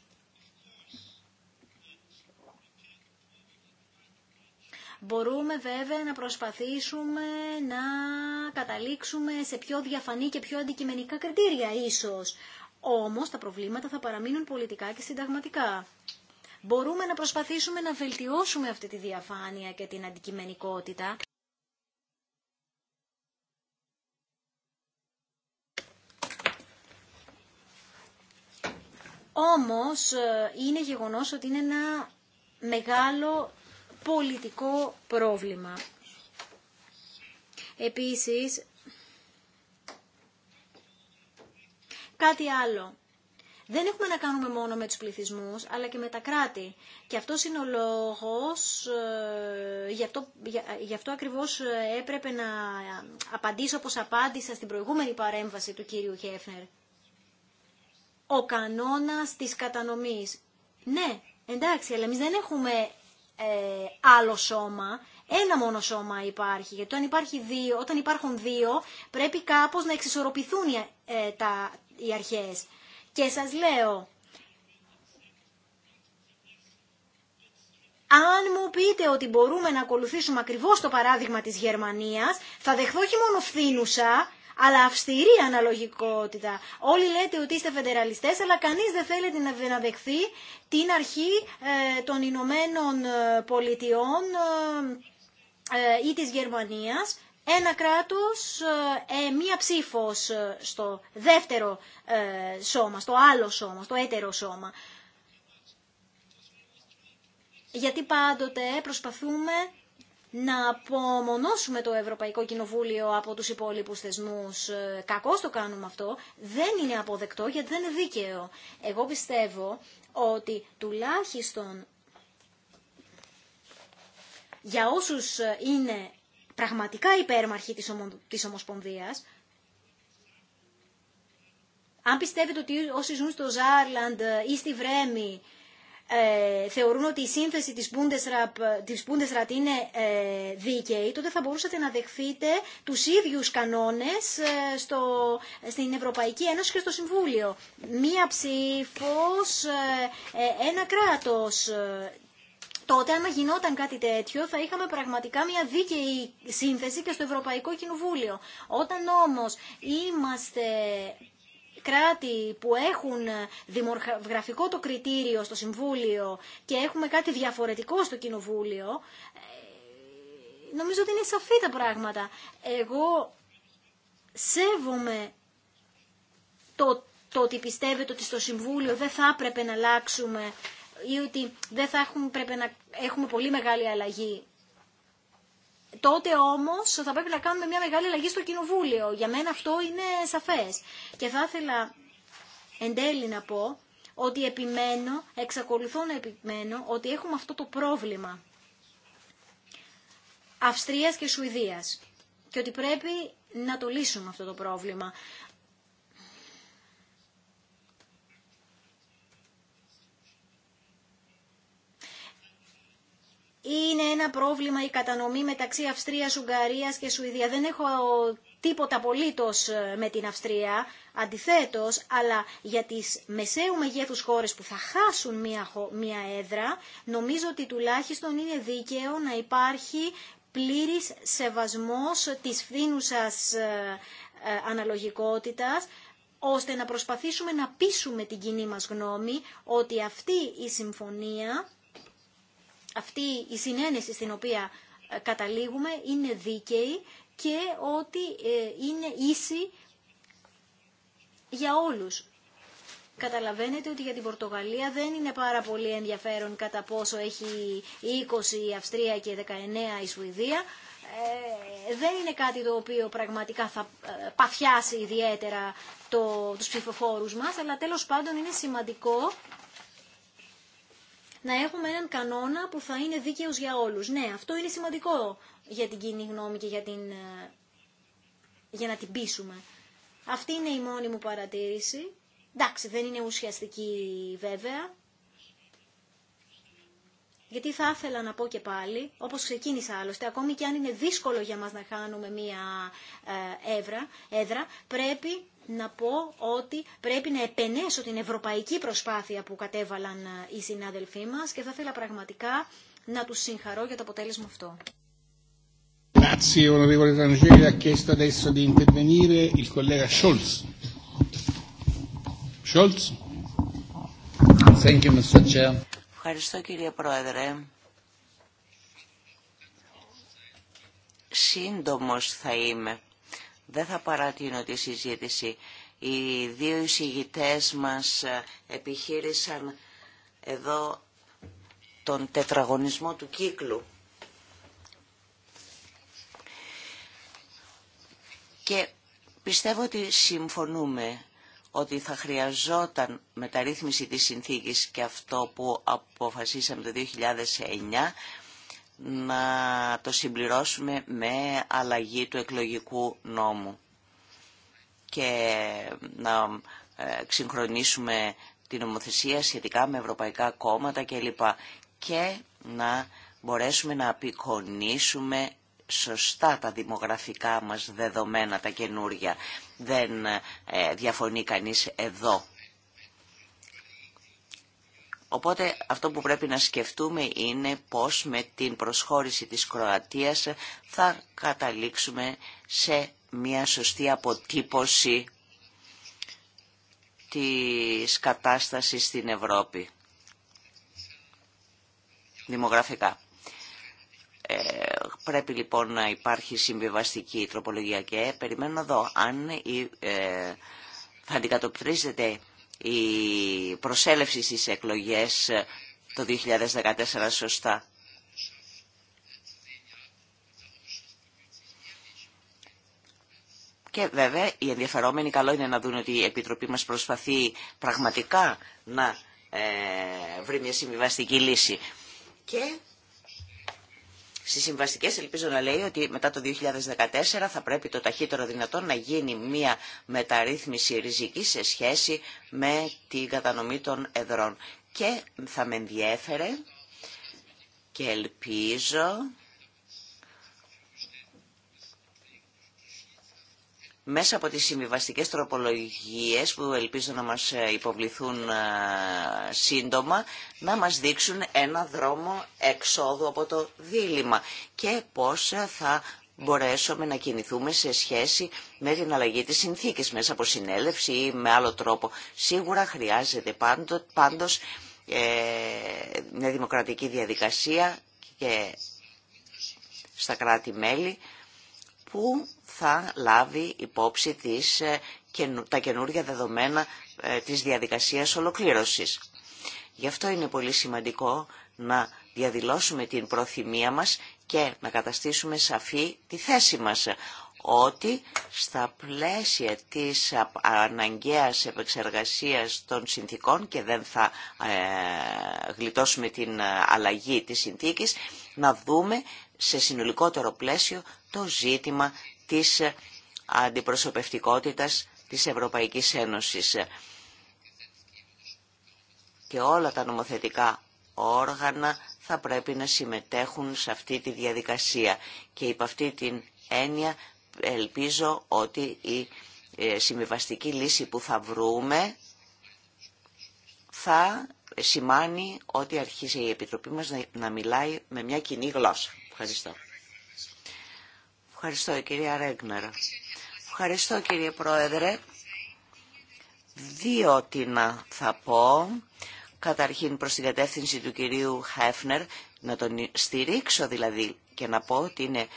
Μπορούμε βέβαια να προσπαθήσουμε να καταλήξουμε σε πιο διαφανή και πιο αντικειμενικά κριτήρια ίσως. Όμως τα προβλήματα θα παραμείνουν πολιτικά και συνταγματικά. Μπορούμε να προσπαθήσουμε να βελτιώσουμε αυτή τη διαφάνεια και την αντικειμενικότητα. Όμως ε, είναι γεγονός ότι είναι ένα μεγάλο πολιτικό πρόβλημα. Επίσης, κάτι άλλο. Δεν έχουμε να κάνουμε μόνο με τους πληθυσμούς, αλλά και με τα κράτη. Και αυτό είναι ο λόγος, ε, γι, αυτό, για, γι' αυτό ακριβώς ε, έπρεπε να απαντήσω όπως απάντησα στην προηγούμενη παρέμβαση του κύριου Χέφνερ ο κανόνας της κατανομής. Ναι, εντάξει, αλλά εμείς δεν έχουμε ε, άλλο σώμα. Ένα μόνο σώμα υπάρχει, γιατί όταν υπάρχει δύο, όταν υπάρχουν δύο πρέπει κάπως να εξισορροπηθούν οι, ε, τα, οι αρχές. Και σας λέω, Αν μου πείτε ότι μπορούμε να ακολουθήσουμε ακριβώς το παράδειγμα της Γερμανίας, θα δεχθώ όχι μόνο φθήνουσα, αλλά αυστηρή αναλογικότητα. Όλοι λέτε ότι είστε φεντεραλιστές, αλλά κανείς δεν θέλει να δεχθεί την αρχή ε, των Ηνωμένων ε, Πολιτειών ε, ή της Γερμανίας, ένα κράτος, μία ψήφος στο δεύτερο σώμα, στο άλλο σώμα, στο έτερο σώμα. Γιατί πάντοτε προσπαθούμε να απομονώσουμε το Ευρωπαϊκό Κοινοβούλιο από τους υπόλοιπους θεσμούς. Ε, κακώς το κάνουμε αυτό. Δεν είναι αποδεκτό γιατί δεν είναι δίκαιο. Εγώ πιστεύω ότι τουλάχιστον για όσους ε, είναι πραγματικά υπέρμαρχοι της, ομο... Ομοσπονδίας, αν πιστεύετε ότι όσοι ζουν στο Ζάρλαντ ε, ή στη Βρέμη ε, θεωρούν ότι η σύνθεση της Bundesrat, της Bundesrat είναι ε, δίκαιη, τότε θα μπορούσατε να δεχθείτε τους ίδιους κανόνες ε, στο, στην Ευρωπαϊκή Ένωση και στο Συμβούλιο. Μία ψήφος, ένα κράτος. Τότε, αν γινόταν κάτι τέτοιο, θα είχαμε πραγματικά μια δίκαιη σύνθεση και στο Ευρωπαϊκό Κοινοβούλιο. Όταν όμως είμαστε κράτη που έχουν δημογραφικό το κριτήριο στο Συμβούλιο και έχουμε κάτι διαφορετικό στο Κοινοβούλιο, ε, νομίζω ότι είναι σαφή τα πράγματα. Εγώ σέβομαι το, το ότι πιστεύετε ότι στο Συμβούλιο δεν θα έπρεπε να αλλάξουμε ή ότι δεν θα έχουμε, πρέπει να έχουμε πολύ μεγάλη αλλαγή τότε όμως θα πρέπει να κάνουμε μια μεγάλη αλλαγή στο Κοινοβούλιο. Για μένα αυτό είναι σαφές. Και θα ήθελα εν τέλει να πω ότι επιμένω, εξακολουθώ να επιμένω ότι έχουμε αυτό το πρόβλημα Αυστρίας και Σουηδίας και ότι πρέπει να το λύσουμε αυτό το πρόβλημα. είναι ένα πρόβλημα η κατανομή μεταξύ Αυστρίας, Ουγγαρίας και Σουηδία. Δεν έχω τίποτα απολύτω ε, με την Αυστρία, αντιθέτως, αλλά για τις μεσαίου μεγέθους χώρες που θα χάσουν μία, μία έδρα, νομίζω ότι τουλάχιστον είναι δίκαιο να υπάρχει πλήρης σεβασμός της φθήνουσας ε, ε, αναλογικότητας, ώστε να προσπαθήσουμε να πείσουμε την κοινή μας γνώμη ότι αυτή η συμφωνία αυτή η συνένεση στην οποία ε, καταλήγουμε είναι δίκαιη και ότι ε, είναι ίση για όλους. Καταλαβαίνετε ότι για την Πορτογαλία δεν είναι πάρα πολύ ενδιαφέρον κατά πόσο έχει 20 η Αυστρία και 19 η Σουηδία. Ε, δεν είναι κάτι το οποίο πραγματικά θα ε, παθιάσει ιδιαίτερα το, τους ψηφοφόρους μας, αλλά τέλος πάντων είναι σημαντικό να έχουμε έναν κανόνα που θα είναι δίκαιος για όλους. Ναι, αυτό είναι σημαντικό για την κοινή γνώμη και για, την, ε, για να την πείσουμε. Αυτή είναι η μόνη μου παρατήρηση. Εντάξει, δεν είναι ουσιαστική βέβαια. Γιατί θα ήθελα να πω και πάλι, όπως ξεκίνησα άλλωστε, ακόμη και αν είναι δύσκολο για μας να χάνουμε μία ε, έδρα, πρέπει να πω ότι πρέπει να επενέσω την ευρωπαϊκή προσπάθεια που κατέβαλαν ε, οι συνάδελφοί μας και θα ήθελα πραγματικά να τους συγχαρώ για το αποτέλεσμα αυτό. Ευχαριστώ κύριε Πρόεδρε. Σύντομος θα είμαι. Δεν θα παρατείνω τη συζήτηση. Οι δύο εισηγητές μας ε, επιχείρησαν εδώ τον τετραγωνισμό του κύκλου. Και πιστεύω ότι συμφωνούμε ότι θα χρειαζόταν μεταρρύθμιση της συνθήκης και αυτό που αποφασίσαμε το 2009 να το συμπληρώσουμε με αλλαγή του εκλογικού νόμου και να ε, ξυγχρονίσουμε την νομοθεσία σχετικά με ευρωπαϊκά κόμματα κλπ. Και να μπορέσουμε να απεικονίσουμε σωστά τα δημογραφικά μας δεδομένα, τα καινούρια. Δεν ε, διαφωνεί κανείς εδώ Οπότε αυτό που πρέπει να σκεφτούμε είναι πώς με την προσχώρηση της Κροατίας θα καταλήξουμε σε μια σωστή αποτύπωση της κατάστασης στην Ευρώπη δημογραφικά. Ε, πρέπει λοιπόν να υπάρχει συμβιβαστική τροπολογία και περιμένω εδώ αν η, ε, θα αντικατοπτρίζεται η προσέλευση στις εκλογές ε, το 2014 σωστά. Και βέβαια οι ενδιαφερόμενοι καλό είναι να δουν ότι η Επιτροπή μας προσπαθεί πραγματικά να ε, βρει μια συμβιβαστική λύση. Και Στι συμβαστικέ ελπίζω να λέει ότι μετά το 2014 θα πρέπει το ταχύτερο δυνατόν να γίνει μια μεταρρύθμιση ριζική σε σχέση με την κατανομή των εδρών. Και θα με ενδιέφερε και ελπίζω μέσα από τις συμβιβαστικέ τροπολογίες που ελπίζω να μας ε, υποβληθούν ε, σύντομα, να μας δείξουν ένα δρόμο εξόδου από το δίλημα και πώς ε, θα μπορέσουμε να κινηθούμε σε σχέση με την αλλαγή της συνθήκης μέσα από συνέλευση ή με άλλο τρόπο. Σίγουρα χρειάζεται πάντο, πάντως μια δημοκρατική διαδικασία και στα κράτη-μέλη που θα λάβει υπόψη της, ε, τα καινούργια δεδομένα ε, της διαδικασίας ολοκλήρωσης. Γι' αυτό είναι πολύ σημαντικό να διαδηλώσουμε την προθυμία μας και να καταστήσουμε σαφή τη θέση μας ότι στα πλαίσια της αναγκαίας επεξεργασίας των συνθήκων και δεν θα ε, γλιτώσουμε την αλλαγή της συνθήκης, να δούμε σε συνολικότερο πλαίσιο το ζήτημα της αντιπροσωπευτικότητας της Ευρωπαϊκής Ένωσης. Και όλα τα νομοθετικά όργανα θα πρέπει να συμμετέχουν σε αυτή τη διαδικασία. Και υπ' αυτή την έννοια ελπίζω ότι η ε, συμβιβαστική λύση που θα βρούμε θα σημάνει ότι αρχίζει η Επιτροπή μας να μιλάει με μια κοινή γλώσσα. Ευχαριστώ. Ευχαριστώ, κυρία Ρέγνερ. Ευχαριστώ, κύριε Πρόεδρε. Δύο να θα πω. Καταρχήν προς την κατεύθυνση του κυρίου Χέφνερ, να τον στηρίξω δηλαδή και να πω ότι είναι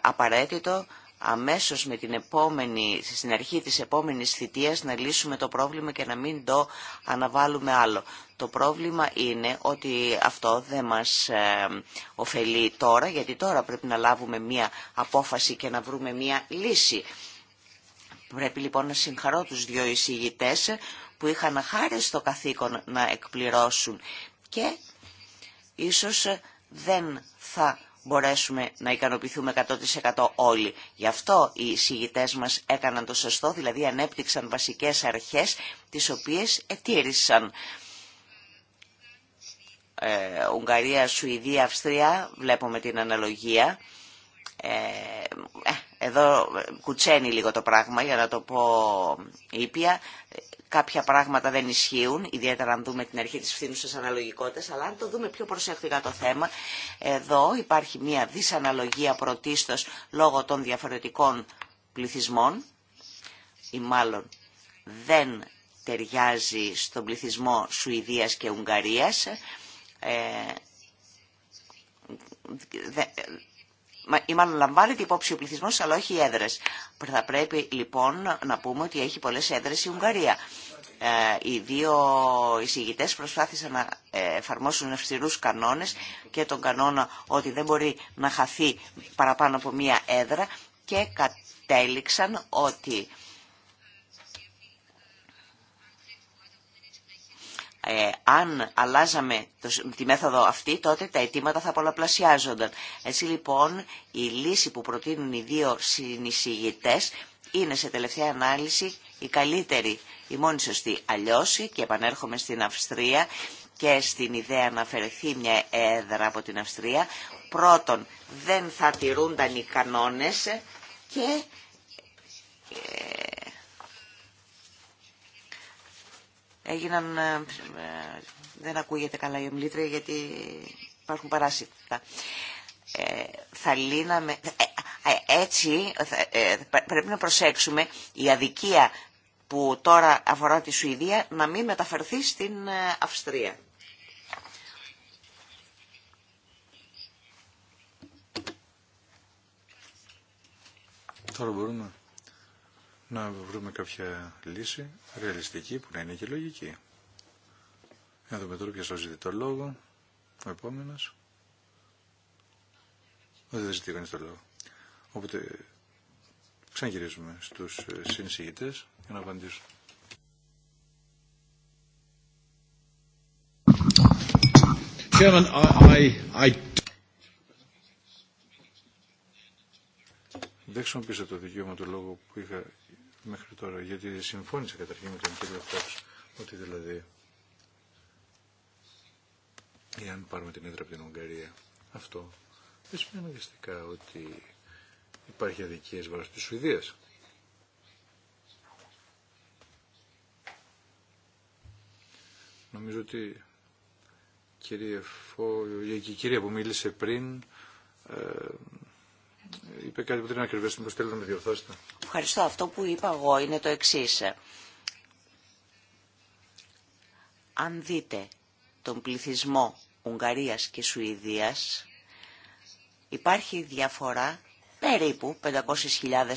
απαραίτητο αμέσως με την επόμενη, στην αρχή της επόμενης θητείας να λύσουμε το πρόβλημα και να μην το αναβάλουμε άλλο. Το πρόβλημα είναι ότι αυτό δεν μας ε, ωφελεί τώρα, γιατί τώρα πρέπει να λάβουμε μία απόφαση και να βρούμε μία λύση. Πρέπει λοιπόν να συγχαρώ τους δύο εισηγητές που είχαν χάρη καθήκον να εκπληρώσουν και ίσως δεν θα μπορέσουμε να ικανοποιηθούμε 100% όλοι. Γι' αυτό οι συγητές μας έκαναν το σωστό, δηλαδή ανέπτυξαν βασικές αρχές τις οποίες ετήρησαν. Ε, Ουγγαρία, Σουηδία, Αυστρία, βλέπουμε την αναλογία. Ε, ε εδώ ε, κουτσένει λίγο το πράγμα για να το πω ε, ήπια. Ε, κάποια πράγματα δεν ισχύουν, ιδιαίτερα αν δούμε την αρχή της φθήνουσας αναλογικότητας, αλλά αν το δούμε πιο προσεκτικά το θέμα, εδώ υπάρχει μια δυσαναλογία πρωτίστως λόγω των διαφορετικών πληθυσμών ή μάλλον δεν ταιριάζει στον πληθυσμό Σουηδίας και Ουγγαρίας ή μάλλον λαμβάνεται υπόψη ο πληθυσμό, αλλά όχι οι έδρε. Θα πρέπει λοιπόν να πούμε ότι έχει πολλέ έδρε η Ουγγαρία. Ε, οι δύο εισηγητέ προσπάθησαν να ε, εφαρμόσουν αυστηρού κανόνε και τον κανόνα ότι δεν μπορεί να χαθεί παραπάνω από μία έδρα και κατέληξαν ότι Ε, αν αλλάζαμε το, τη μέθοδο αυτή, τότε τα αιτήματα θα πολλαπλασιάζονταν. Έτσι λοιπόν η λύση που προτείνουν οι δύο συνεισηγητές είναι σε τελευταία ανάλυση η καλύτερη, η μόνη σωστή. Αλλιώς και επανέρχομαι στην Αυστρία και στην ιδέα να αφαιρεθεί μια έδρα από την Αυστρία. Πρώτον, δεν θα τηρούνταν οι κανόνες και ε, έγιναν, ε, δεν ακούγεται καλά η ομιλήτρια γιατί υπάρχουν παράσιτα. Ε, θα λύναμε, ε, έτσι πρέπει να προσέξουμε η αδικία που τώρα αφορά τη Σουηδία να μην μεταφερθεί στην Αυστρία. Τώρα μπορούμε να βρούμε κάποια λύση ρεαλιστική που να είναι και λογική. Να δούμε τώρα ποιος θα ζητεί το λόγο. Ο επόμενος. Δεν ζητεί κανείς το λόγο. Οπότε ξαναγυρίζουμε στους ε, συνεισηγητές για να απαντήσουν. Chairman, I, I, Δεν χρησιμοποίησα το δικαίωμα του λόγου που είχα μέχρι τώρα, γιατί συμφώνησε καταρχήν με τον κύριο Φόξ ότι δηλαδή εάν πάρουμε την έδρα από την Ουγγαρία αυτό δεν σημαίνει αναγκαστικά ότι υπάρχει αδικίες βάρος της Σουηδίας. Νομίζω ότι κύριε Φο... η κυρία που μίλησε πριν ε, είπε κάτι που δεν είναι ακριβές, μήπως θέλετε να με διορθώσετε. Ευχαριστώ. Αυτό που είπα εγώ είναι το εξή. Αν δείτε τον πληθυσμό Ουγγαρίας και Σουηδίας, υπάρχει διαφορά περίπου 500.000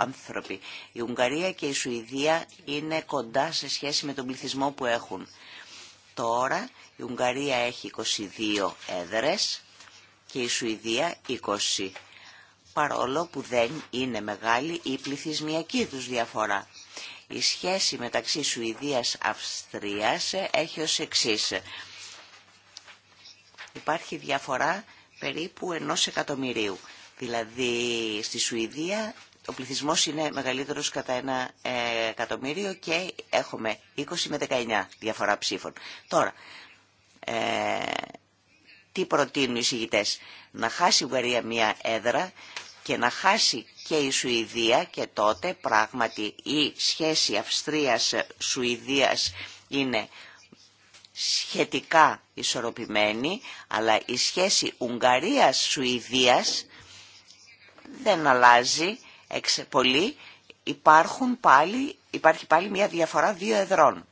άνθρωποι. Η Ουγγαρία και η Σουηδία είναι κοντά σε σχέση με τον πληθυσμό που έχουν. Τώρα η Ουγγαρία έχει 22 έδρες και η Σουηδία 20, παρόλο που δεν είναι μεγάλη η πληθυσμιακή τους διαφορά. Η σχέση μεταξύ Σουηδίας-Αυστρίας έχει ως εξής. Υπάρχει διαφορά περίπου ενός εκατομμυρίου. Δηλαδή στη Σουηδία ο πληθυσμός είναι μεγαλύτερος κατά ένα ε, εκατομμύριο και έχουμε 20 με 19 διαφορά ψήφων. Τώρα, ε, τι προτείνουν οι συγητές. Να χάσει η Ουγγαρία μία έδρα και να χάσει και η Σουηδία και τότε πράγματι η σχέση Αυστρίας-Σουηδίας είναι σχετικά ισορροπημένη, αλλά η σχέση Ουγγαρίας-Σουηδίας δεν αλλάζει πολύ. Υπάρχουν πάλι, υπάρχει πάλι μια διαφορά δύο εδρών.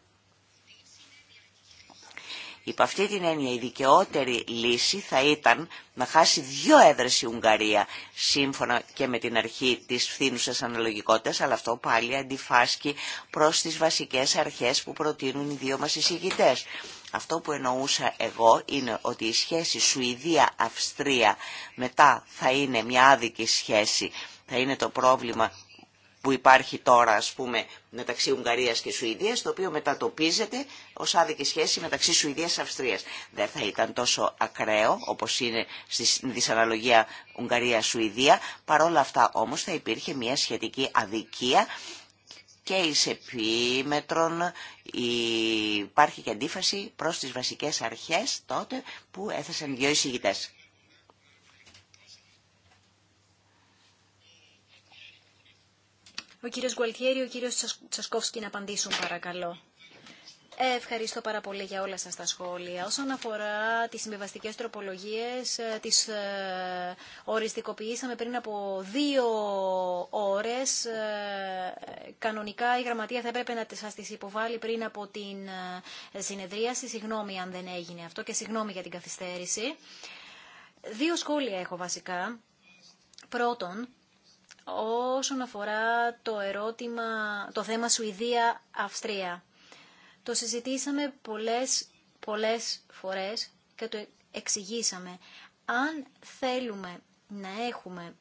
Υπ' αυτή την έννοια η δικαιότερη λύση θα ήταν να χάσει δύο έδρες η Ουγγαρία σύμφωνα και με την αρχή της φθήνουσας αναλογικότητας, αλλά αυτό πάλι αντιφάσκει προς τις βασικές αρχές που προτείνουν οι δύο μας εισηγητές. Αυτό που εννοούσα εγώ είναι ότι η σχέση Σουηδία-Αυστρία μετά θα είναι μια άδικη σχέση. Θα είναι το πρόβλημα που υπάρχει τώρα ας πούμε μεταξύ Ουγγαρίας και Σουηδίας το οποίο μετατοπίζεται ως άδικη σχέση μεταξύ Σουηδίας και Αυστρίας. Δεν θα ήταν τόσο ακραίο όπως είναι στη δυσαναλογία Ουγγαρία-Σουηδία παρόλα αυτά όμως θα υπήρχε μια σχετική αδικία και εις επίμετρον υπάρχει και αντίφαση προς τις βασικές αρχές τότε που έθεσαν δύο εισηγητές. Ο κύριος Γκουαλτιέρη, ο κύριος Τσασκόφσκι να απαντήσουν παρακαλώ. Ε, ευχαριστώ πάρα πολύ για όλα σας τα σχόλια. Όσον αφορά τις συμβιβαστικέ τροπολογίες, ε, τις ε, οριστικοποιήσαμε πριν από δύο ώρες. Κανονικά η γραμματεία θα έπρεπε να σας τις υποβάλει πριν από την συνεδρίαση. Συγγνώμη αν δεν έγινε αυτό και συγγνώμη για την καθυστέρηση. Δύο σχόλια έχω βασικά. Πρώτον, όσον αφορά το ερώτημα, το θέμα Σουηδία-Αυστρία. Το συζητήσαμε πολλές, πολλές φορές και το εξηγήσαμε. Αν θέλουμε να έχουμε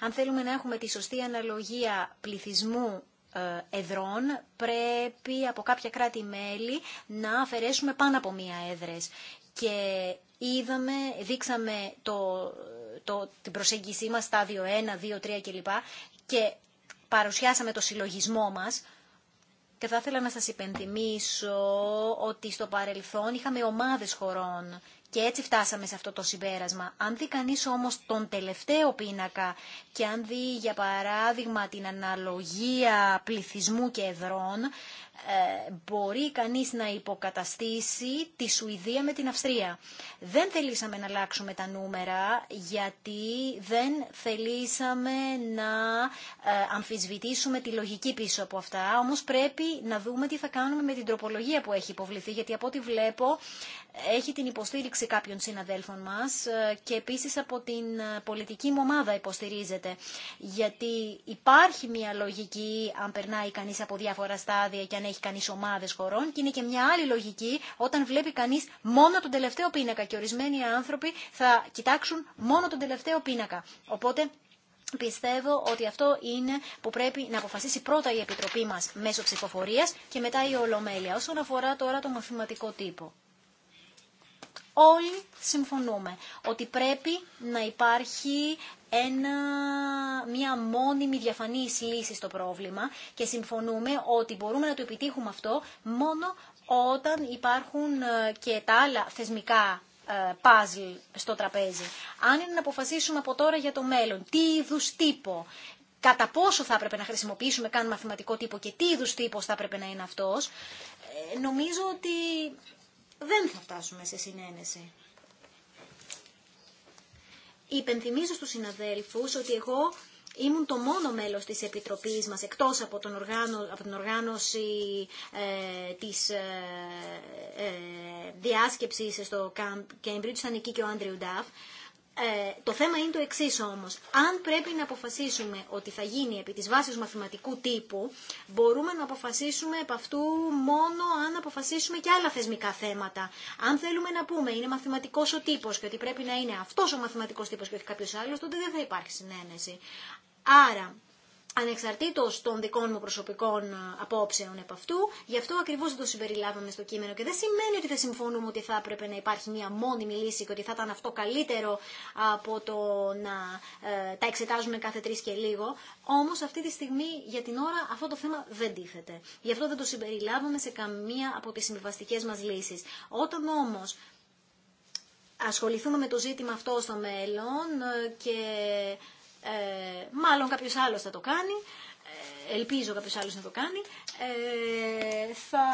αν θέλουμε να έχουμε τη σωστή αναλογία πληθυσμού ε, εδρών, πρέπει από κάποια κράτη-μέλη να αφαιρέσουμε πάνω από μία έδρες και είδαμε, δείξαμε το, το, την προσέγγιση μας, στάδιο 1, 2, 3 κλπ. Και παρουσιάσαμε το συλλογισμό μας. Και θα ήθελα να σας υπενθυμίσω ότι στο παρελθόν είχαμε ομάδες χωρών και έτσι φτάσαμε σε αυτό το συμπέρασμα. Αν δει κανείς όμως τον τελευταίο πίνακα και αν δει για παράδειγμα την αναλογία πληθυσμού και εδρών, ε, μπορεί κανείς να υποκαταστήσει τη Σουηδία με την Αυστρία. Δεν θελήσαμε να αλλάξουμε τα νούμερα γιατί δεν θελήσαμε να ε, αμφισβητήσουμε τη λογική πίσω από αυτά. Όμως πρέπει να δούμε τι θα κάνουμε με την τροπολογία που έχει υποβληθεί γιατί από ό,τι βλέπω έχει την υποστήριξη μεταξύ κάποιων συναδέλφων μας ε, και επίσης από την ε, πολιτική μου ομάδα υποστηρίζεται. Γιατί υπάρχει μια λογική αν περνάει κανείς από διάφορα στάδια και αν έχει κανείς ομάδες χωρών και είναι και μια άλλη λογική όταν βλέπει κανείς μόνο τον τελευταίο πίνακα και ορισμένοι άνθρωποι θα κοιτάξουν μόνο τον τελευταίο πίνακα. Οπότε Πιστεύω ότι αυτό είναι που πρέπει να αποφασίσει πρώτα η Επιτροπή μας μέσω ψηφοφορίας και μετά η Ολομέλεια όσον αφορά τώρα το μαθηματικό τύπο όλοι συμφωνούμε ότι πρέπει να υπάρχει ένα, μια μόνιμη διαφανής λύση στο πρόβλημα και συμφωνούμε ότι μπορούμε να το επιτύχουμε αυτό μόνο όταν υπάρχουν ε, και τα άλλα θεσμικά παζλ ε, στο τραπέζι. Αν είναι να αποφασίσουμε από τώρα για το μέλλον, τι είδου τύπο, κατά πόσο θα έπρεπε να χρησιμοποιήσουμε καν μαθηματικό τύπο και τι είδου τύπο θα έπρεπε να είναι αυτός, ε, νομίζω ότι δεν θα φτάσουμε σε συνένεση. Υπενθυμίζω στους συναδέλφους ότι εγώ ήμουν το μόνο μέλος της Επιτροπής μας, εκτός από, τον οργάνω, από την οργάνωση ε, της ε, ε, διάσκεψης στο Cambridge, ήταν εκεί και ο Άντριου Νταφ, ε, το θέμα είναι το εξή όμως. Αν πρέπει να αποφασίσουμε ότι θα γίνει επί της βάσης μαθηματικού τύπου, μπορούμε να αποφασίσουμε επ' αυτού μόνο αν αποφασίσουμε και άλλα θεσμικά θέματα. Αν θέλουμε να πούμε είναι μαθηματικός ο τύπος και ότι πρέπει να είναι αυτός ο μαθηματικός τύπος και όχι κάποιος άλλος, τότε δεν θα υπάρχει συνένεση. Άρα, ανεξαρτήτως των δικών μου προσωπικών ε, απόψεων επ' αυτού. Γι' αυτό ακριβώς δεν το συμπεριλάβαμε στο κείμενο και δεν σημαίνει ότι δεν συμφωνούμε ότι θα έπρεπε να υπάρχει μια μόνιμη λύση και ότι θα ήταν αυτό καλύτερο από το να ε, τα εξετάζουμε κάθε τρεις και λίγο. Όμως αυτή τη στιγμή για την ώρα αυτό το θέμα δεν τίθεται. Γι' αυτό δεν το συμπεριλάβαμε σε καμία από τις συμβαστικές μας λύσεις. Όταν όμως ασχοληθούμε με το ζήτημα αυτό στο μέλλον ε, και ε, μάλλον κάποιος άλλος θα το κάνει. Ε, ελπίζω κάποιος άλλος να το κάνει. Ε, θα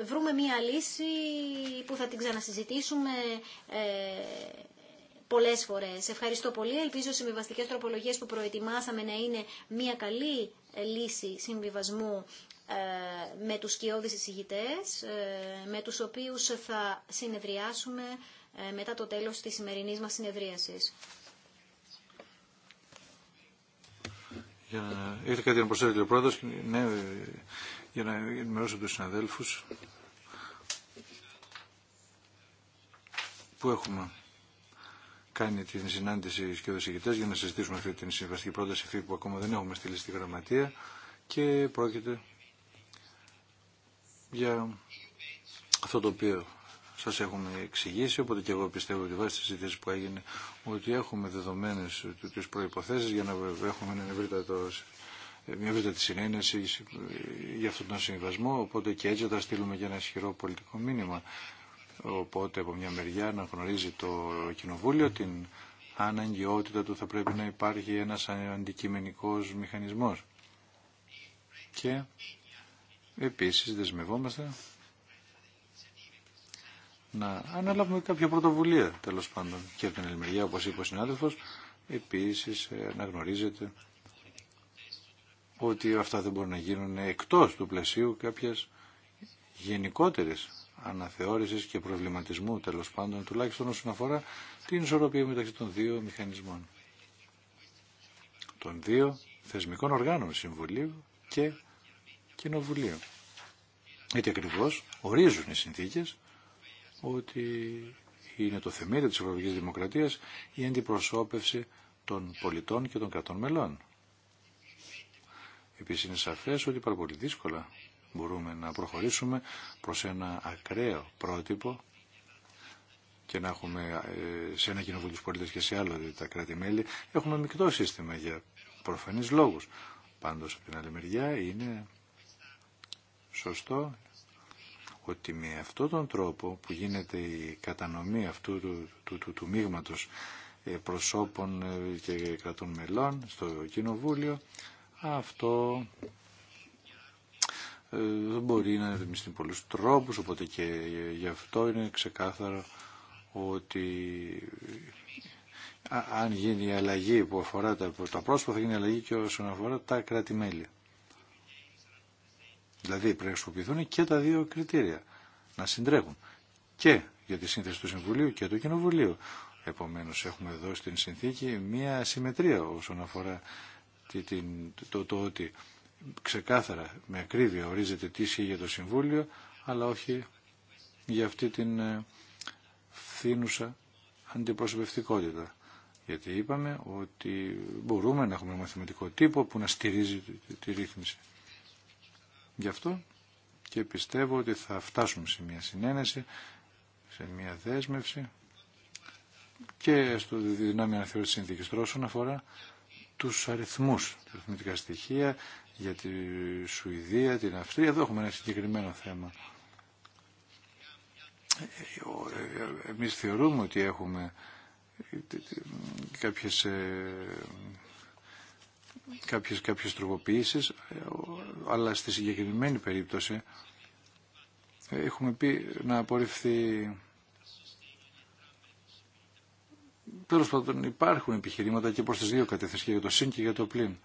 ε, βρούμε μία λύση που θα την ξανασυζητήσουμε πολλές φορές. Ευχαριστώ πολύ. Ελπίζω οι συμβιβαστικές τροπολογίες που προετοιμάσαμε να είναι μία καλή λύση συμβιβασμού με τους σκιώδεις εισηγητές, με τους οποίους θα συνεδριάσουμε μετά το τέλος της σημερινής μας συνεδρίασης. Για να... Έχετε κάτι να προσθέσετε, κύριε ναι, για να ενημερώσω τους συναδέλφους. Πού έχουμε κάνει την συνάντηση και δοσηγητές για να συζητήσουμε αυτή την συμβαστική πρόταση που ακόμα δεν έχουμε στείλει στη γραμματεία και πρόκειται για αυτό το οποίο Σα έχουμε εξηγήσει, οπότε και εγώ πιστεύω ότι βάσει τη συζήτηση που έγινε ότι έχουμε δεδομένες τι προποθέσει για να έχουμε ένα ευρύτατο μια ευρύτατη συνένεση για αυτόν τον συμβασμό, οπότε και έτσι θα στείλουμε και ένα ισχυρό πολιτικό μήνυμα. Οπότε από μια μεριά να γνωρίζει το Κοινοβούλιο την αναγκαιότητα του θα πρέπει να υπάρχει ένας αντικειμενικός μηχανισμός. Και επίσης δεσμευόμαστε να αναλάβουμε κάποια πρωτοβουλία τέλος πάντων και από την ελληνική όπω όπως είπε ο συνάδελφος ε, να γνωρίζετε ότι αυτά δεν μπορούν να γίνουν εκτός του πλαισίου κάποιες γενικότερες αναθεώρησης και προβληματισμού τέλος πάντων τουλάχιστον όσον αφορά την ισορροπία μεταξύ των δύο μηχανισμών των δύο θεσμικών οργάνων Συμβουλίου και Κοινοβουλίου γιατί ακριβώς ορίζουν οι συνθήκες ότι είναι το θεμέλιο της Ευρωπαϊκής Δημοκρατίας η αντιπροσώπευση των πολιτών και των κρατών μελών. Επίσης είναι σαφές ότι πάρα πολύ δύσκολα μπορούμε να προχωρήσουμε προς ένα ακραίο πρότυπο και να έχουμε ε, σε ένα κοινοβούλιο τους πολίτες και σε άλλο δηλαδή, τα κράτη-μέλη, έχουμε μεικτό σύστημα για προφανείς λόγους. Πάντως από την άλλη μεριά είναι σωστό ότι με αυτόν τον τρόπο που γίνεται η κατανομή αυτού του, του, του, μείγματος ε, προσώπων ε, και κρατών μελών στο Κοινοβούλιο, αυτό ε, μπορεί να ρυθμιστεί πολλούς τρόπους, οπότε και γι' αυτό είναι ξεκάθαρο ότι αν γίνει η αλλαγή που αφορά τα, τα πρόσωπα θα γίνει η αλλαγή και όσον αφορά τα κράτη-μέλη. Δηλαδή πρέπει να χρησιμοποιηθούν και τα δύο κριτήρια να συντρέχουν και για τη σύνθεση του Συμβουλίου και του Κοινοβουλίου. Επομένως έχουμε εδώ στην συνθήκη μία συμμετρία όσον αφορά το, το ότι ξεκάθαρα με ακρίβεια ορίζεται τι ισχύει για το Συμβούλιο αλλά όχι για αυτή την ε, φθήνουσα αντιπροσωπευτικότητα. Γιατί είπαμε ότι μπορούμε να έχουμε μαθηματικό τύπο που να στηρίζει τη ρύθμιση. Γι' αυτό και πιστεύω ότι θα φτάσουμε σε μια συνένεση, σε μια δέσμευση και στο δυνάμει αναθεώρηση της συνθήκης όσον αφορά τους αριθμούς, τα αριθμητικά στοιχεία για τη Σουηδία, την Αυστρία. Εδώ έχουμε ένα συγκεκριμένο θέμα. Εμείς θεωρούμε ότι έχουμε κάποιες ε, κάποιες, κάποιες τροποποιήσεις, αλλά στη συγκεκριμένη περίπτωση έχουμε πει να απορριφθεί... Τέλο πάντων υπάρχουν επιχειρήματα και προς τις δύο κατεύθυνσεις για το συν και για το πλήν.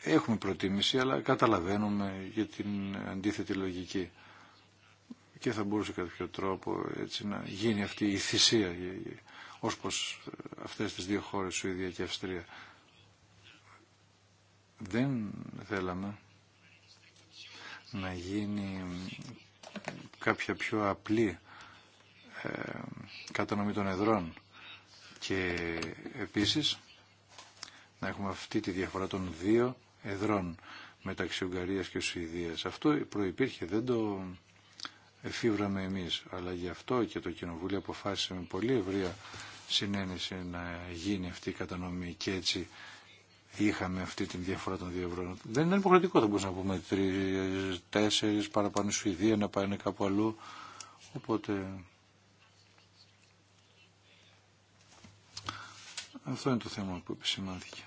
Έχουμε προτίμηση, αλλά καταλαβαίνουμε για την αντίθετη λογική και θα μπορούσε κάποιο τρόπο έτσι να γίνει αυτή η θυσία ως πως ε, αυτές τις δύο χώρες, Σουηδία και Αυστρία, δεν θέλαμε να γίνει κάποια πιο απλή ε, κατανομή των εδρών και επίσης να έχουμε αυτή τη διαφορά των δύο εδρών μεταξύ Ουγγαρίας και Σουηδίας. Αυτό προϋπήρχε, δεν το εφήβραμε εμείς, αλλά γι' αυτό και το Κοινοβούλιο αποφάσισε με πολύ ευρεία συνένεση να γίνει αυτή η κατανομή και έτσι είχαμε αυτή την διαφορά των δύο ευρώ. Δεν είναι υποχρεωτικό, θα μπορούσαμε να πούμε τρεις, τέσσερις, παραπάνω Σουηδία, να πάνε κάπου αλλού. Οπότε... Αυτό είναι το θέμα που επισημάνθηκε.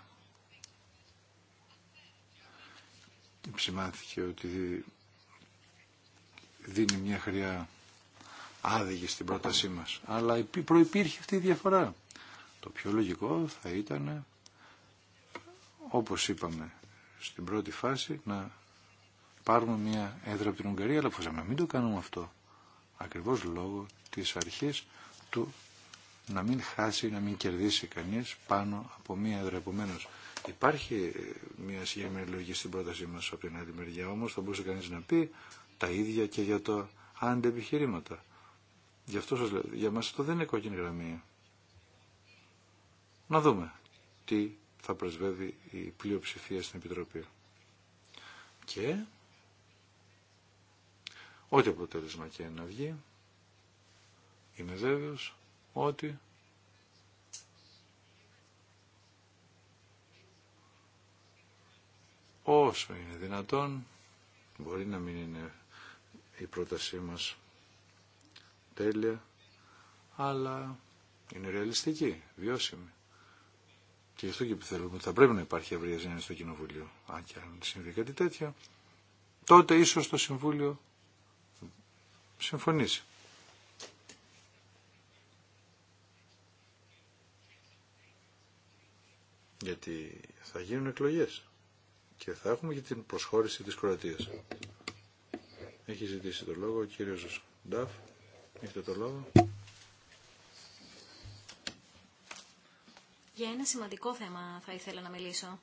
Επισημάνθηκε ότι δίνει μια χρειά άδικη στην πρότασή μας. Αλλά προϋπήρχε αυτή η διαφορά. Το πιο λογικό θα ήταν, όπως είπαμε στην πρώτη φάση, να πάρουμε μια έδρα από την Ουγγαρία, αλλά να μην το κάνουμε αυτό. Ακριβώς λόγω της αρχής του να μην χάσει, να μην κερδίσει κανείς πάνω από μία έδρα. Επομένω, υπάρχει μια συγκεκριμένη λογική στην πρότασή μας από την άλλη μεριά, όμως θα μπορούσε κανείς να πει τα ίδια και για τα αντεπιχειρήματα. Γι' αυτό σας λέω, για μας αυτό δεν είναι κόκκινη γραμμή. Να δούμε τι θα πρεσβεύει η πλειοψηφία στην Επιτροπή. Και ό,τι αποτέλεσμα και να βγει, είμαι βέβαιος ότι όσο είναι δυνατόν, μπορεί να μην είναι η πρότασή μας τέλεια, αλλά είναι ρεαλιστική, βιώσιμη. Και γι' αυτό και επιθέλουμε ότι θα πρέπει να υπάρχει ευρεία στο Κοινοβούλιο. Αν και αν συμβεί κάτι τέτοιο, τότε ίσως το Συμβούλιο συμφωνήσει. Γιατί θα γίνουν εκλογές και θα έχουμε και την προσχώρηση της Κροατίας. Έχει ζητήσει το λόγο ο κύριος Νταφ. Έχετε το λόγο. Για ένα σημαντικό θέμα θα ήθελα να μιλήσω.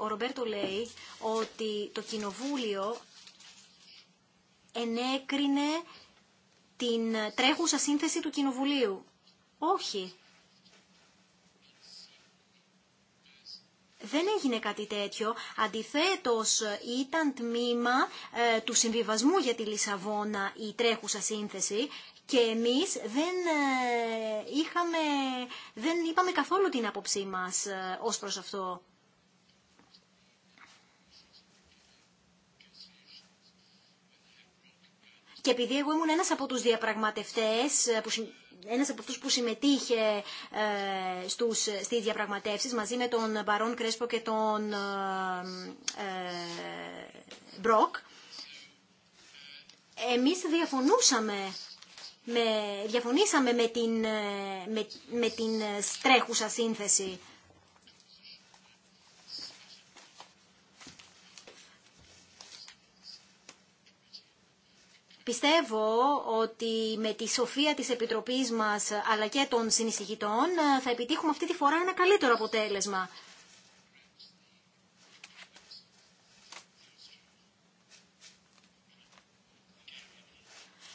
Ο Ρομπέρτο λέει ότι το Κοινοβούλιο ενέκρινε την τρέχουσα σύνθεση του Κοινοβουλίου. Όχι. δεν έγινε κάτι τέτοιο. Αντιθέτως ήταν τμήμα ε, του συμβιβασμού για τη Λισαβόνα η τρέχουσα σύνθεση και εμείς δεν, ε, είχαμε, δεν είπαμε καθόλου την άποψή μας ε, ως προς αυτό. Και επειδή εγώ ήμουν ένας από τους διαπραγματευτές που ένας από αυτούς που συμμετείχε ε, στους, στις διαπραγματεύσεις μαζί με τον Μπαρόν Κρέσπο και τον ε, ε, Μπροκ. Εμείς διαφωνούσαμε με, διαφωνήσαμε με την, με, με την τρέχουσα σύνθεση Πιστεύω ότι με τη σοφία της Επιτροπής μας αλλά και των συνεισυχητών θα επιτύχουμε αυτή τη φορά ένα καλύτερο αποτέλεσμα.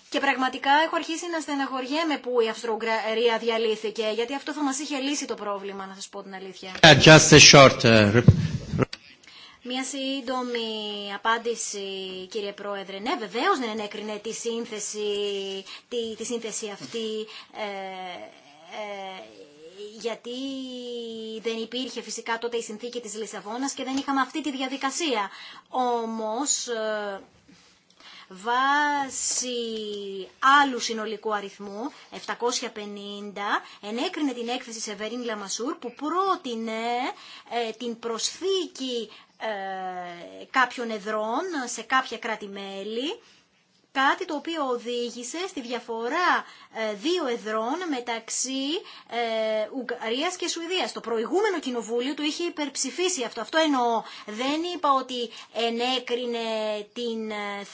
Και πραγματικά έχω αρχίσει να στεναχωριέμαι που η Αυστρογγαρία διαλύθηκε, γιατί αυτό θα μας είχε λύσει το πρόβλημα, να σας πω την αλήθεια. Uh, Μία σύντομη απάντηση, κύριε Πρόεδρε. Ναι, βεβαίως δεν ναι, ενέκρινε ναι, τη σύνθεση, τη, τη σύνθεση αυτή ε, ε, γιατί δεν υπήρχε φυσικά τότε η συνθήκη της Λισαβόνας και δεν είχαμε αυτή τη διαδικασία. Όμως, ε, βάσει άλλου συνολικού αριθμού, 750, ενέκρινε την έκθεση Σεβερίν Λαμασούρ που πρότεινε την προσθήκη ε, κάποιων εδρών σε κάποια κράτη-μέλη, κάτι το οποίο οδήγησε στη διαφορά ε, δύο εδρών μεταξύ ε, Ουγγαρίας και Σουηδίας. Το προηγούμενο κοινοβούλιο το είχε υπερψηφίσει αυτό. Αυτό εννοώ. Δεν είπα ότι ενέκρινε την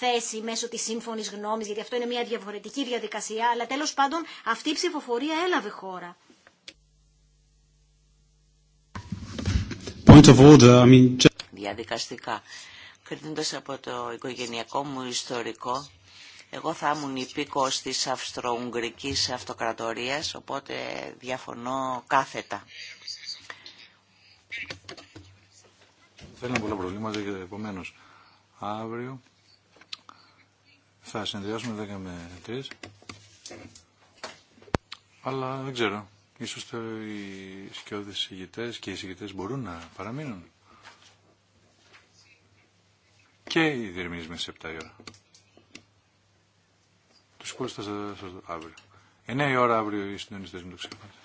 θέση μέσω της σύμφωνης γνώμης, γιατί αυτό είναι μια διαφορετική διαδικασία, αλλά τέλος πάντων αυτή η ψηφοφορία έλαβε χώρα. Point of I mean διαδικαστικά. Κρίνοντας από το οικογενειακό μου ιστορικό, εγώ θα ήμουν υπήκος της Αυστρο-Ουγγρικής Αυτοκρατορίας, οπότε διαφωνώ κάθετα. Θέλω πολλά προβλήματα και επομένω. Αύριο θα συνδυάσουμε 10 με 3. Αλλά δεν ξέρω. Ίσως οι σκιώδες ηγητές και οι ηγητές μπορούν να παραμείνουν και οι διερμηνείς μέσα σε 7 η ώρα. Τους υπόλοιπους θα σας δω αύριο. 9 η ώρα αύριο οι συντονιστές μου το ξεχνάτε.